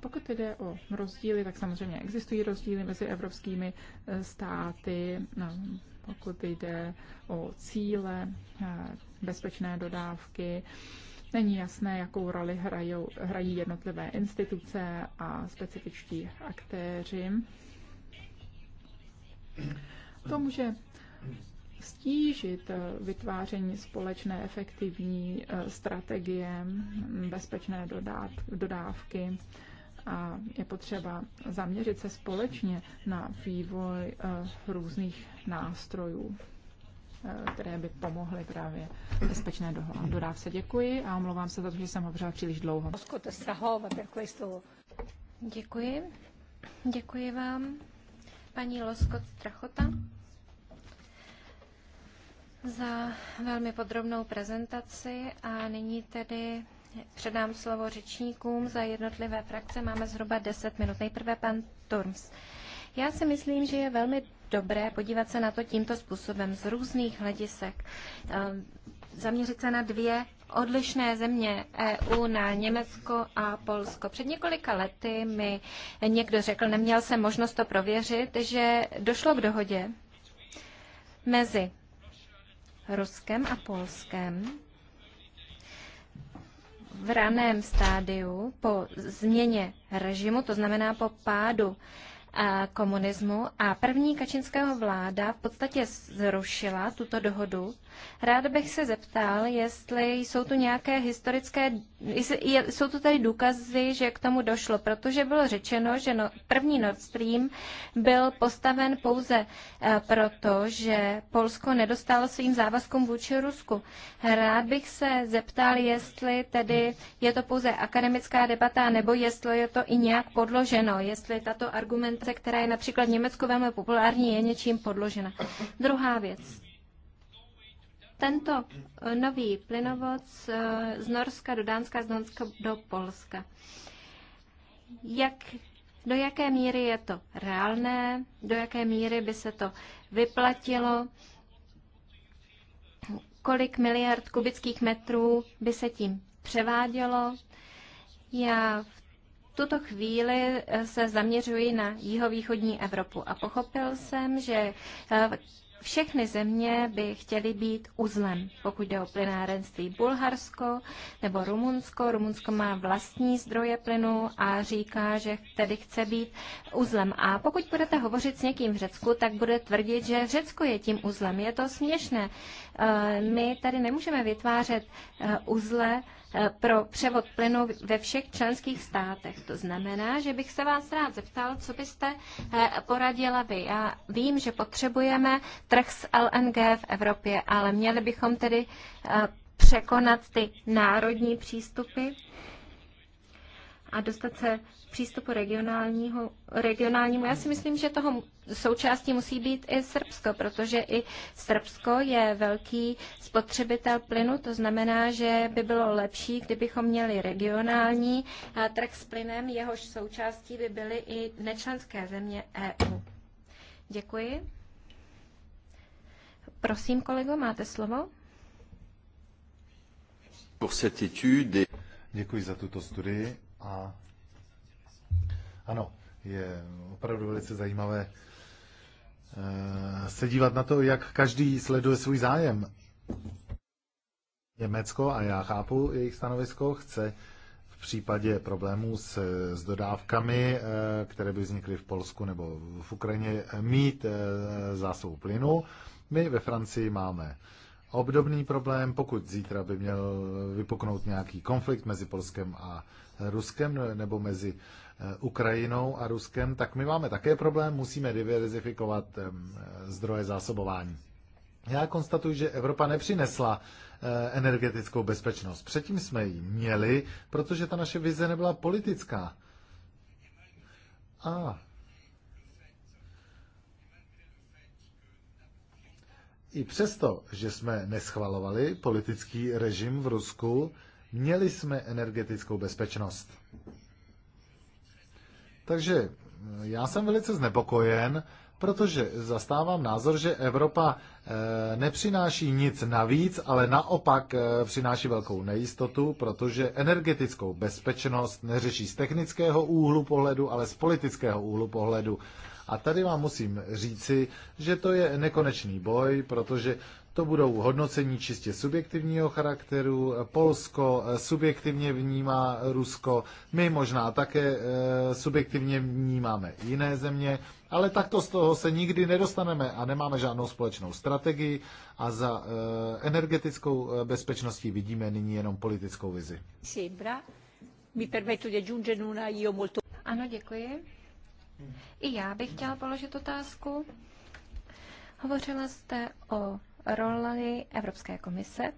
Pokud jde o rozdíly, tak samozřejmě existují rozdíly mezi evropskými státy, no, pokud jde o cíle bezpečné dodávky, Není jasné, jakou roli hrajou, hrají jednotlivé instituce a specifičtí aktéři. To může stížit eh, vytváření společné efektivní eh, strategie bezpečné dodávky a je potřeba zaměřit se společně na vývoj eh, různých nástrojů které by pomohly právě bezpečné dodávce. Děkuji a omlouvám se za to, že jsem hovořila příliš dlouho. Děkuji. Děkuji vám, paní Loskot Strachota, za velmi podrobnou prezentaci a nyní tedy předám slovo řečníkům za jednotlivé frakce. Máme zhruba 10 minut. Nejprve pan Turms. Já si myslím, že je velmi dobré podívat se na to tímto způsobem z různých hledisek. Ehm, zaměřit se na dvě odlišné země EU na Německo a Polsko. Před několika lety mi někdo řekl, neměl jsem možnost to prověřit, že došlo k dohodě mezi Ruskem a Polskem v raném stádiu po změně režimu, to znamená po pádu komunismu a první kačinského vláda v podstatě zrušila tuto dohodu Rád bych se zeptal, jestli jsou tu nějaké historické, jestli, jsou tu tady důkazy, že k tomu došlo, protože bylo řečeno, že no, první Nord Stream byl postaven pouze eh, proto, že Polsko nedostalo svým závazkům vůči Rusku. Rád bych se zeptal, jestli tedy je to pouze akademická debata, nebo jestli je to i nějak podloženo, jestli tato argumentace, která je například v Německu velmi populární, je něčím podložena. Druhá věc tento eh, nový plynovod eh, z Norska do Dánska, z Dánska do Polska. Jak, do jaké míry je to reálné, do jaké míry by se to vyplatilo, kolik miliard kubických metrů by se tím převádělo. Já v tuto chvíli eh, se zaměřuji na jihovýchodní Evropu a pochopil jsem, že všechny země by chtěly být uzlem, pokud jde o plynárenství. Bulharsko nebo Rumunsko. Rumunsko má vlastní zdroje plynu a říká, že tedy chce být uzlem. A pokud budete hovořit s někým v Řecku, tak bude tvrdit, že Řecko je tím uzlem. Je to směšné. Eh, my tady nemůžeme vytvářet eh, uzle, Eh, pro převod plynu ve všech členských státech. To znamená, že bych se vás rád zeptal, co byste eh, poradila vy. Já vím, že potřebujeme trh s LNG v Evropě, ale měli bychom tedy eh, překonat ty národní přístupy a dostat se přístupu regionálního, regionálnímu. Já si myslím, že toho součástí musí být i Srbsko, protože i Srbsko je velký spotřebitel plynu, to znamená, že by bylo lepší, kdybychom měli regionální eh, trh s plynem, jehož součástí by byly i nečlenské země EU. Děkuji. Prosím, kolego, máte slovo. Děkuji za tuto studii a ano, je opravdu velice zajímavé eh, se dívat na to, jak každý sleduje svůj zájem. Německo, a já chápu jejich stanovisko, chce v případě problémů s, s dodávkami, eh, které by vznikly v Polsku nebo v Ukrajině, mít eh, zásobu plynu. My ve Francii máme obdobný problém, pokud zítra by měl vypuknout nějaký konflikt mezi Polskem a Ruskem nebo mezi eh, Ukrajinou a Ruskem, tak my máme také problém, musíme diverzifikovat eh, zdroje zásobování. Já konstatuji, že Evropa nepřinesla eh, energetickou bezpečnost. Předtím jsme ji měli, protože ta naše vize nebyla politická. A i přesto, že jsme neschvalovali politický režim v Rusku, měli jsme energetickou bezpečnost. Takže eh, já jsem velice znepokojen, protože zastávám názor, že Evropa eh, nepřináší nic navíc, ale naopak eh, přináší velkou nejistotu, protože energetickou bezpečnost neřeší z technického úhlu pohledu, ale z politického úhlu pohledu. A tady vám musím říci, že to je nekonečný boj, protože to budou hodnocení čistě subjektivního charakteru. Polsko eh, subjektivně vnímá Rusko, my možná také eh, subjektivně vnímáme jiné země, ale takto z toho se nikdy nedostaneme a nemáme žádnou společnou strategii a za eh, energetickou bezpečností vidíme nyní jenom politickou vizi. Ano, děkuji. I já bych chtěla položit otázku. Hovořila jste o roli Evropské komise.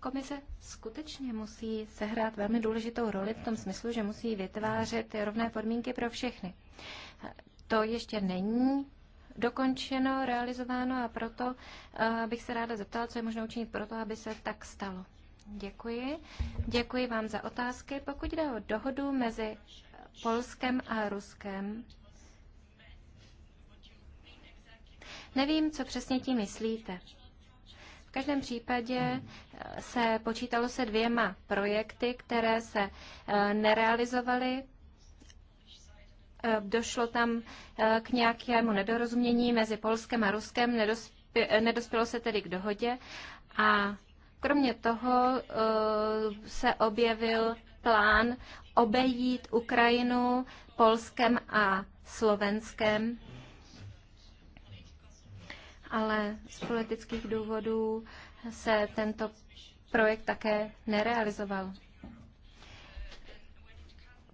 Komise skutečně musí sehrát velmi důležitou roli v tom smyslu, že musí vytvářet rovné podmínky pro všechny. To ještě není dokončeno, realizováno a proto eh, bych se ráda zeptala, co je možné učinit pro to, aby se tak stalo. Děkuji. Děkuji vám za otázky. Pokud jde o dohodu mezi Polskem a Ruskem, nevím, co přesně tím myslíte. V každém případě eh, se počítalo se dvěma projekty, které se eh, nerealizovaly. Eh, došlo tam k nějakému nedorozumění mezi Polskem a Ruskem, nedospělo se tedy k dohodě a Kromě toho eh, se objevil plán obejít Ukrajinu Polskem a Slovenskem, ale z politických důvodů se tento projekt také nerealizoval.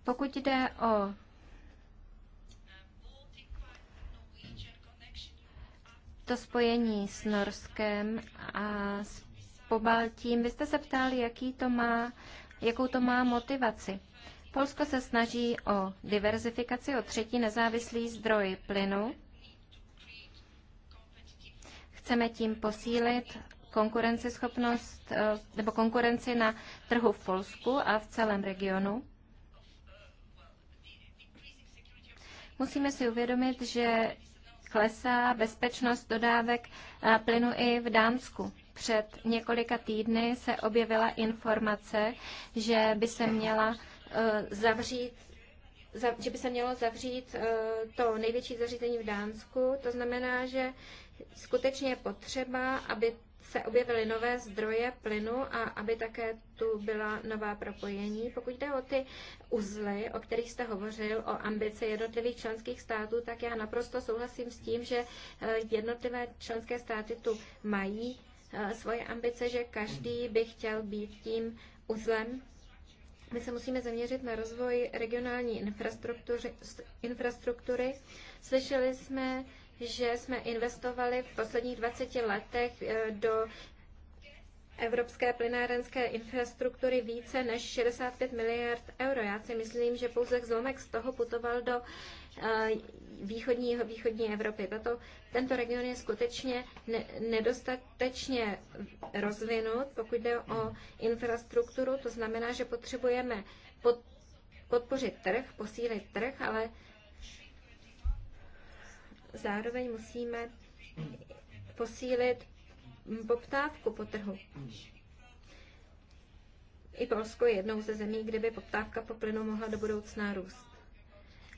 Pokud jde o to spojení s Norskem a s Pobaltím. Vy jste se ptali, jaký to má, jakou to má motivaci. Polsko se snaží o diverzifikaci, o třetí nezávislý zdroj plynu. Chceme tím posílit konkurenceschopnost eh, nebo konkurenci na trhu v Polsku a v celém regionu. Musíme si uvědomit, že klesá bezpečnost dodávek eh, plynu i v Dánsku. Před několika týdny se objevila informace, že by se měla eh, zavřít že by se mělo zavřít eh, to největší zařízení v Dánsku. To znamená, že skutečně je potřeba, aby se objevily nové zdroje plynu a aby také tu byla nová propojení. Pokud jde o ty uzly, o kterých jste hovořil, o ambice jednotlivých členských států, tak já naprosto souhlasím s tím, že eh, jednotlivé členské státy tu mají eh, svoje ambice, že každý by chtěl být tím uzlem. My se musíme zaměřit na rozvoj regionální infrastruktury. infrastruktury. Slyšeli jsme že jsme investovali v posledních 20 letech eh, do evropské plynárenské infrastruktury více než 65 miliard euro. Já si myslím, že pouze zlomek z toho putoval do eh, východního východní Evropy. Tato, tento region je skutečně ne, nedostatečně rozvinut, pokud jde o infrastrukturu. To znamená, že potřebujeme pod, podpořit trh, posílit trh, ale zároveň musíme posílit poptávku po trhu. I Polsko je jednou ze zemí, kde by poptávka po plynu mohla do budoucna růst.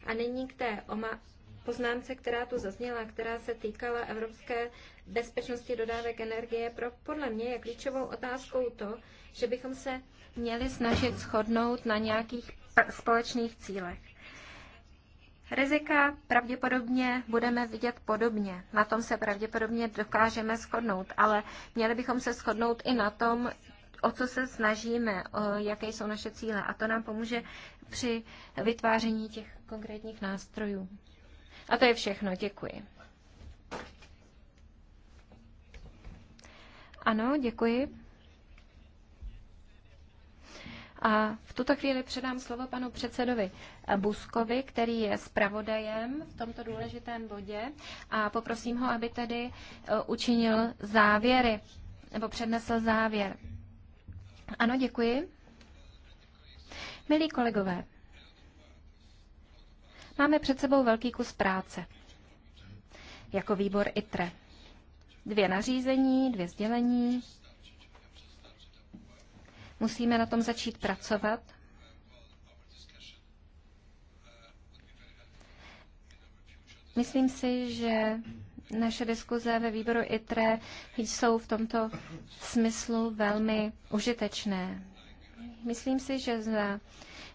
A nyní k té oma poznámce, která tu zazněla, která se týkala evropské bezpečnosti dodávek energie, pro, podle mě je klíčovou otázkou to, že bychom se měli snažit shodnout na nějakých společných cílech. Rizika pravděpodobně budeme vidět podobně. Na tom se pravděpodobně dokážeme shodnout, ale měli bychom se shodnout i na tom, o co se snažíme, jaké jsou naše cíle. A to nám pomůže při vytváření těch konkrétních nástrojů. A to je všechno. Děkuji. Ano, děkuji. A v tuto chvíli předám slovo panu předsedovi Buskovi, který je zpravodajem v tomto důležitém bodě a poprosím ho, aby tedy e, učinil závěry nebo přednesl závěr. Ano, děkuji. Milí kolegové, máme před sebou velký kus práce. Jako výbor ITRE. Dvě nařízení, dvě sdělení, Musíme na tom začít pracovat. Myslím si, že naše diskuze ve výboru ITRE jsou v tomto smyslu velmi užitečné. Myslím si, že za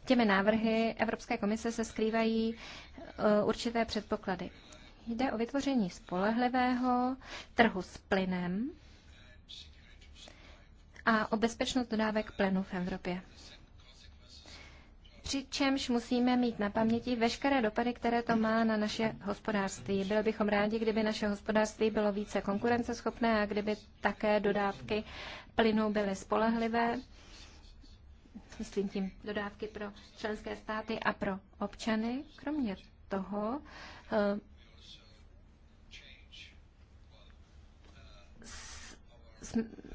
těmi návrhy Evropské komise se skrývají eh, určité předpoklady. Jde o vytvoření spolehlivého trhu s plynem, a o bezpečnost dodávek plynu v Evropě. Přičemž musíme mít na paměti veškeré dopady, které to má na naše hospodářství. Byli bychom rádi, kdyby naše hospodářství bylo více konkurenceschopné a kdyby také dodávky plynu byly spolehlivé myslím tím dodávky pro členské státy a pro občany. Kromě toho eh,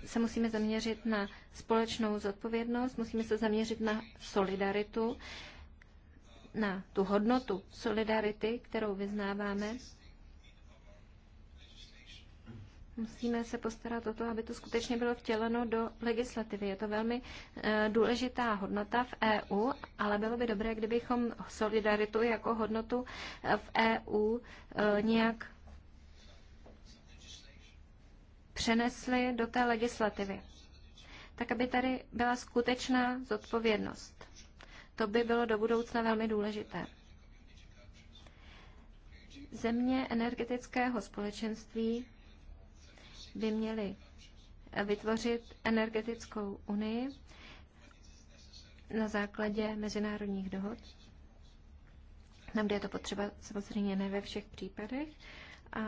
se musíme zaměřit na společnou zodpovědnost, musíme se zaměřit na solidaritu, na tu hodnotu solidarity, kterou vyznáváme. Musíme se postarat o to, aby to skutečně bylo vtěleno do legislativy. Je to velmi eh, důležitá hodnota v EU, ale bylo by dobré, kdybychom solidaritu jako hodnotu eh, v EU eh, nějak přenesli do té legislativy, tak aby tady byla skutečná zodpovědnost. To by bylo do budoucna velmi důležité. Země energetického společenství by měly vytvořit energetickou unii na základě mezinárodních dohod. Tam, kde je to potřeba, samozřejmě ne ve všech případech. A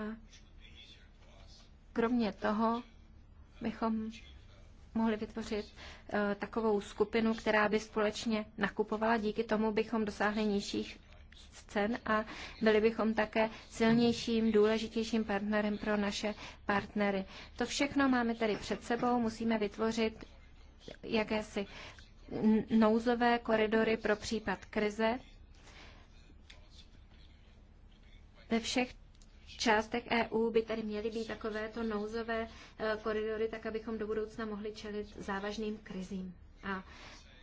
Kromě toho bychom mohli vytvořit eh, takovou skupinu, která by společně nakupovala. Díky tomu bychom dosáhli nižších cen a byli bychom také silnějším, důležitějším partnerem pro naše partnery. To všechno máme tedy před sebou, musíme vytvořit jakési nouzové koridory pro případ krize. Ve všech částech EU by tady měly být takovéto nouzové e, koridory, tak abychom do budoucna mohli čelit závažným krizím a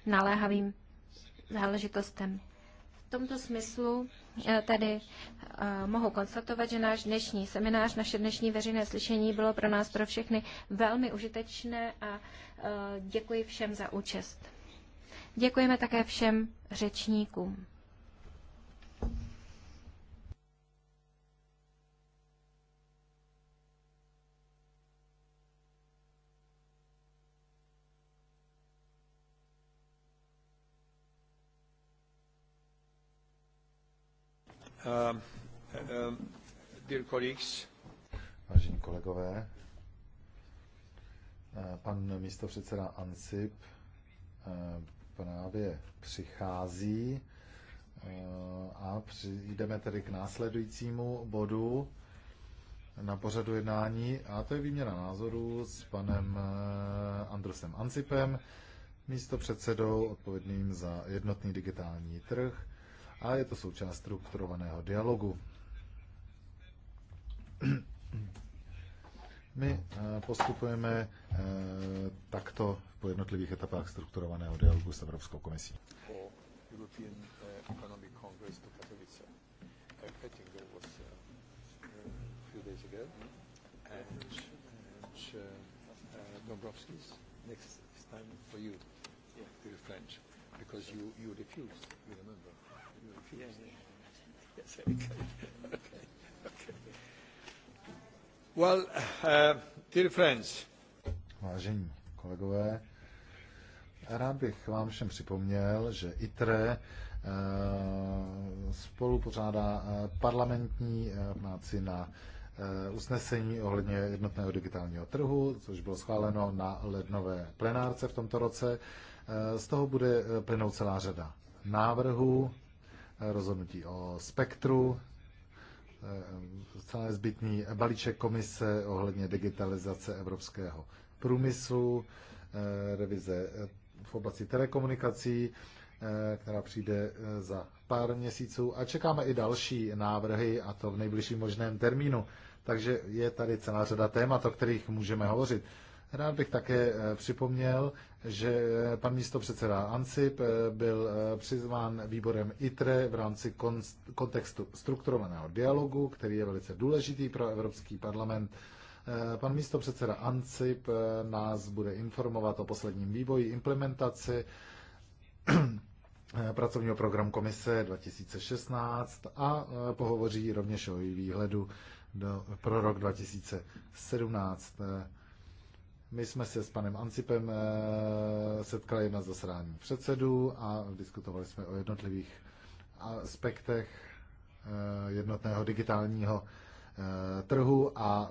naléhavým záležitostem. V tomto smyslu e, tedy e, mohu konstatovat, že náš dnešní seminář, naše dnešní veřejné slyšení bylo pro nás pro všechny velmi užitečné a děkuji všem za účast. Děkujeme také všem řečníkům. Um, um, Vážení kolegové, eh, pan místopředseda Ansip eh, právě přichází eh, a přijdeme tedy k následujícímu bodu na pořadu jednání a to je výměna názorů s panem Androsem Ansipem. místo odpovědným za jednotný digitální trh a je to součást strukturovaného dialogu. My eh, postupujeme eh, takto po jednotlivých etapách strukturovaného dialogu s Evropskou komisí. Dombrovskis, next time for you, yeah. to the French, because you, you refused, you remember. Well, uh, dear friends. Vážení kolegové, rád bych vám všem připomněl, že ITRE eh, spolu pořádá eh, parlamentní eh, práci na usnesení ohledně jednotného digitálního trhu, což bylo schváleno na lednové plenárce v tomto roce. Z toho bude plynout celá řada návrhů, rozhodnutí o spektru, eh, celé zbytný balíček komise ohledně digitalizace evropského průmyslu, eh, revize eh, v oblasti telekomunikací, která přijde za pár měsíců a čekáme i další návrhy a to v nejbližším možném termínu. Takže je tady celá řada témat, o kterých můžeme hovořit. Rád bych také eh, připomněl, že eh, pan místo předseda ANSIP eh, byl přizván výborem ITRE v rámci kontextu strukturovaného dialogu, který je velice důležitý pro Evropský parlament. Pan místo předseda ANSIP nás bude informovat o posledním vývoji implementaci pracovního programu komise 2016 a pohovoří rovněž o její výhledu do, pro rok 2017. My jsme se s panem Ancipem eh, setkali na zasrání předsedů a diskutovali jsme o jednotlivých aspektech eh, jednotného digitálního eh, trhu a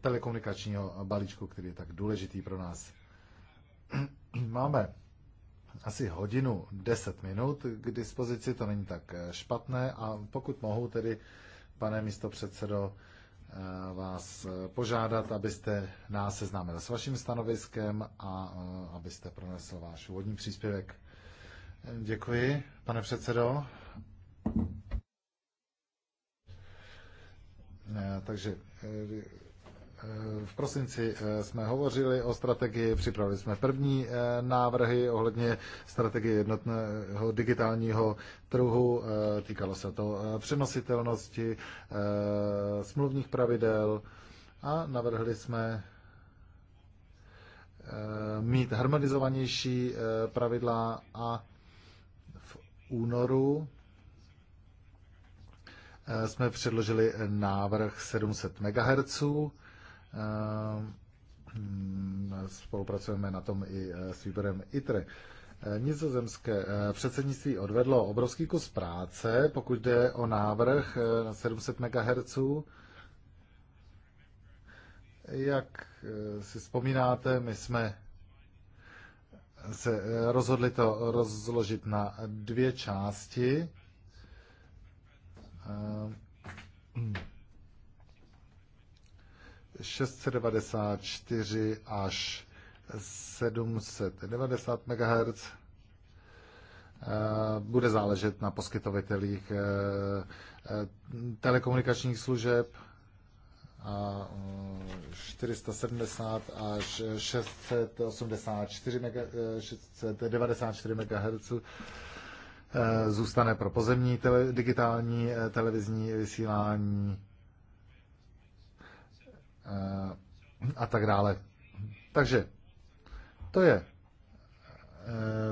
telekomunikačního balíčku, který je tak důležitý pro nás. Máme asi hodinu 10 minut k dispozici, to není tak špatné a pokud mohu tedy, pane místo předsedo, Eh, vás eh, požádat, abyste nás seznámil s vaším stanoviskem a eh, abyste pronesl váš úvodní příspěvek. Děkuji, pane předsedo. Takže Eh, v prosinci eh, jsme hovořili o strategii, připravili jsme první eh, návrhy ohledně strategie jednotného digitálního trhu. Týkalo se to přenositelnosti, smluvních pravidel a navrhli jsme mít harmonizovanější pravidla a v únoru jsme předložili návrh 700 MHz Ehm, hmm, spolupracujeme na tom i eh, s výborem ITRE. Eh, nizozemské eh, předsednictví odvedlo obrovský kus práce, pokud jde o návrh na 700 MHz. Jak si vzpomínáte, my jsme se rozhodli to rozložit na dvě části. Ehm, hmm. 694 až 790 MHz. Eh, bude záležet na poskytovatelích eh, eh, telekomunikačních služeb a 470 až 684 694 MHz zůstane pro pozemní tele, digitální televizní vysílání Eh, a tak dále. Takže to je eh,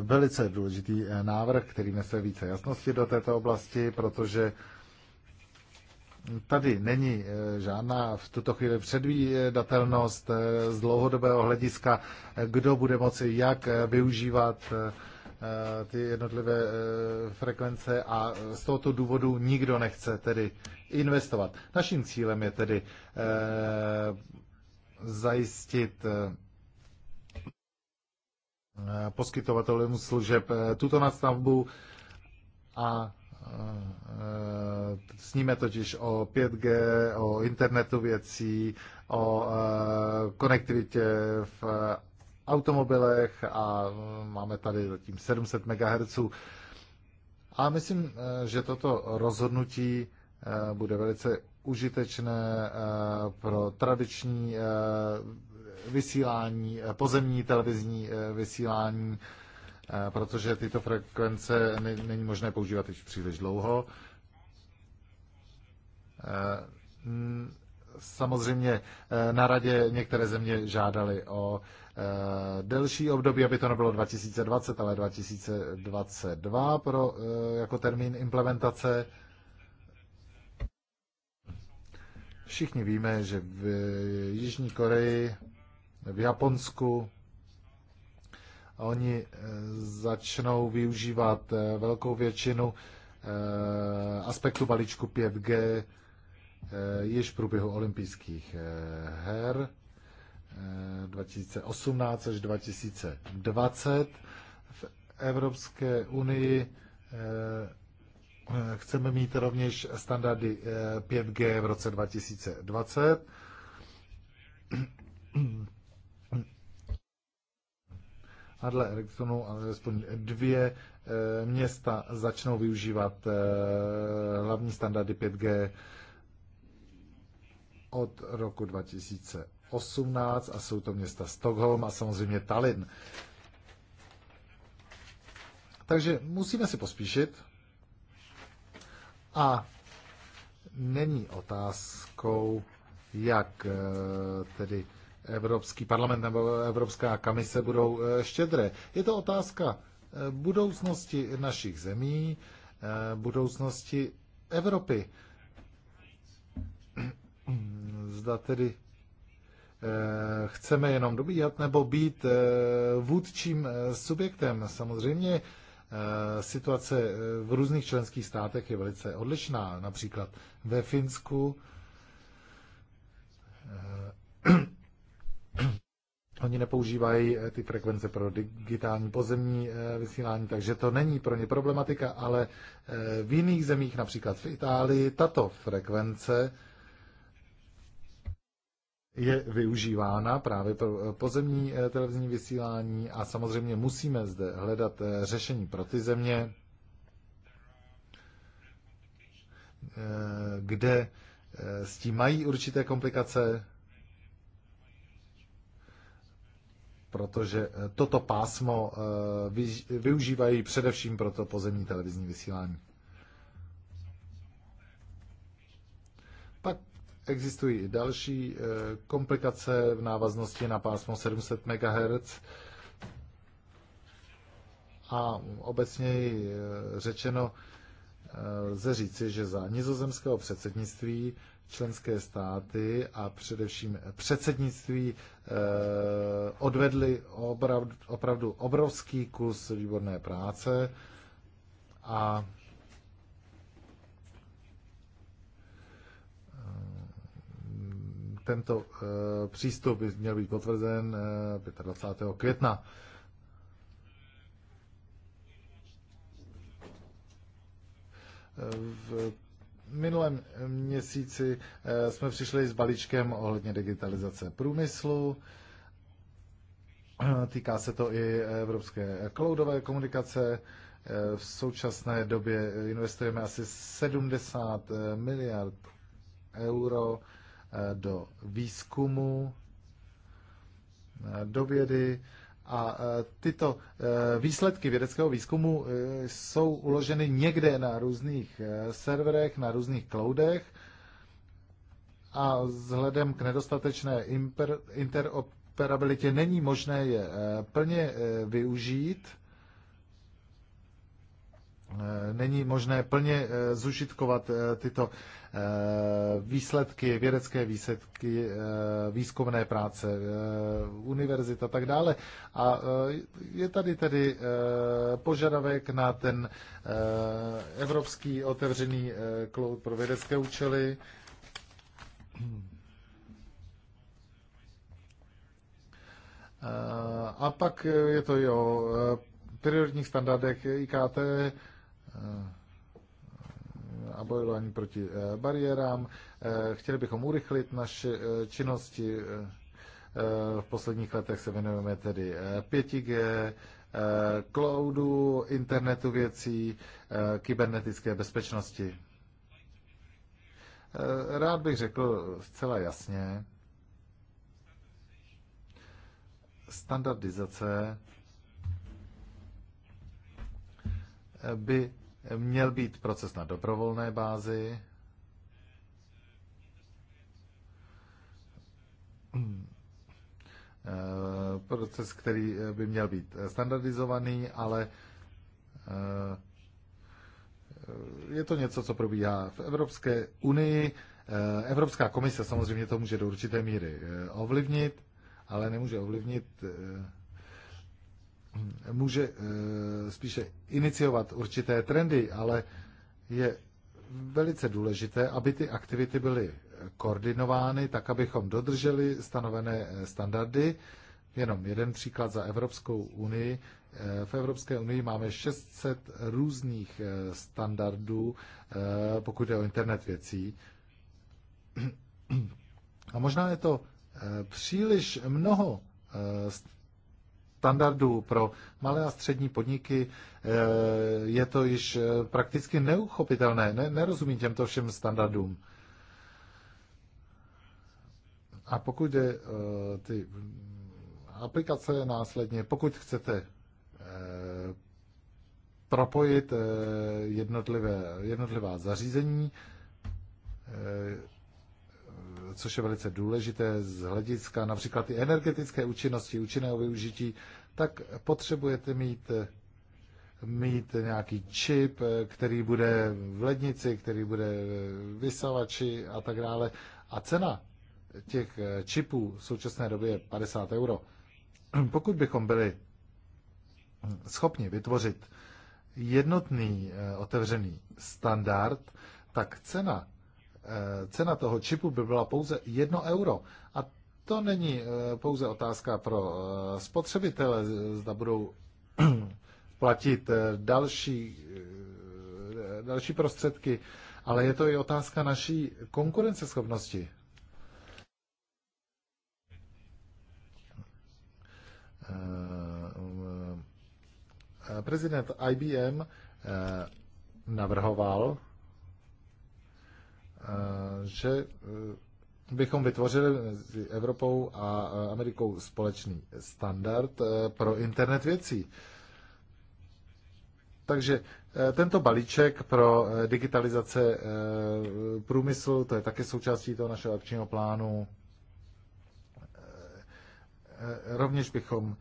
velice důležitý eh, návrh, který nese více jasnosti do této oblasti, protože tady není žádná v tuto chvíli předvídatelnost z dlouhodobého hlediska, kdo bude moci jak využívat ty jednotlivé frekvence a z tohoto důvodu nikdo nechce tedy investovat. Naším cílem je tedy eh, zajistit eh, poskytovatelům služeb eh, tuto nastavbu a sníme totiž o 5G, o internetu věcí, o konektivitě v automobilech a máme tady zatím 700 MHz. A myslím, že toto rozhodnutí Eh, bude velice užitečné eh, pro tradiční eh, vysílání, pozemní televizní vysílání, protože tyto frekvence není možné používat již příliš dlouho. Samozřejmě na radě některé země žádali o delší období, aby to nebylo 2020, ale 2022 pro, jako termín implementace. Všichni víme, že v Jižní Koreji, v Japonsku, oni eh, začnou využívat eh, velkou většinu eh, aspektu balíčku 5G již v průběhu olympijských her 2018 až 2020. V Evropské unii Chceme mít rovněž standardy 5G eh, v roce 2020. A dle Ericssonu alespoň dvě eh, města začnou využívat eh, hlavní standardy 5G od roku 2018 a jsou to města Stockholm a samozřejmě Tallinn. Takže musíme si pospíšit. A není otázkou, jak eh, tedy Evropský parlament nebo Evropská komise budou eh, štědré. Je to otázka eh, budoucnosti našich zemí, budoucnosti Evropy. Zda tedy chceme jenom dobíhat nebo být vůdčím subjektem. Samozřejmě Eh, situace eh, v různých členských státech je velice odlišná. Například ve Finsku eh, Oni nepoužívají ty frekvence pro digitální pozemní vysílání, takže to není pro ně problematika, ale v jiných zemích, například v Itálii, tato frekvence je využívána právě pro eh, pozemní eh, televizní vysílání a samozřejmě musíme zde hledat eh, řešení pro ty země, kde s tím mají určité komplikace, protože toto pásmo využívají především pro to pozemní televizní vysílání. Pak Existují další eh, komplikace v návaznosti na pásmo 700 MHz a obecně eh, řečeno eh, lze říci, že za nizozemského předsednictví členské státy a především předsednictví odvedli opravdu, opravdu obrovský kus výborné práce a tento eh, přístup by měl být potvrzen eh, 25. května. Eh, v minulém měsíci jsme přišli s balíčkem ohledně digitalizace průmyslu. Týká se to i evropské cloudové komunikace. V současné době investujeme asi 70 miliard euro Eh, do výzkumu, eh, do vědy a eh, tyto výsledky vědeckého výzkumu jsou uloženy někde na různých serverech, na různých cloudech a vzhledem k nedostatečné interoperabilitě není možné je plně využít Eh, není možné plně eh, zužitkovat eh, tyto výsledky, vědecké výsledky, výzkumné práce, univerzita a tak dále. A je tady tedy požadavek na ten evropský otevřený cloud pro vědecké účely. A pak je to i o prioritních standardech IKT, a bojování proti eh, bariérám. Eh, chtěli bychom urychlit naše eh, činnosti. V posledních letech se věnujeme tedy 5G, cloudu, internetu věcí, kybernetické bezpečnosti. Rád bych řekl zcela jasně, standardizace by Měl být proces na dobrovolné bázi. Eh, proces, který eh, by měl být eh, standardizovaný, ale je to něco, co probíhá v Evropské unii. Evropská komise samozřejmě to může do určité míry ovlivnit, ale nemůže ovlivnit může eh, spíše iniciovat určité trendy, ale je velice důležité, aby ty aktivity byly koordinovány tak, abychom dodrželi stanovené eh, standardy. Jenom jeden příklad za Evropskou unii. Eh, v Evropské unii máme 600 různých standardů, pokud je o internet věcí. A možná je to příliš mnoho standardů pro malé a střední podniky eh, je to již eh, prakticky neuchopitelné. Ne, nerozumí těmto všem standardům. A pokud je eh, ty aplikace následně, pokud chcete propojit jednotlivé, jednotlivá zařízení, což je velice důležité z hlediska například i energetické účinnosti, účinného využití, tak potřebujete mít mít nějaký čip, který bude v lednici, který bude vysavači a tak dále. A cena těch čipů v současné době je 50 euro. Pokud bychom byli schopni vytvořit jednotný eh, otevřený standard, tak cena Eh, cena toho čipu by byla pouze 1 euro. A to není eh, pouze otázka pro eh, spotřebitele, zda budou platit další, další prostředky, ale je to i otázka naší konkurenceschopnosti. Prezident IBM navrhoval že e, bychom vytvořili mezi Evropou a Amerikou společný standard e, pro internet věcí. Takže e, tento balíček pro digitalizace průmyslu, to je také součástí toho našeho akčního plánu. Rovněž bychom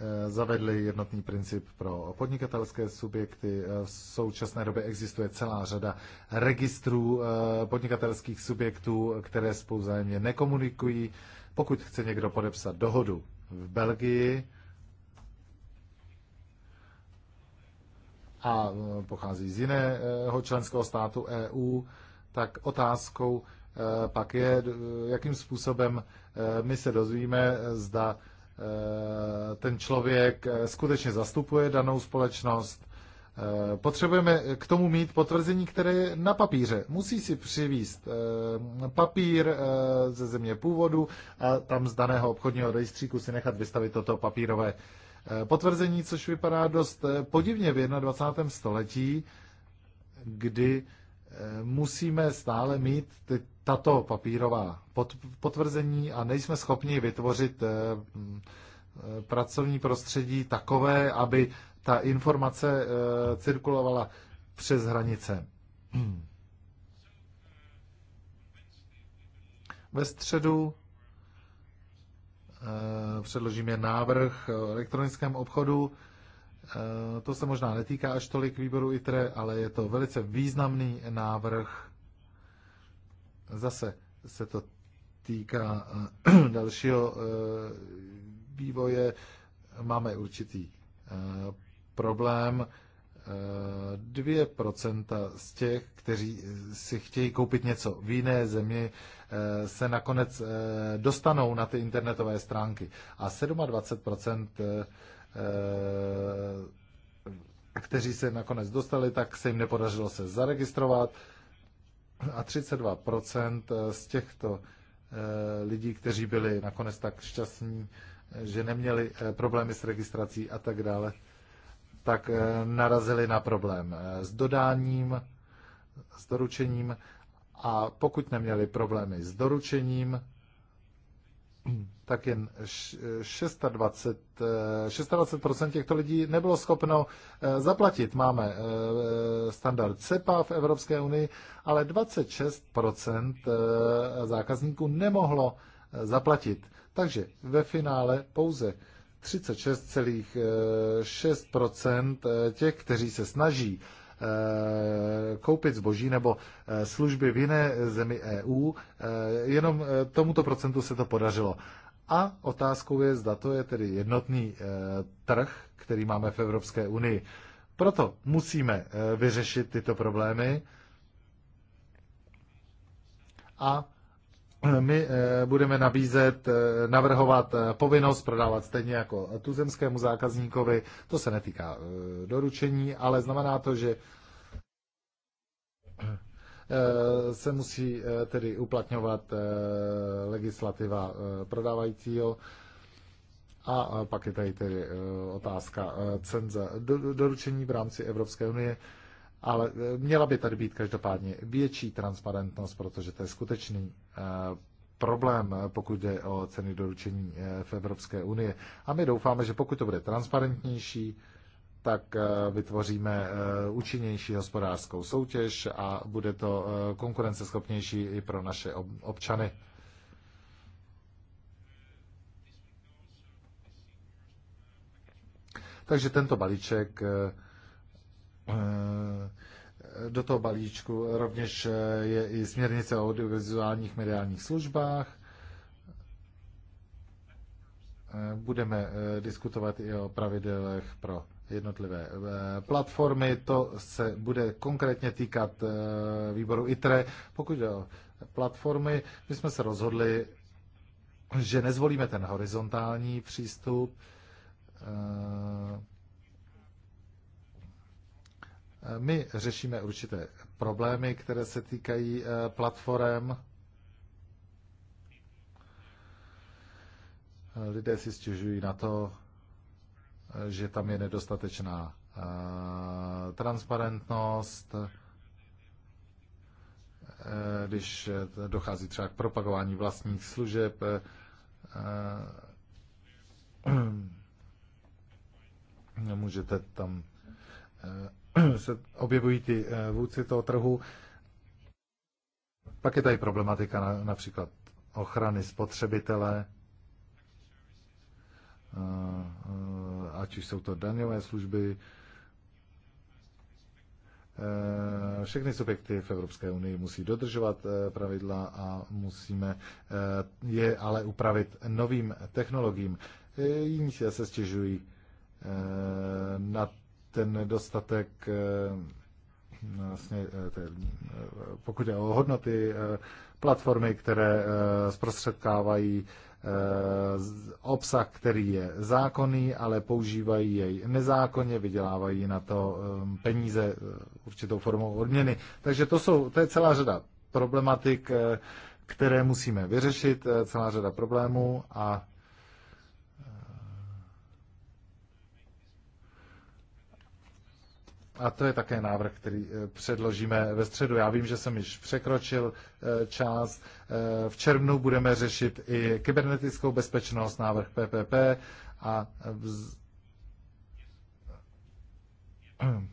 Eh, zavedli jednotný princip pro podnikatelské subjekty. Eh, v současné době existuje celá řada registrů eh, podnikatelských subjektů, které spolu vzájemně nekomunikují. Pokud chce někdo podepsat dohodu v Belgii, a pochází z jiného členského státu EU, tak otázkou pak je, jakým způsobem my se dozvíme, zda Eh, ten člověk eh, skutečně zastupuje danou společnost. Eh, potřebujeme k tomu mít potvrzení, které je na papíře. Musí si přivíst papír ze země původu a tam z daného obchodního rejstříku si nechat vystavit toto papírové potvrzení, což vypadá dost podivně v 21. století, kdy musíme stále mít ty, tato papírová potvrzení a nejsme schopni vytvořit eh, eh, pracovní prostředí takové, aby ta informace eh, cirkulovala přes hranice. Ve středu předložíme návrh o elektronickém obchodu. Eh, to se možná netýká až tolik výboru ITRE, ale je to velice významný návrh. Zase se to týká eh, dalšího eh, vývoje. Máme určitý problém. 2% z těch, kteří si chtějí koupit něco v jiné zemi, se nakonec dostanou na ty internetové stránky. A 27% Eh, kteří se nakonec dostali, tak se jim nepodařilo se zaregistrovat. A 32% eh, z těchto eh, lidí, kteří byli nakonec tak šťastní, že neměli problémy s registrací a tak dále, tak narazili na problém s dodáním, s doručením a pokud neměli problémy s doručením, tak jen 620 26% eh, eh, těchto lidí nebylo schopno eh, zaplatit. Máme standard CEPA v Evropské unii, ale 26% zákazníků nemohlo zaplatit. Takže ve finále pouze 36,6% těch, kteří se snaží koupit zboží nebo služby v jiné zemi EU. Jenom tomuto procentu se to podařilo. A otázkou je, zda to je tedy jednotný eh, trh, který máme v Evropské unii. Proto musíme eh, vyřešit tyto problémy a my eh, budeme nabízet, navrhovat povinnost prodávat stejně jako tuzemskému zákazníkovi. To se netýká doručení, ale znamená to, že Eh, se musí eh, tedy uplatňovat eh, legislativa prodávajícího. A pak je tady tedy otázka cenze doručení v rámci Evropské unie, ale měla by tady být každopádně větší transparentnost, protože to je skutečný problém, pokud jde o ceny doručení v Evropské unie A my doufáme, že pokud to bude transparentnější, tak eh, vytvoříme eh, účinnější hospodářskou soutěž a bude to eh, konkurenceschopnější i pro naše občany. Takže tento balíček do toho balíčku rovněž je i směrnice o audiovizuálních mediálních službách. Budeme diskutovat i o pravidelech pro jednotlivé eh, platformy. To se bude konkrétně týkat eh, výboru ITRE. Pokud jde o platformy, my jsme se rozhodli, že nezvolíme ten horizontální přístup. Eh, my řešíme určité problémy, které se týkají platform. Lidé si stěžují na to, že tam je nedostatečná eh, transparentnost, eh, když dochází třeba k propagování vlastních služeb, eh, můžete tam se objevují ty vůdci toho trhu. Pak je tady problematika například ochrany spotřebitele, Eh, ať už jsou to daňové služby, eh, všechny subjekty v Evropské unii musí dodržovat eh, pravidla a musíme je ale upravit novým technologiím. Jiní se stěžují na ten nedostatek no, vlastně, pokud je o hodnoty platformy, které zprostředkávají Eh, obsah, který je zákonný, ale používají jej nezákonně, vydělávají na to eh, peníze eh, určitou formou odměny. Takže to, jsou, to je celá řada problematik, které musíme vyřešit, celá řada problémů a A to je také návrh, který eh, předložíme ve středu. Já vím, že jsem již překročil eh, čas. Eh, v červnu budeme řešit i kybernetickou bezpečnost, návrh PPP a vz...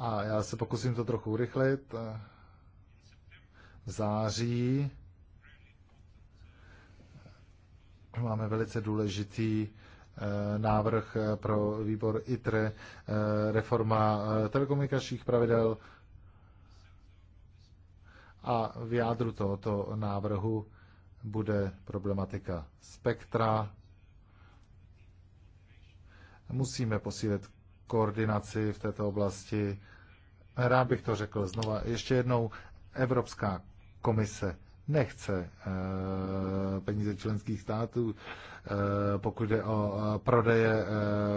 A já se pokusím to trochu urychlit. V září máme velice důležitý Eh, návrh eh, pro výbor ITRE, eh, reforma telekomunikačních pravidel a v jádru tohoto návrhu bude problematika spektra. Musíme posílit koordinaci v této oblasti. Rád bych to řekl znova. Ještě jednou, Evropská komise nechce eh, peníze členských států, eh, pokud je o eh, prodeje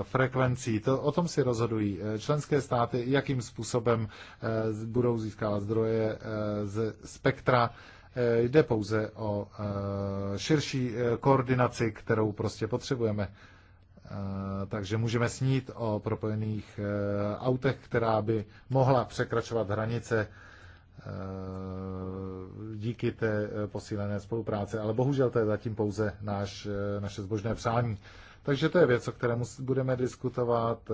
frekvencí. To, o tom si rozhodují členské státy, jakým způsobem budou získávat zdroje z spektra. Jde pouze o širší koordinaci, kterou prostě potřebujeme. Takže můžeme snít o propojených autech, která by mohla překračovat hranice Eh, díky té eh, posílené spolupráce, ale bohužel to je zatím pouze náš, eh, naše zbožné přání. Takže to je věc, o které budeme diskutovat.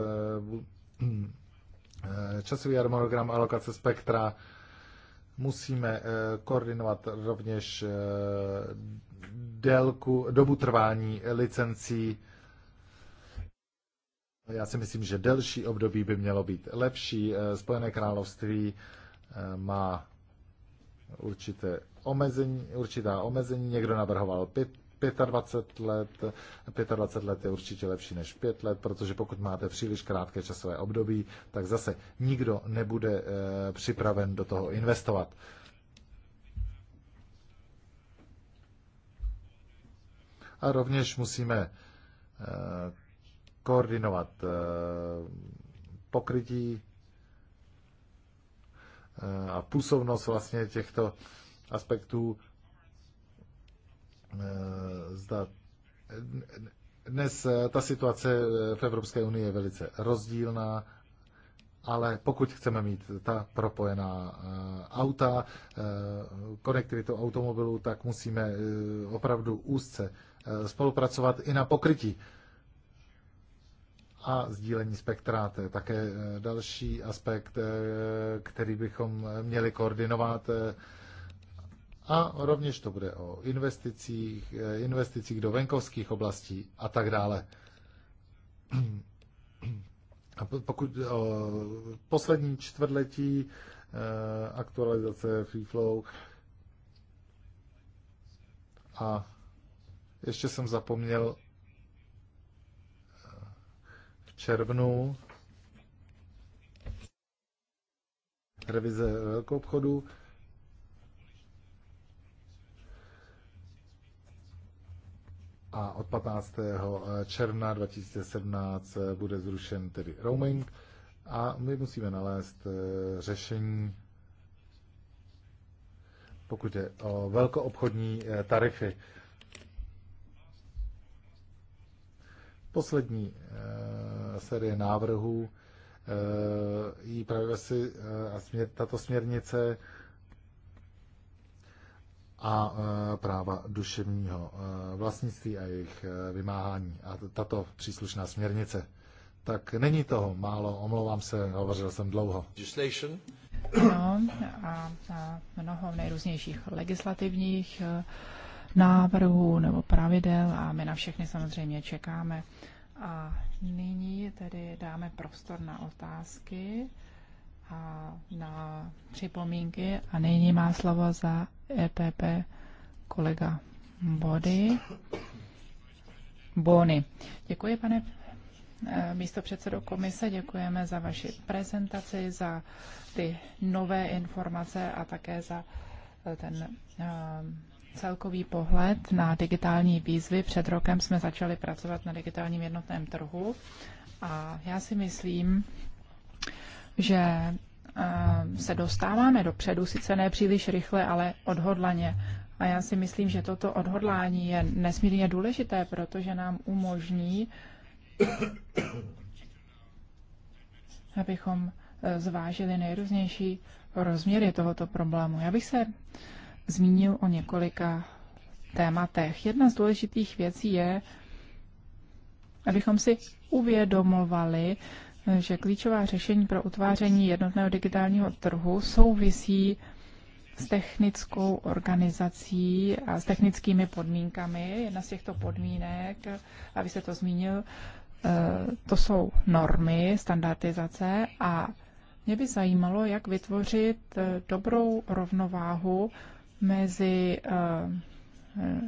Časový harmonogram alokace spektra musíme koordinovat rovněž délku, dobu trvání licencí. Já si myslím, že delší období by mělo být lepší. Spojené království má určité omezení, určitá omezení. Někdo navrhoval 5, 25 let. 25 let je určitě lepší než 5 let, protože pokud máte příliš krátké časové období, tak zase nikdo nebude eh, připraven do toho investovat. A rovněž musíme eh, koordinovat eh, pokrytí Eh, a působnost vlastně těchto aspektů. Eh, zda dnes eh, ta situace v Evropské unii je velice rozdílná, ale pokud chceme mít ta propojená auta, konektivitu automobilů, tak musíme opravdu úzce spolupracovat i na pokrytí a sdílení spektra. To je také eh, další aspekt, eh, který bychom měli koordinovat. Eh, a rovněž to bude o investicích, investicích do venkovských oblastí a tak dále. A pokud o poslední čtvrtletí aktualizace Free Flow a ještě jsem zapomněl červnu revize velkou obchodu. A od 15. června 2017 bude zrušen tedy roaming a my musíme nalézt eh, řešení, pokud je o velkoobchodní eh, tarify. Poslední eh, série návrhů. I eh, právě si eh, a směr, tato směrnice a eh, práva duševního vlastnictví a jejich vymáhání a tato příslušná směrnice. Tak není toho málo, omlouvám se, hovořil jsem dlouho. No, a, a mnoho nejrůznějších legislativních návrhů nebo pravidel a my na všechny samozřejmě čekáme. A nyní tedy dáme prostor na otázky a na připomínky. A nyní má slovo za EPP kolega Body. Bony. Děkuji, pane eh, místo předsedo komise, děkujeme za vaši prezentaci, za ty nové informace a také za eh, ten eh, celkový pohled na digitální výzvy. Před rokem jsme začali pracovat na digitálním jednotném trhu a já si myslím, že eh, se dostáváme dopředu, sice ne příliš rychle, ale odhodlaně. A já si myslím, že toto odhodlání je nesmírně důležité, protože nám umožní, abychom eh, zvážili nejrůznější rozměry tohoto problému. Já bych se zmínil o několika tématech. Jedna z důležitých věcí je, abychom si uvědomovali, že klíčová řešení pro utváření jednotného digitálního trhu souvisí s technickou organizací a s technickými podmínkami. Jedna z těchto podmínek, a se to zmínil, eh, to jsou normy, standardizace a mě by zajímalo, jak vytvořit eh, dobrou rovnováhu mezi eh,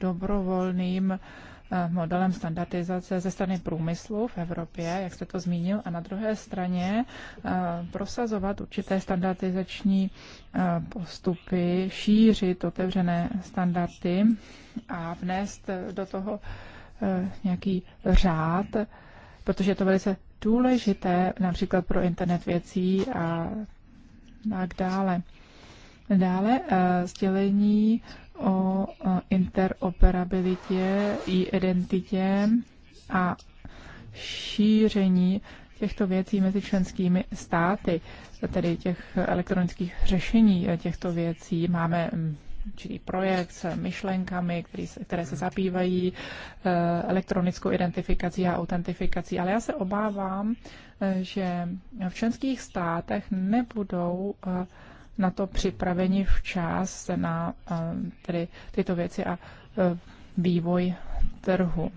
dobrovolným eh, modelem standardizace ze strany průmyslu v Evropě, jak jste to zmínil, a na druhé straně eh, prosazovat určité standardizační postupy, šířit otevřené standardy a vnést do toho nějaký řád, protože je to velice důležité například pro internet věcí a tak dále. Dále eh, sdělení o eh, interoperabilitě, i identitě a šíření těchto věcí mezi členskými státy, tedy těch elektronických řešení těchto věcí. Máme mm, určitý projekt s myšlenkami, který, které se zabývají eh, elektronickou identifikací a autentifikací. Ale já se obávám, že v členských státech nebudou na to připraveni včas na eh, tedy tyto věci a eh, vývoj trhu.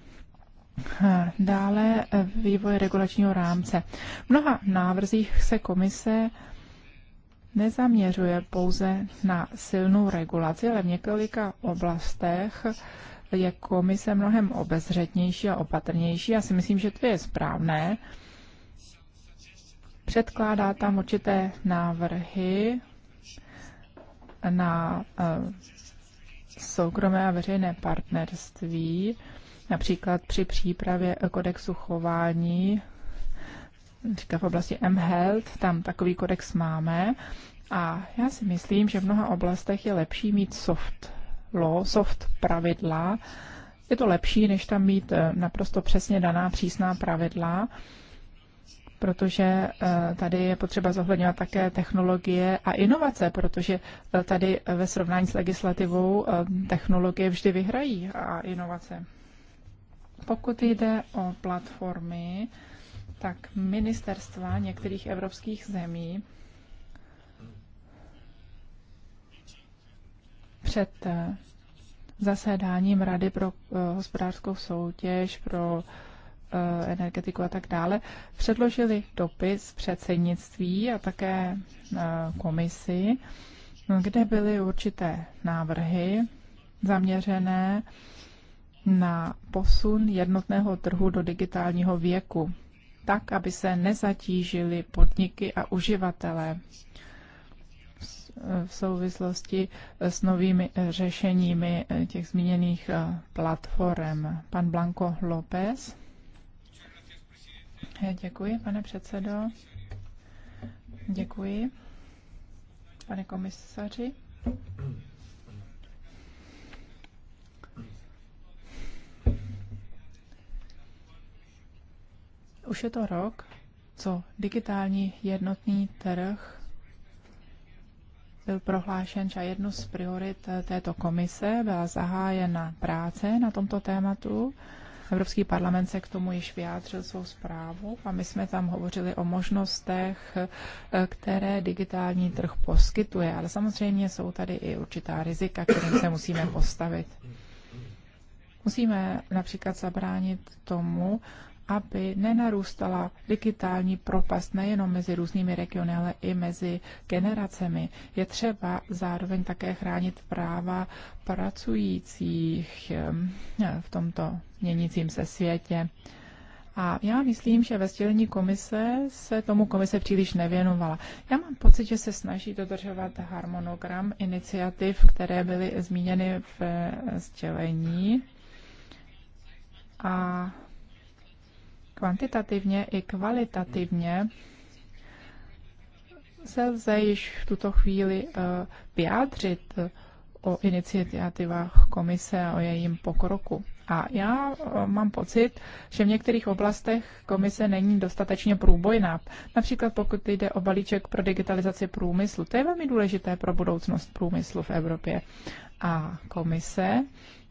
Eh, dále vývoj regulačního rámce. V mnoha návrzích se komise nezaměřuje pouze na silnou regulaci, ale v několika oblastech je komise mnohem obezřetnější a opatrnější. Já si myslím, že to je správné. Předkládá tam určité návrhy, na eh, soukromé a veřejné partnerství, například při přípravě kodexu chování, říká v oblasti mHealth, tam takový kodex máme. A já si myslím, že v mnoha oblastech je lepší mít soft law, soft pravidla. Je to lepší, než tam mít eh, naprosto přesně daná přísná pravidla, protože eh, tady je potřeba zohledňovat také technologie a inovace, protože eh, tady ve srovnání s legislativou eh, technologie vždy vyhrají a inovace. Pokud jde o platformy, tak ministerstva některých evropských zemí před zasedáním Rady pro hospodářskou soutěž, pro uh, Eh, energetiku a tak dále, předložili dopis předsednictví a také eh, komisi, kde byly určité návrhy zaměřené na posun jednotného trhu do digitálního věku, tak, aby se nezatížili podniky a uživatelé v souvislosti s novými eh, řešeními těch zmíněných platform. Pan Blanco López. Děkuji, pane předsedo. Děkuji, pane komisaři. Už je to rok, co digitální jednotný trh byl prohlášen za jednu z priorit této komise. Byla zahájena práce na tomto tématu Evropský parlament se k tomu již vyjádřil svou zprávu a my jsme tam hovořili o možnostech, eh, které digitální trh poskytuje, ale samozřejmě jsou tady i určitá rizika, kterým se musíme postavit. Musíme například zabránit tomu, aby nenarůstala digitální propast nejenom mezi různými regiony, ale i mezi generacemi. Je třeba zároveň také chránit práva pracujících v tomto měnícím se světě. A já myslím, že ve sdělení komise se tomu komise příliš nevěnovala. Já mám pocit, že se snaží dodržovat harmonogram iniciativ, které byly zmíněny v eh, sdělení. A kvantitativně i kvalitativně se lze již v tuto chvíli eh, vyjádřit o iniciativách komise a o jejím pokroku. A já eh, mám pocit, že v některých oblastech komise není dostatečně průbojná. Například pokud jde o balíček pro digitalizaci průmyslu. To je velmi důležité pro budoucnost průmyslu v Evropě. A komise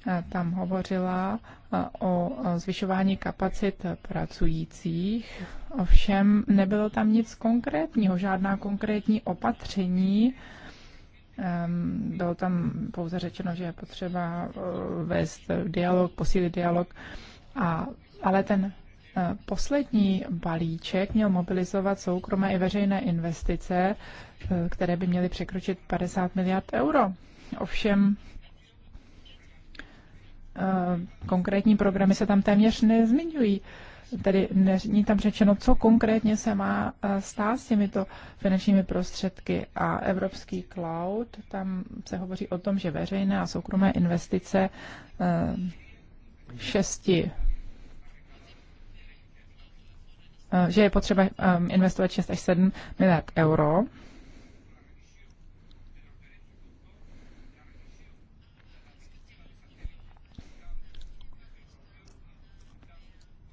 Eh, tam hovořila eh, o eh, zvyšování kapacit pracujících, ovšem nebylo tam nic konkrétního, žádná konkrétní opatření. Ehm, bylo tam pouze řečeno, že je potřeba vést dialog, posílit dialog, a, ale ten Poslední balíček měl mobilizovat soukromé i veřejné investice, které by měly překročit 50 miliard euro. Ovšem Eh, konkrétní programy se tam téměř nezmiňují. Tedy není tam řečeno, co konkrétně se má eh, stát s těmito finančními prostředky. A Evropský cloud, tam se hovoří o tom, že veřejné a soukromé investice eh, šesti že je potřeba investovat 6 až 7 miliard euro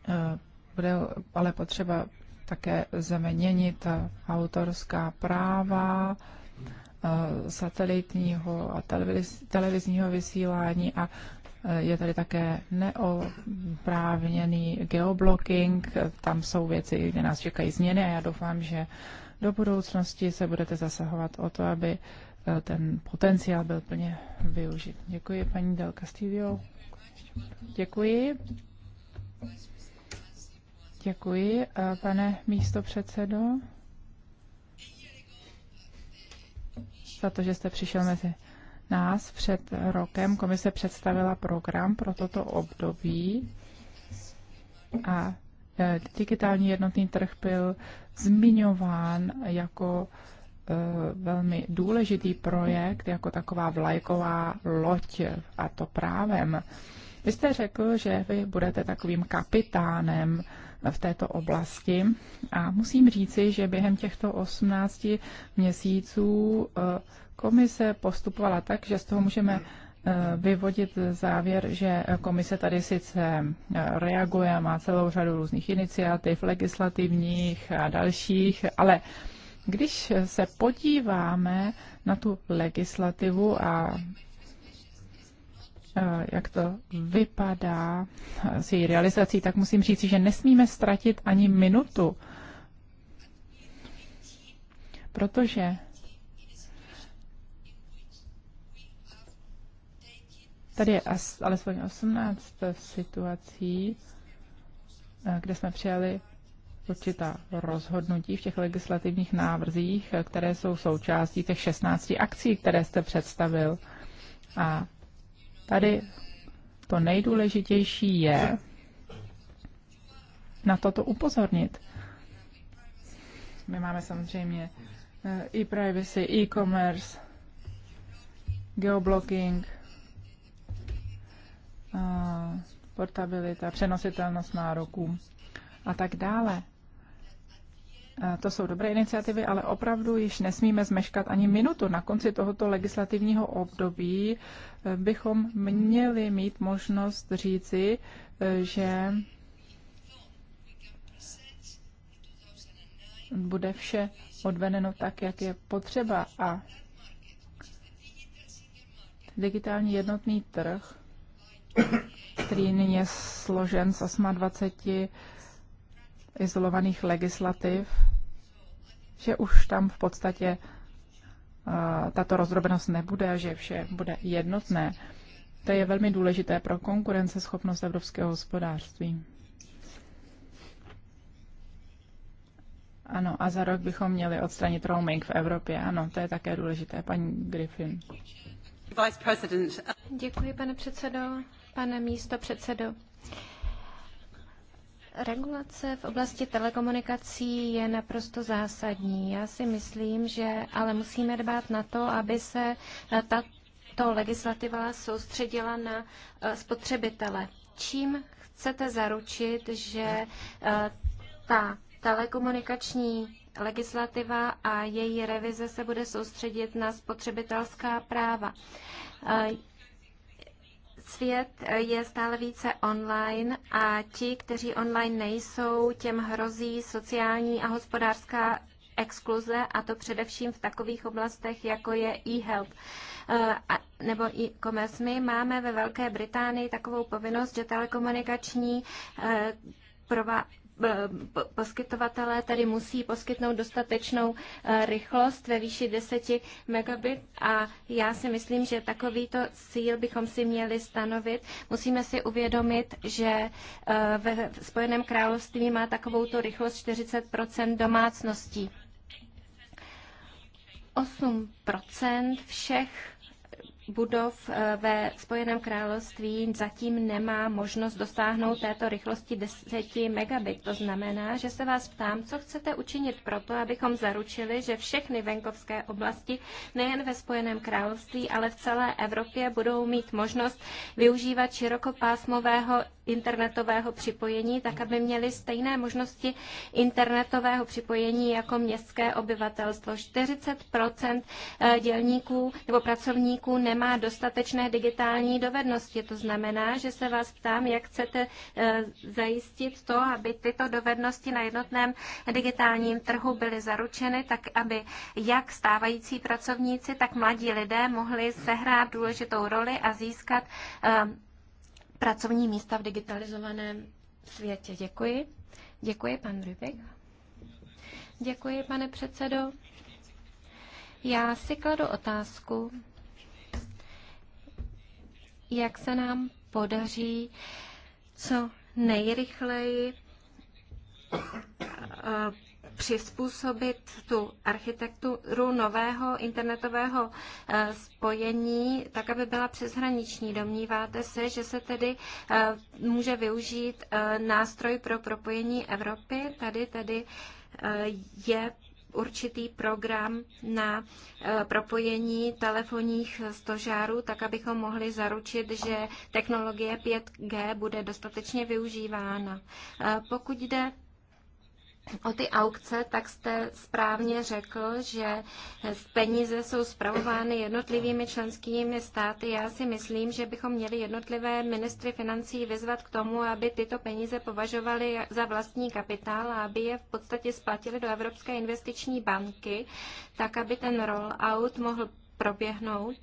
Eh, bude ale potřeba také změnit eh, autorská práva eh, satelitního a televizního vysílání a je tady také neoprávněný geoblocking. Tam jsou věci, kde nás čekají změny a já doufám, že do budoucnosti se budete zasahovat o to, aby ten potenciál byl plně využit. Děkuji, paní Del Castillo. Děkuji. Děkuji, pane místo předsedo, za to, že jste přišel mezi nás. Před rokem komise představila program pro toto období a e, digitální jednotný trh byl zmiňován jako e, velmi důležitý projekt, jako taková vlajková loď a to právem. Vy jste řekl, že vy budete takovým kapitánem v této oblasti. A musím říci, že během těchto 18 měsíců eh, komise postupovala tak, že z toho můžeme eh, vyvodit závěr, že komise tady sice eh, reaguje a má celou řadu různých iniciativ legislativních a dalších, ale když se podíváme na tu legislativu a Eh, jak to vypadá s její realizací, tak musím říct, že nesmíme ztratit ani minutu, protože tady je alespoň 18 situací, eh, kde jsme přijali určitá rozhodnutí v těch legislativních návrzích, eh, které jsou součástí těch 16 akcí, které jste představil. A Tady to nejdůležitější je na toto upozornit. My máme samozřejmě eh, i e privacy, e-commerce, geoblocking, eh, portabilita, přenositelnost nároků a tak dále. Eh, to jsou dobré iniciativy, ale opravdu již nesmíme zmeškat ani minutu. Na konci tohoto legislativního období eh, bychom měli mít možnost říci, eh, že bude vše odveneno tak, jak je potřeba. A digitální jednotný trh, který nyní je složen z 28 izolovaných legislativ, že už tam v podstatě eh, tato rozdrobenost nebude, že vše bude jednotné. To je velmi důležité pro konkurenceschopnost evropského hospodářství. Ano, a za rok bychom měli odstranit roaming v Evropě. Ano, to je také důležité, paní Griffin. Děkuji, pane předsedo, pane místo předsedo. Regulace v oblasti telekomunikací je naprosto zásadní. Já si myslím, že ale musíme dbát na to, aby se eh, tato legislativa soustředila na eh, spotřebitele. Čím chcete zaručit, že eh, ta telekomunikační legislativa a její revize se bude soustředit na spotřebitelská práva? Svět je stále více online a ti, kteří online nejsou, těm hrozí sociální a hospodářská exkluze, a to především v takových oblastech, jako je e help eh, nebo e-commerce. My máme ve Velké Británii takovou povinnost, že telekomunikační eh, Eh, poskytovatelé tady musí poskytnout dostatečnou eh, rychlost ve výši 10 megabit a já si myslím, že takovýto cíl bychom si měli stanovit. Musíme si uvědomit, že eh, ve Spojeném království má takovouto rychlost 40 domácností. 8 všech budov eh, ve Spojeném království zatím nemá možnost dosáhnout této rychlosti 10 megabit. To znamená, že se vás ptám, co chcete učinit proto, abychom zaručili, že všechny venkovské oblasti, nejen ve Spojeném království, ale v celé Evropě budou mít možnost využívat širokopásmového internetového připojení, tak aby měli stejné možnosti internetového připojení jako městské obyvatelstvo. 40 eh, dělníků nebo pracovníků nemá nemá dostatečné digitální dovednosti. To znamená, že se vás ptám, jak chcete eh, zajistit to, aby tyto dovednosti na jednotném digitálním trhu byly zaručeny, tak aby jak stávající pracovníci, tak mladí lidé mohli sehrát důležitou roli a získat eh, pracovní místa v digitalizovaném světě. Děkuji. Děkuji, pan Rybik. Děkuji, pane předsedo. Já si kladu otázku, jak se nám podaří co nejrychleji eh, přizpůsobit tu architekturu nového internetového eh, spojení, tak aby byla přeshraniční. Domníváte se, že se tedy eh, může využít nástroj pro propojení Evropy? Tady tedy je určitý program na e, propojení telefonních stožárů, tak abychom mohli zaručit, že technologie 5G bude dostatečně využívána. E, pokud jde o ty aukce, tak jste správně řekl, že peníze jsou zpravovány jednotlivými členskými státy. Já si myslím, že bychom měli jednotlivé ministry financí vyzvat k tomu, aby tyto peníze považovali za vlastní kapitál a aby je v podstatě splatili do Evropské investiční banky, tak aby ten rollout mohl proběhnout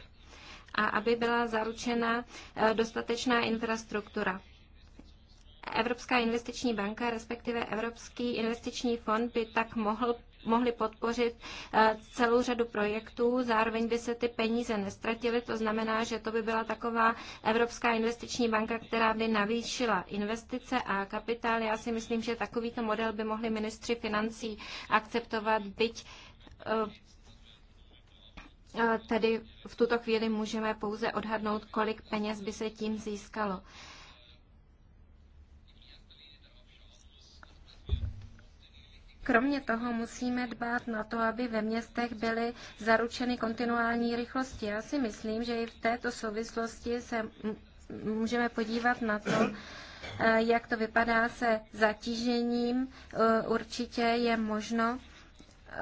a aby byla zaručena eh, dostatečná infrastruktura. Evropská investiční banka, respektive Evropský investiční fond by tak mohl mohli podpořit eh, celou řadu projektů, zároveň by se ty peníze nestratily, to znamená, že to by byla taková Evropská investiční banka, která by navýšila investice a kapitál. Já si myslím, že takovýto model by mohli ministři financí akceptovat, byť eh, eh, tedy v tuto chvíli můžeme pouze odhadnout, kolik peněz by se tím získalo. Kromě toho musíme dbát na to, aby ve městech byly zaručeny kontinuální rychlosti. Já si myslím, že i v této souvislosti se můžeme podívat na to, eh, jak to vypadá se zatížením. Eh, určitě je možno eh,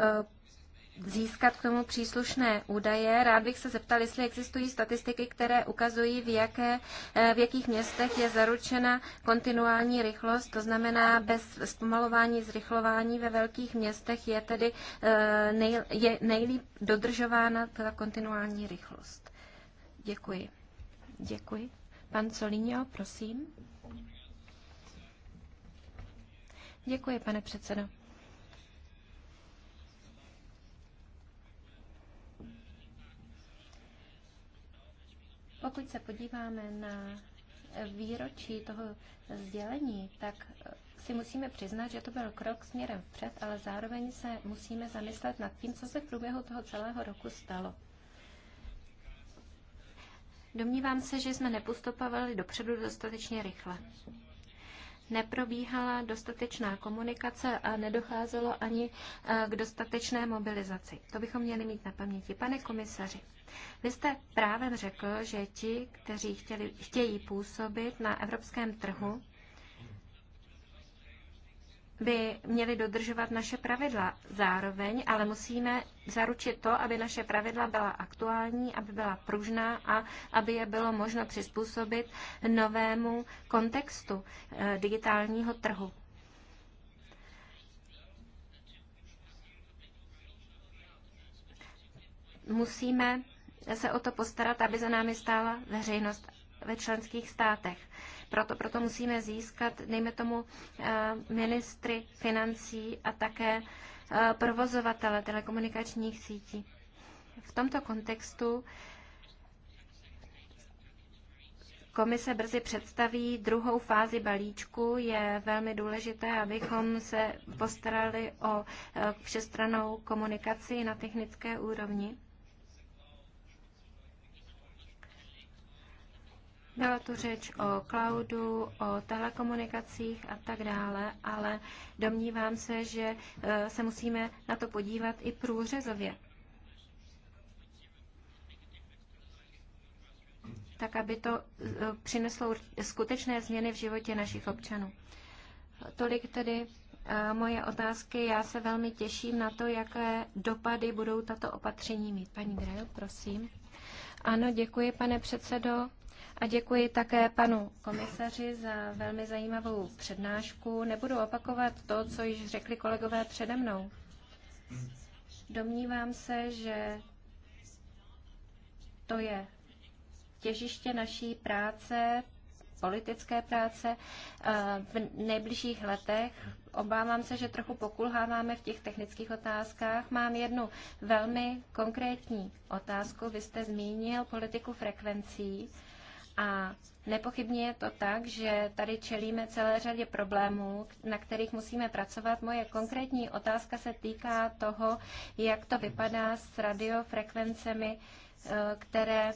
získat k tomu příslušné údaje. Rád bych se zeptal, jestli existují statistiky, které ukazují, v, jaké, eh, v jakých městech je zaručena kontinuální rychlost, to znamená bez zpomalování, zrychlování ve velkých městech je tedy eh, nej, je nejlíp dodržována ta kontinuální rychlost. Děkuji. Děkuji. Pan Solíňo, prosím. Děkuji, pane předsedo. Pokud se podíváme na výročí toho sdělení, tak si musíme přiznat, že to byl krok směrem vpřed, ale zároveň se musíme zamyslet nad tím, co se v průběhu toho celého roku stalo. Domnívám se, že jsme nepostupovali dopředu dostatečně rychle neprobíhala dostatečná komunikace a nedocházelo ani eh, k dostatečné mobilizaci. To bychom měli mít na paměti. Pane komisaři, vy jste právem řekl, že ti, kteří chtěli, chtějí působit na evropském trhu, by měli dodržovat naše pravidla. Zároveň ale musíme zaručit to, aby naše pravidla byla aktuální, aby byla pružná a aby je bylo možno přizpůsobit novému kontextu eh, digitálního trhu. Musíme se o to postarat, aby za námi stála veřejnost ve členských státech. Proto, proto musíme získat, dejme tomu, eh, ministry financí a také eh, provozovatele telekomunikačních sítí. V tomto kontextu Komise brzy představí druhou fázi balíčku. Je velmi důležité, abychom se postarali o eh, všestranou komunikaci na technické úrovni. Byla tu řeč o cloudu, o telekomunikacích a tak dále, ale domnívám se, že eh, se musíme na to podívat i průřezově. tak aby to eh, přineslo skutečné změny v životě našich občanů. Tolik tedy eh, moje otázky. Já se velmi těším na to, jaké dopady budou tato opatření mít. Paní Drel, prosím. Ano, děkuji, pane předsedo. A děkuji také panu komisaři za velmi zajímavou přednášku. Nebudu opakovat to, co již řekli kolegové přede mnou. Domnívám se, že to je těžiště naší práce, politické práce eh, v nejbližších letech. Obávám se, že trochu pokulháváme v těch technických otázkách. Mám jednu velmi konkrétní otázku. Vy jste zmínil politiku frekvencí. A nepochybně je to tak, že tady čelíme celé řadě problémů, na kterých musíme pracovat. Moje konkrétní otázka se týká toho, jak to vypadá s radiofrekvencemi, eh, které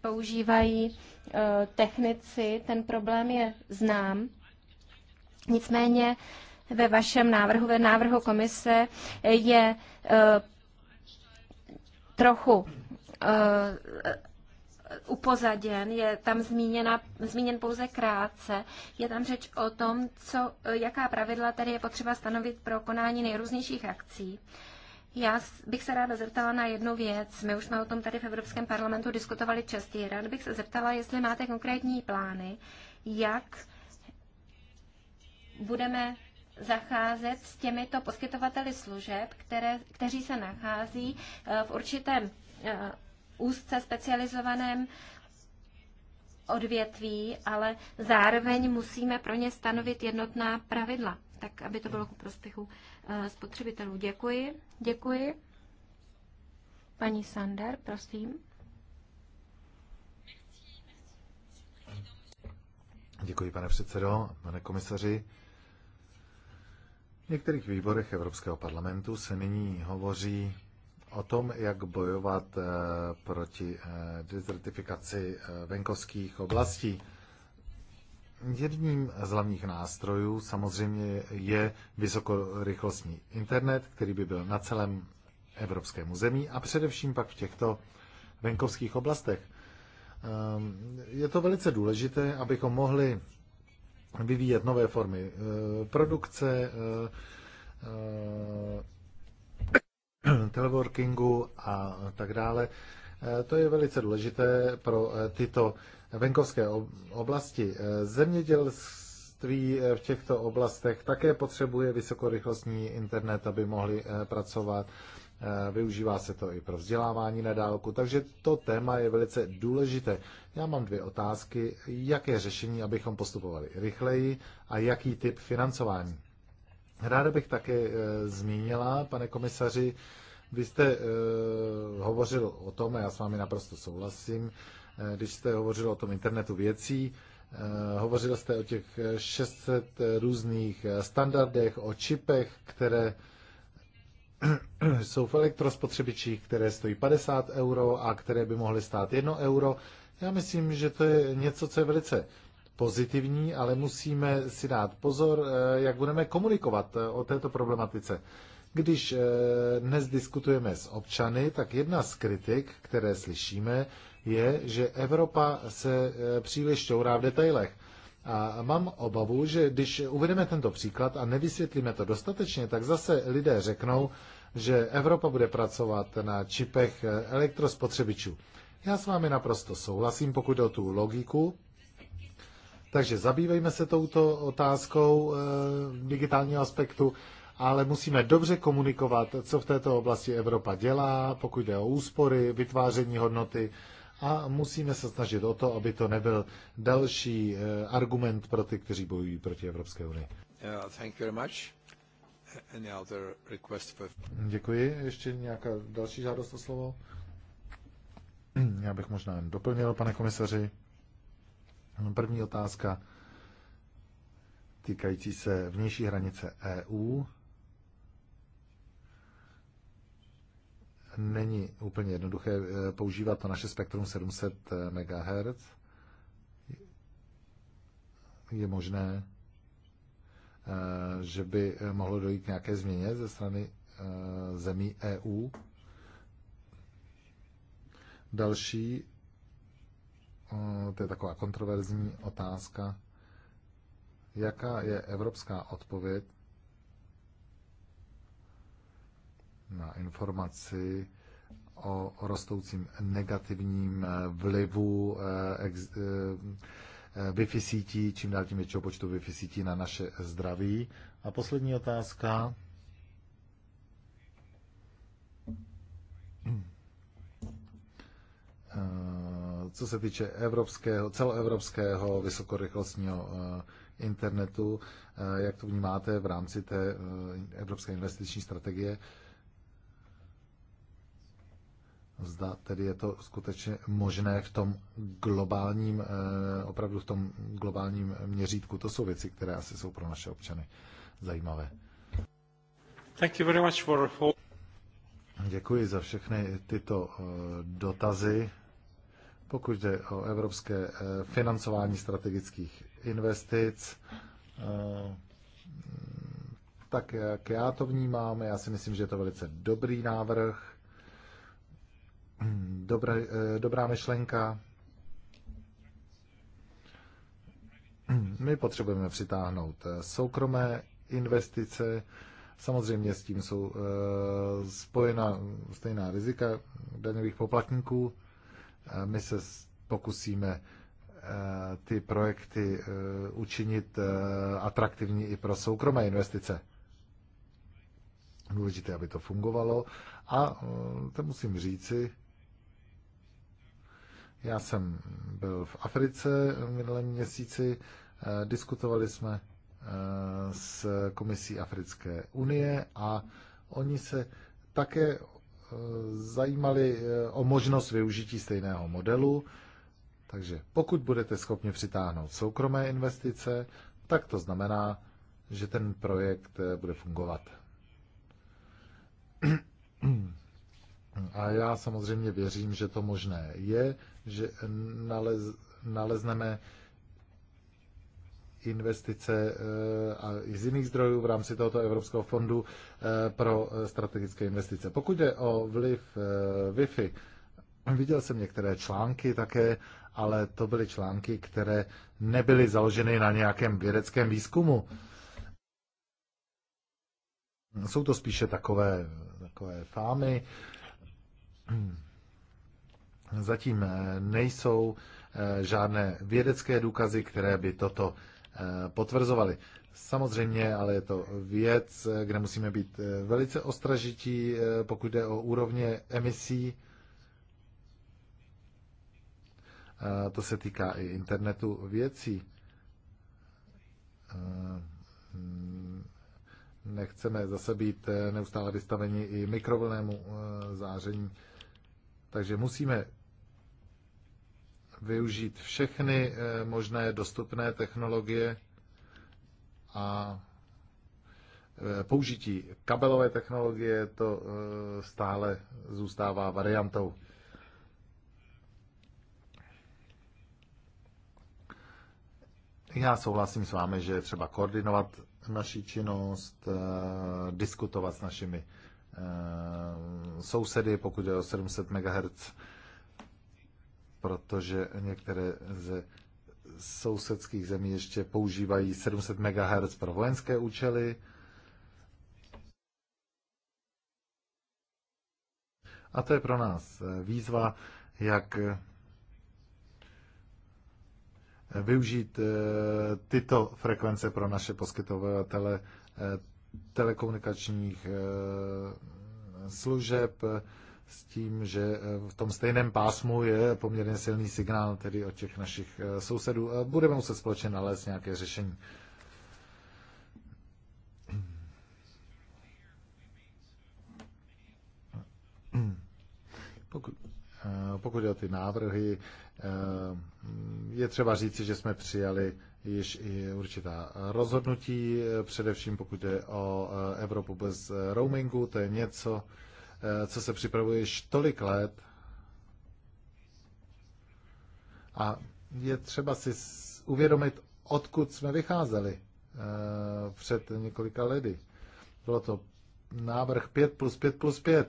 používají eh, technici. Ten problém je znám. Nicméně ve vašem návrhu, ve návrhu komise je eh, trochu upozaděn, je tam zmíněna, zmíněn pouze krátce. Je tam řeč o tom, co, jaká pravidla tady je potřeba stanovit pro konání nejrůznějších akcí. Já bych se ráda zeptala na jednu věc. My už jsme o tom tady v Evropském parlamentu diskutovali častěji. Rád bych se zeptala, jestli máte konkrétní plány, jak budeme zacházet s těmito poskytovateli služeb, které, kteří se nachází eh, v určitém eh, úzce specializovaném odvětví, ale zároveň musíme pro ně stanovit jednotná pravidla, tak aby to bylo ku prospěchu eh, spotřebitelů. Děkuji. Děkuji. Paní Sander, prosím. Děkuji, pane předsedo, pane komisaři. V některých výborech Evropského parlamentu se nyní hovoří o tom, jak bojovat eh, proti eh, dezertifikaci eh, venkovských oblastí. Jedním z hlavních nástrojů samozřejmě je vysokorychlostní internet, který by byl na celém evropském území a především pak v těchto venkovských oblastech. Ehm, je to velice důležité, abychom mohli vyvíjet nové formy produkce, teleworkingu a tak dále. Eh, to je velice důležité pro eh, tyto venkovské oblasti. Eh, zemědělství v těchto oblastech také potřebuje vysokorychlostní internet, aby mohli pracovat. Využívá se to i pro vzdělávání na dálku, takže to téma je velice důležité. Já mám dvě otázky. Jaké řešení, abychom postupovali rychleji a jaký typ financování? Ráda bych také zmínila, pane komisaři, vy jste uh, hovořil o tom, a já s vámi naprosto souhlasím, eh, když jste hovořil o tom internetu věcí, eh, hovořil jste o těch 600 různých standardech, o čipech, které jsou v elektrospotřebičích, které stojí 50 euro a které by mohly stát 1 euro. Já myslím, že to je něco, co je velice pozitivní, ale musíme si dát pozor, jak budeme komunikovat o této problematice. Když eh, dnes diskutujeme s občany, tak jedna z kritik, které slyšíme, je, že Evropa se eh, příliš čourá v detailech. A mám obavu, že když uvedeme tento příklad a nevysvětlíme to dostatečně, tak zase lidé řeknou, že Evropa bude pracovat na čipech eh, elektrospotřebičů. Já s vámi naprosto souhlasím, pokud jde o tu logiku. Takže zabývejme se touto otázkou e, digitálního aspektu ale musíme dobře komunikovat, co v této oblasti Evropa dělá, pokud jde o úspory, vytváření hodnoty a musíme se snažit o to, aby to nebyl další eh, argument pro ty, kteří bojují proti Evropské unii. Uh, thank you very much. Uh, any other request for... Děkuji. Ještě nějaká další žádost o slovo? Já bych možná jen doplnil, pane komisaři. První otázka týkající se vnější hranice EU. není úplně jednoduché eh, používat to naše spektrum 700 eh, MHz. Je možné, eh, že by mohlo dojít nějaké změně ze strany zemí EU. Další, to je taková kontroverzní otázka, jaká je evropská odpověď na informaci o rostoucím negativním eh, vlivu eh, eh, Wi-Fi sítí, čím dál tím většího počtu Wi-Fi sítí na naše zdraví. A poslední otázka. Co se týče evropského, celoevropského vysokorychlostního internetu, jak to vnímáte v rámci té Evropské investiční strategie, Zda tedy je to skutečně možné v tom globálním, eh, opravdu v tom globálním měřítku. To jsou věci, které asi jsou pro naše občany zajímavé. Thank you very much for... Děkuji za všechny tyto eh, dotazy. Pokud jde o evropské eh, financování strategických investic, tak jak já to vnímám, já si myslím, že je to velice dobrý návrh. Dobré, eh, dobrá myšlenka. My potřebujeme přitáhnout eh, soukromé investice. Samozřejmě s tím jsou eh, spojena stejná rizika daňových poplatníků. My se pokusíme ty projekty učinit atraktivní i pro soukromé investice. Důležité, aby to fungovalo. A to musím říci, já jsem byl v Africe v minulém měsíci, eh, diskutovali jsme eh, s Komisí Africké unie a oni se také eh, zajímali o možnost využití stejného modelu. Takže pokud budete schopni přitáhnout soukromé investice, tak to znamená, že ten projekt bude fungovat. Hmm. A já samozřejmě věřím, že to možné je, že nalez, nalezneme investice eh, a i z jiných zdrojů v rámci tohoto Evropského fondu eh, pro eh, strategické investice. Pokud jde o vliv Wi-Fi, viděl jsem některé články také, ale to byly články, které nebyly založeny na nějakém vědeckém výzkumu. Jsou to spíše takové, takové fámy. Hmm. Zatím eh, nejsou eh, žádné vědecké důkazy, které by toto eh, potvrzovaly. Samozřejmě, ale je to věc, kde musíme být velice ostražití, pokud jde o úrovně emisí. To se týká i internetu věcí. Hm, nechceme zase být neustále vystaveni i mikrovlnému záření. Takže musíme využít všechny eh, možné dostupné technologie a eh, použití kabelové technologie to eh, stále zůstává variantou. Já souhlasím s vámi, že je třeba koordinovat naši činnost, diskutovat s našimi Eh, sousedy, pokud je o 700 MHz, protože některé ze sousedských zemí ještě používají 700 MHz pro vojenské účely. A to je pro nás eh, výzva, jak eh, využít tyto frekvence pro naše poskytovatele telekomunikačních eh, služeb s tím, že eh, v tom stejném pásmu je poměrně silný signál tedy od těch našich eh, sousedů. Budeme muset společně nalézt nějaké řešení. Pokud, pokud je o ty návrhy, je třeba říci, že jsme přijali již i určitá rozhodnutí, především pokud jde o eh, Evropu bez eh, roamingu. To je něco, eh, co se připravuje již tolik let. A je třeba si uvědomit, odkud jsme vycházeli před několika lety. Bylo to návrh 5 plus 5 plus 5.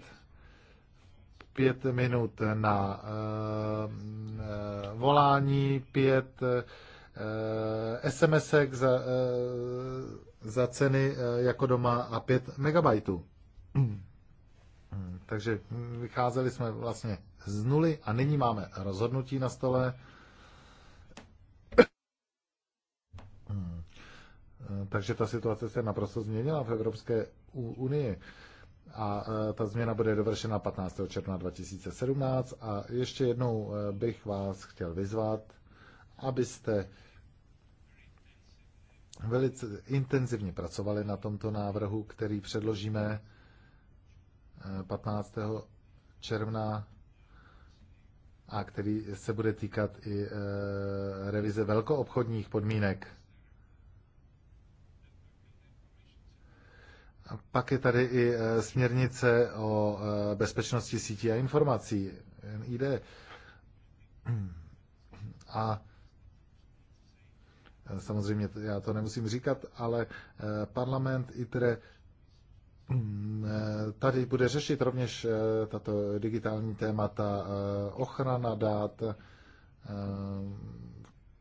Pět minut na uh, uh, volání, pět sms eh, za, eh, za ceny eh, jako doma a 5 MB. Hmm, takže vycházeli jsme vlastně z nuly a nyní máme rozhodnutí na stole. Hmm. Takže ta situace se naprosto změnila v Evropské unii a ta změna bude dovršena 15. června 2017 a ještě jednou bych vás chtěl vyzvat, abyste velice intenzivně pracovali na tomto návrhu, který předložíme 15. Eh, června a který se bude týkat i eh, revize velkoobchodních podmínek. A pak je tady i eh, směrnice o bezpečnosti sítí a informací, NID. A Samozřejmě já to nemusím říkat, ale eh, parlament ITRE mm, eh, tady bude řešit rovněž eh, tato digitální témata, ochrana dát.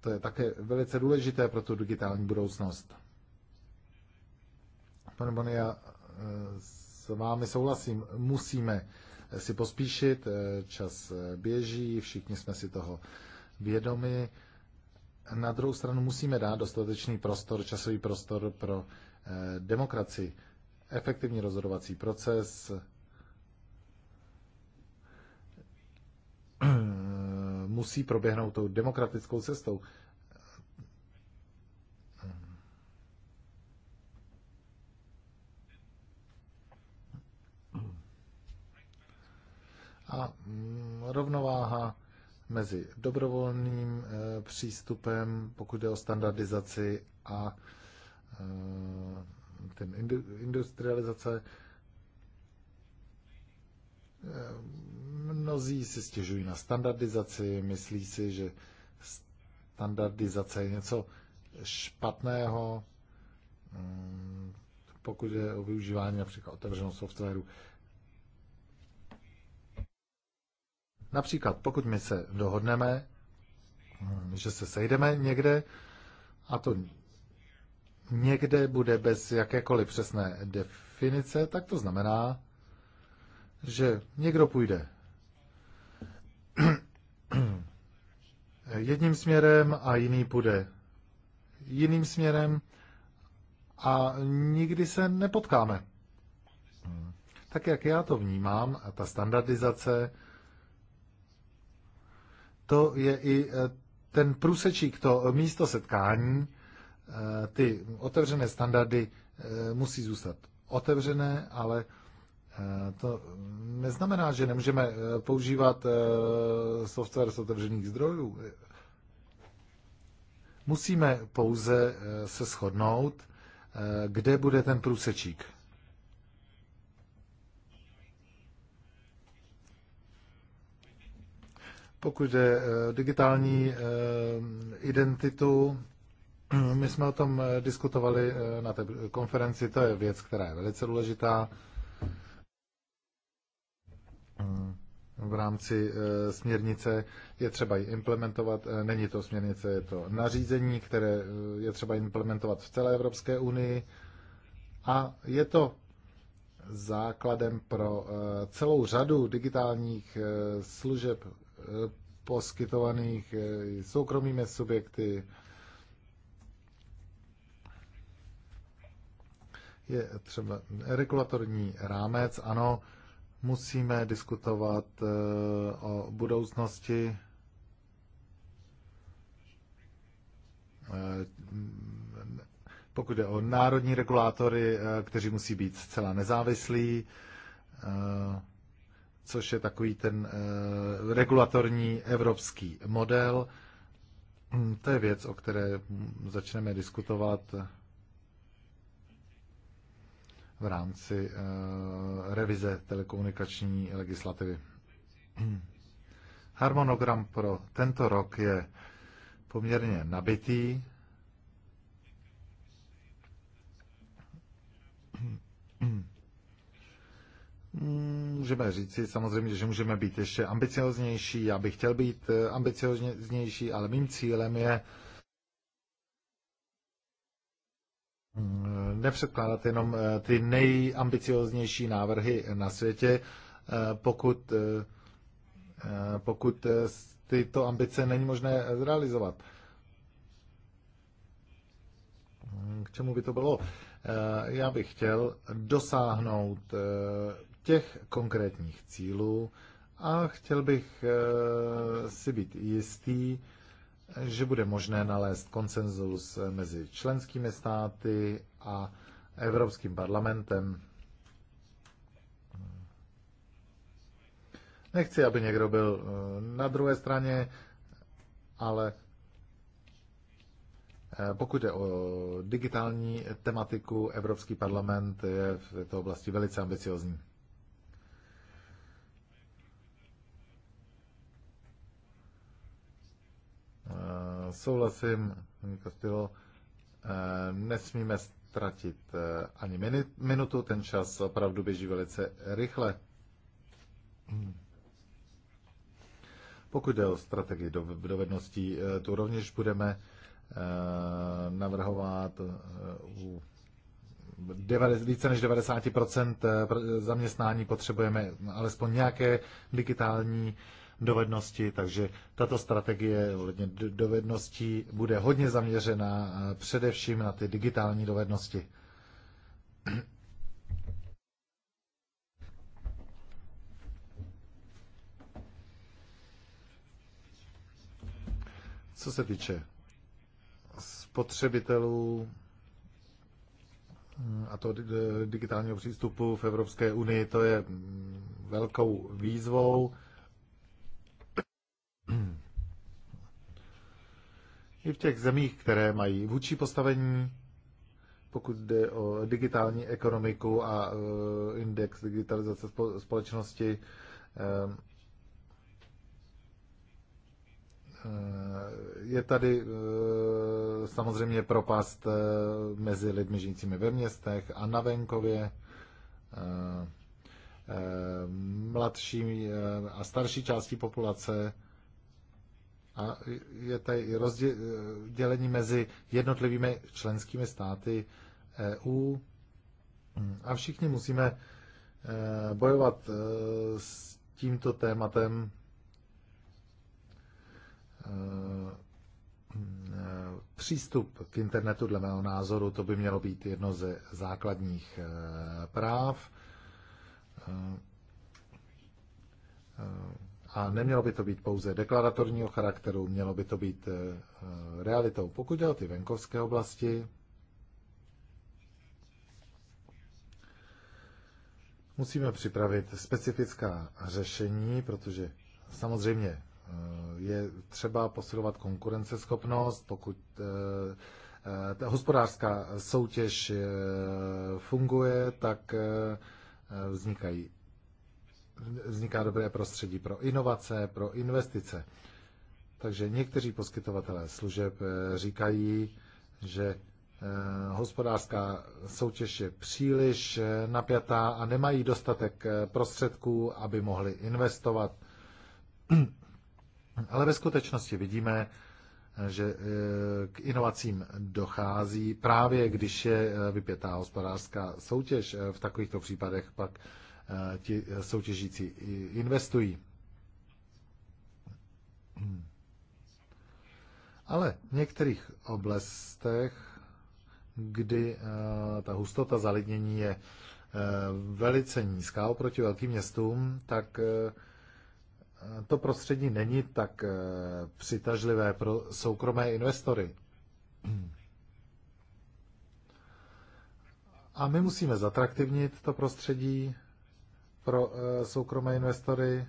To je také velice důležité pro tu digitální budoucnost. Pane Bony, já s vámi souhlasím, musíme si pospíšit, čas běží, všichni jsme si toho vědomi na druhou stranu musíme dát dostatečný prostor, časový prostor pro eh, demokracii, efektivní rozhodovací proces, eh, musí proběhnout tou demokratickou cestou. A mm, rovnováha mezi dobrovolným eh, přístupem, pokud jde o standardizaci a eh, ten industrializace. Eh, mnozí si stěžují na standardizaci, myslí si, že standardizace je něco špatného, mm, pokud je o využívání například otevřeného softwaru. Například, pokud my se dohodneme, hm, že se sejdeme někde, a to někde bude bez jakékoliv přesné definice, tak to znamená, že někdo půjde jedním směrem a jiný půjde jiným směrem a nikdy se nepotkáme. Tak jak já to vnímám, ta standardizace to je i eh, ten průsečík, to místo setkání, eh, ty otevřené standardy eh, musí zůstat otevřené, ale to neznamená, že nemůžeme používat software z otevřených zdrojů. Musíme pouze se shodnout, kde bude ten průsečík. Pokud je eh, digitální eh, identitu, my jsme o tom eh, diskutovali na té konferenci, to je věc, která je velice důležitá v rámci směrnice. Je třeba ji implementovat, není to směrnice, je to nařízení, které je třeba implementovat v celé Evropské unii a je to základem pro celou řadu digitálních služeb Eh, poskytovaných eh, soukromými subjekty. Je třeba regulatorní rámec, ano, musíme diskutovat eh, o budoucnosti pokud jde o národní regulátory, kteří musí být zcela nezávislí, což je takový ten eh, regulatorní evropský model. Hm, to je věc, o které začneme diskutovat v rámci eh, revize telekomunikační legislativy. Hm. Harmonogram pro tento rok je poměrně nabitý. Hm. Mm, můžeme říci samozřejmě, že můžeme být ještě ambicioznější. Já bych chtěl být eh, ambicioznější, ale mým cílem je mm, nepředkládat jenom eh, ty nejambicioznější návrhy na světě, eh, pokud, pokud tyto ambice není možné zrealizovat. Mm, k čemu by to bylo? Já bych chtěl dosáhnout těch konkrétních cílů a chtěl bych eh, si být jistý, že bude možné nalézt konsenzus mezi členskými státy a Evropským parlamentem. Nechci, aby někdo byl eh, na druhé straně, ale eh, pokud je o digitální tematiku, Evropský parlament je v této oblasti velice ambiciozní. Souhlasím, Castillo, eh, nesmíme ztratit eh, ani minutu, ten čas opravdu běží velice rychle. Pokud jde o strategii dovedností, eh, tu rovněž budeme navrhovat u 90, více než 90 zaměstnání potřebujeme alespoň nějaké digitální dovednosti, takže tato strategie ohledně dovedností bude hodně zaměřená eh, především na ty digitální dovednosti. Co se týče spotřebitelů hm, a to digitálního přístupu v Evropské unii, to je hm, velkou výzvou. i v těch zemích, které mají vůči postavení, pokud jde o digitální ekonomiku a e, index digitalizace společnosti, e, e, je tady samozřejmě propast mezi lidmi žijícími ve městech a na venkově. Mladší a starší části populace a je tady rozdělení mezi jednotlivými členskými státy EU a všichni musíme e, bojovat e, s tímto tématem e, přístup k internetu, dle mého názoru, to by mělo být jedno ze základních práv a nemělo by to být pouze deklaratorního charakteru, mělo by to být eh, realitou. Pokud jde o ty venkovské oblasti, musíme připravit specifická řešení, protože samozřejmě eh, je třeba posilovat konkurenceschopnost, pokud eh, ta hospodářská soutěž funguje, tak vznikají vzniká dobré prostředí pro inovace, pro investice. Takže někteří poskytovatelé služeb eh, říkají, že eh, hospodářská soutěž je příliš eh, napjatá a nemají dostatek prostředků, aby mohli investovat. Ale ve skutečnosti vidíme, že k inovacím dochází právě, když je vypětá hospodářská soutěž. V takovýchto případech pak Eh, ti soutěžící investují. Ale v některých oblastech, kdy eh, ta hustota zalidnění je eh, velice nízká oproti velkým městům, tak to prostředí není tak přitažlivé pro soukromé investory. A my musíme zatraktivnit to prostředí pro eh, soukromé investory,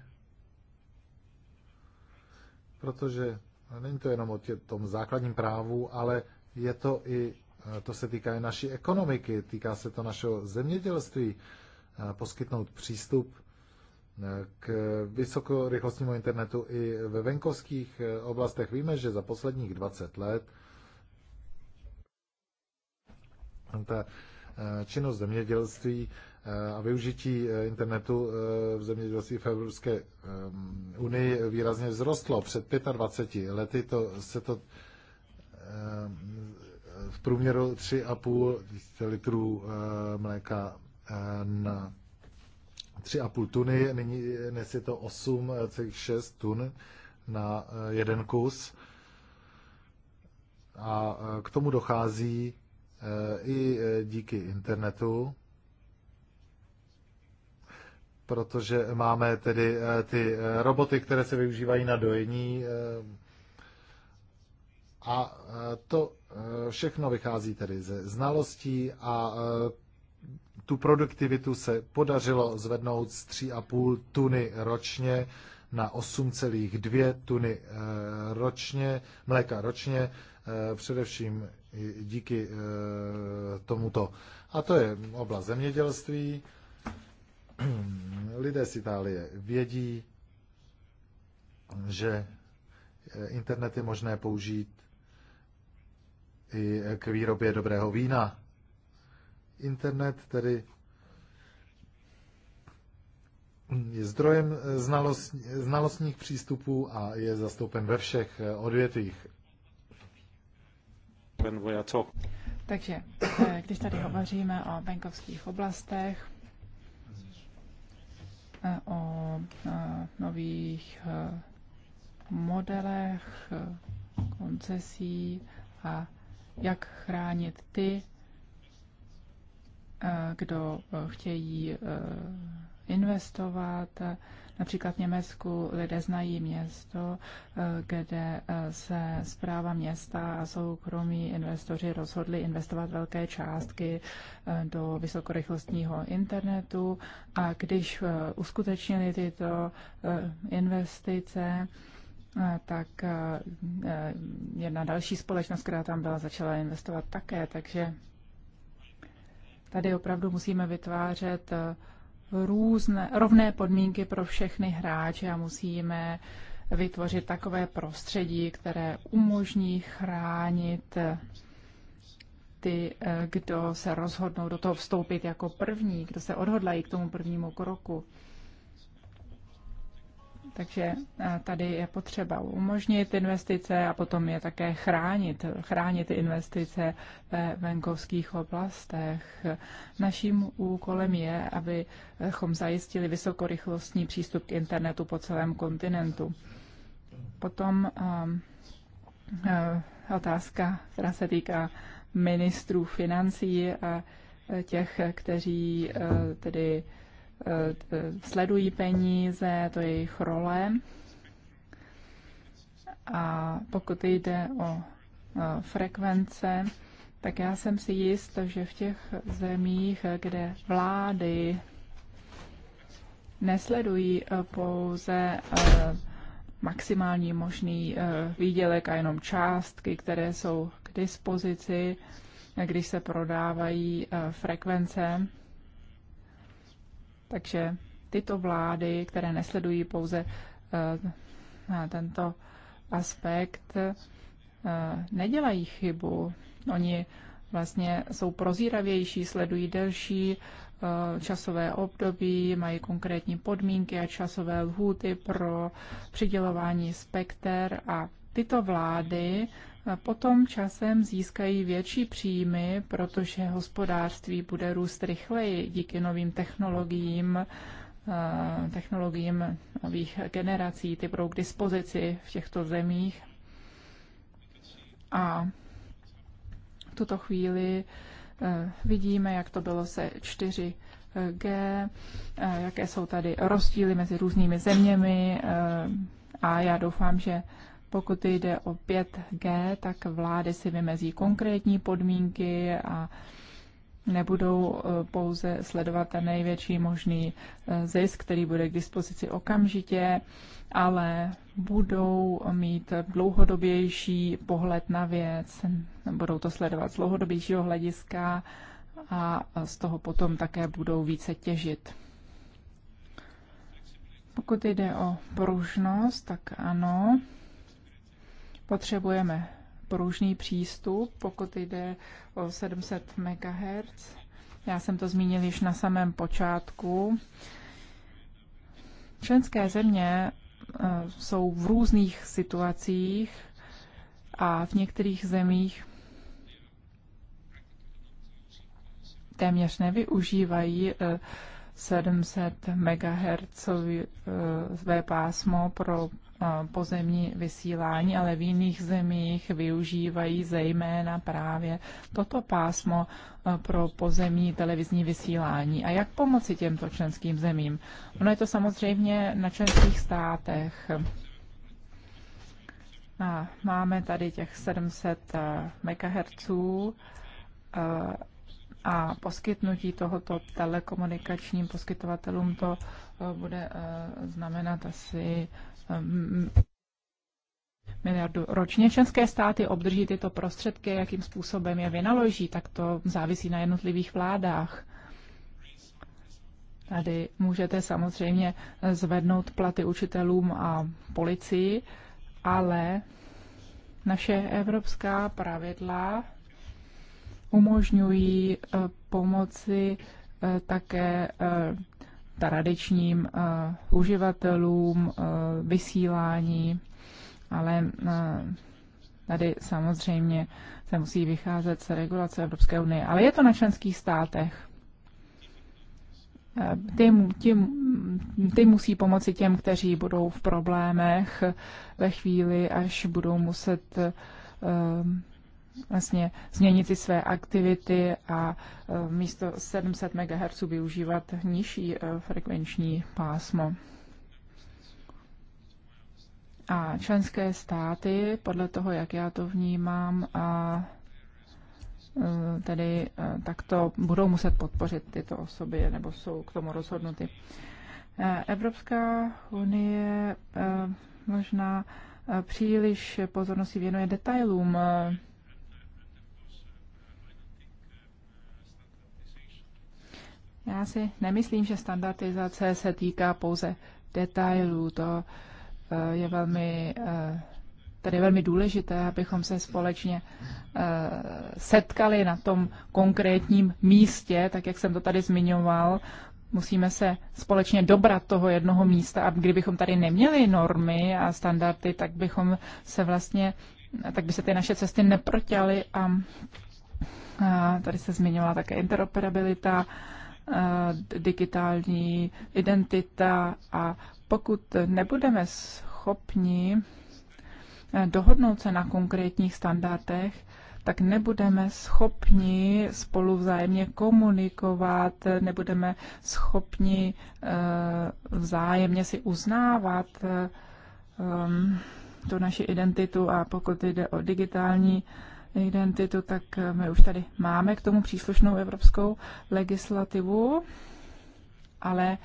protože není to jenom o tě, tom základním právu, ale je to i, eh, to se týká i naší ekonomiky, týká se to našeho zemědělství, eh, poskytnout přístup k vysokorychlostnímu internetu i ve venkovských oblastech. Víme, že za posledních 20 let ta činnost zemědělství Eh, a využití eh, internetu eh, v zemědělství v Evropské unii výrazně vzrostlo. Před 25 lety to, se to v průměru 3,5 litrů mléka na 3,5 tuny, nyní dnes je to 8,6 tun na jeden kus. A k tomu dochází i díky internetu protože máme tedy eh, ty eh, roboty, které se využívají na dojení. Eh, a to všechno vychází tedy ze znalostí a tu produktivitu se podařilo zvednout z 3,5 tuny ročně na 8,2 tuny ročně, mléka ročně, především díky tomuto. A to je oblast zemědělství. lidé z Itálie vědí, že eh, internet je možné použít i k výrobě dobrého vína. Internet tedy je zdrojem eh, znalost, znalostních přístupů a je zastoupen ve všech eh, odvětvích. Takže když tady hovoříme o venkovských oblastech, o nových e, modelech e, koncesí a jak chránit ty, e, kdo chtějí investovat Například v Německu lidé znají město, eh, kde eh, se zpráva města a soukromí investoři rozhodli investovat velké částky eh, do vysokorychlostního internetu a když uskutečnili tyto investice, tak jedna další společnost, která tam byla, začala investovat také, takže tady opravdu musíme vytvářet různé, rovné podmínky pro všechny hráče a musíme vytvořit takové prostředí, které umožní chránit ty, eh, kdo se rozhodnou do toho vstoupit jako první, kdo se odhodlají k tomu prvnímu kroku. Takže tady je potřeba umožnit investice a potom je také chránit, chránit investice ve venkovských oblastech. Naším úkolem je, abychom zajistili vysokorychlostní přístup k internetu po celém kontinentu. Potom otázka, která se týká ministrů financí a těch, kteří tedy Eh, sledují peníze, to je jejich role. A pokud jde o eh, frekvence, tak já jsem si jist, že v těch zemích, kde vlády nesledují eh, pouze maximální možný výdělek a jenom částky, které jsou k dispozici, když se prodávají frekvence, takže tyto vlády, které nesledují pouze eh, tento aspekt, eh, nedělají chybu. Oni vlastně jsou prozíravější, sledují delší eh, časové období, mají konkrétní podmínky a časové lhůty pro přidělování spekter a tyto vlády potom časem získají větší příjmy, protože hospodářství bude růst rychleji díky novým technologiím, technologiím nových generací, ty budou k dispozici v těchto zemích. A v tuto chvíli e, vidíme, jak to bylo se 4 e, G, e, jaké jsou tady rozdíly mezi různými zeměmi a já doufám, že pokud jde o 5G, tak vlády si vymezí konkrétní podmínky a nebudou e, pouze sledovat ten největší možný e, zisk, který bude k dispozici okamžitě, ale budou mít dlouhodobější pohled na věc, budou to sledovat z dlouhodobějšího hlediska a z toho potom také budou více těžit. Pokud jde o pružnost, tak ano, Potřebujeme pružný přístup, pokud jde o 700 MHz. Já jsem to zmínil již na samém počátku. Členské země eh, jsou v různých situacích a v některých zemích téměř nevyužívají 700 eh, MHz eh, pásmo pro pozemní vysílání, ale v jiných zemích využívají zejména právě toto pásmo pro pozemní televizní vysílání. A jak pomoci těmto členským zemím? Ono je to samozřejmě na členských státech. A máme tady těch 700 MHz a poskytnutí tohoto telekomunikačním poskytovatelům to bude znamenat asi Mm, miliardu ročně. Členské státy obdrží tyto prostředky, jakým způsobem je vynaloží, tak to závisí na jednotlivých vládách. Tady můžete samozřejmě zvednout platy učitelům a policii, ale naše evropská pravidla umožňují eh, pomoci eh, také eh, tradičním uh, uživatelům uh, vysílání, ale uh, tady samozřejmě se musí vycházet z regulace Evropské unie. Ale je to na členských státech. Ty, ty, ty musí pomoci těm, kteří budou v problémech ve chvíli, až budou muset uh, vlastně změnit ty své aktivity a e, místo 700 MHz využívat nižší e, frekvenční pásmo. A členské státy, podle toho, jak já to vnímám, a e, tedy takto budou muset podpořit tyto osoby, nebo jsou k tomu rozhodnuty. Evropská unie možná příliš pozornosti věnuje detailům Já si nemyslím, že standardizace se týká pouze detailů. To eh, je velmi, eh, tady je velmi důležité, abychom se společně eh, setkali na tom konkrétním místě, tak jak jsem to tady zmiňoval. Musíme se společně dobrat toho jednoho místa a kdybychom tady neměli normy a standardy, tak bychom se vlastně, tak by se ty naše cesty neprotěly a, a tady se zmiňovala také interoperabilita, Eh, digitální identita a pokud nebudeme schopni eh, dohodnout se na konkrétních standardech, tak nebudeme schopni spolu vzájemně komunikovat, nebudeme schopni eh, vzájemně si uznávat tu naši identitu a pokud jde o digitální identitu, tak eh, my už tady máme k tomu příslušnou evropskou legislativu, ale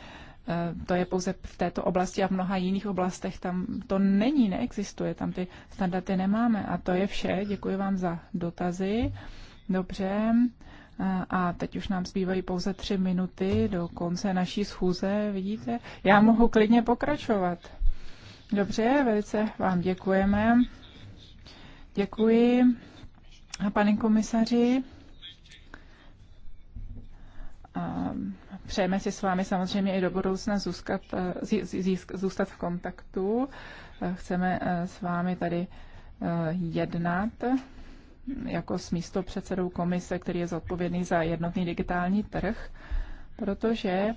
eh, to je pouze v této oblasti a v mnoha jiných oblastech tam to není, neexistuje, tam ty standardy nemáme. A to je vše, děkuji vám za dotazy. Dobře, eh, a teď už nám zbývají pouze tři minuty do konce naší schůze, vidíte? Já mohu klidně pokračovat. Dobře, velice vám děkujeme. Děkuji pane komisaři. A přejeme si s vámi samozřejmě i do budoucna zůstat, eh, zůstat v kontaktu. Eh, chceme eh, s vámi tady jednat hm, jako s místo předsedou komise, který je zodpovědný za jednotný digitální trh, protože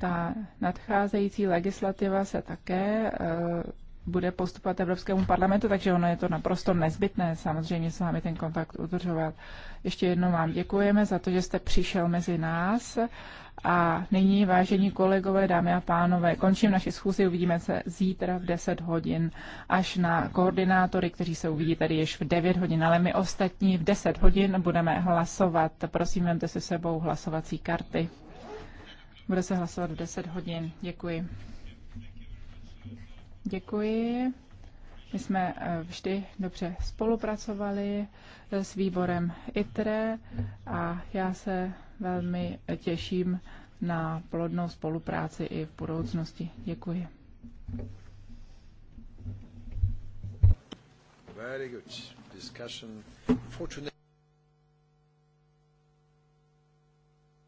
ta nadcházející legislativa se také bude postupovat Evropskému parlamentu, takže ono je to naprosto nezbytné samozřejmě s vámi ten kontakt udržovat. Ještě jednou vám děkujeme za to, že jste přišel mezi nás. A nyní, vážení kolegové, dámy a pánové, končím naši schůzi, uvidíme se zítra v 10 hodin až na koordinátory, kteří se uvidí tady již v 9 hodin, ale my ostatní v 10 hodin budeme hlasovat. Prosím, vemte si sebou hlasovací karty. Bude se hlasovat v 10 hodin. Děkuji. Děkuji. My jsme eh, vždy dobře spolupracovali eh, s výborem ITRE a já se velmi těším na plodnou spolupráci i v budoucnosti. Děkuji. Very good discussion. Fortunately...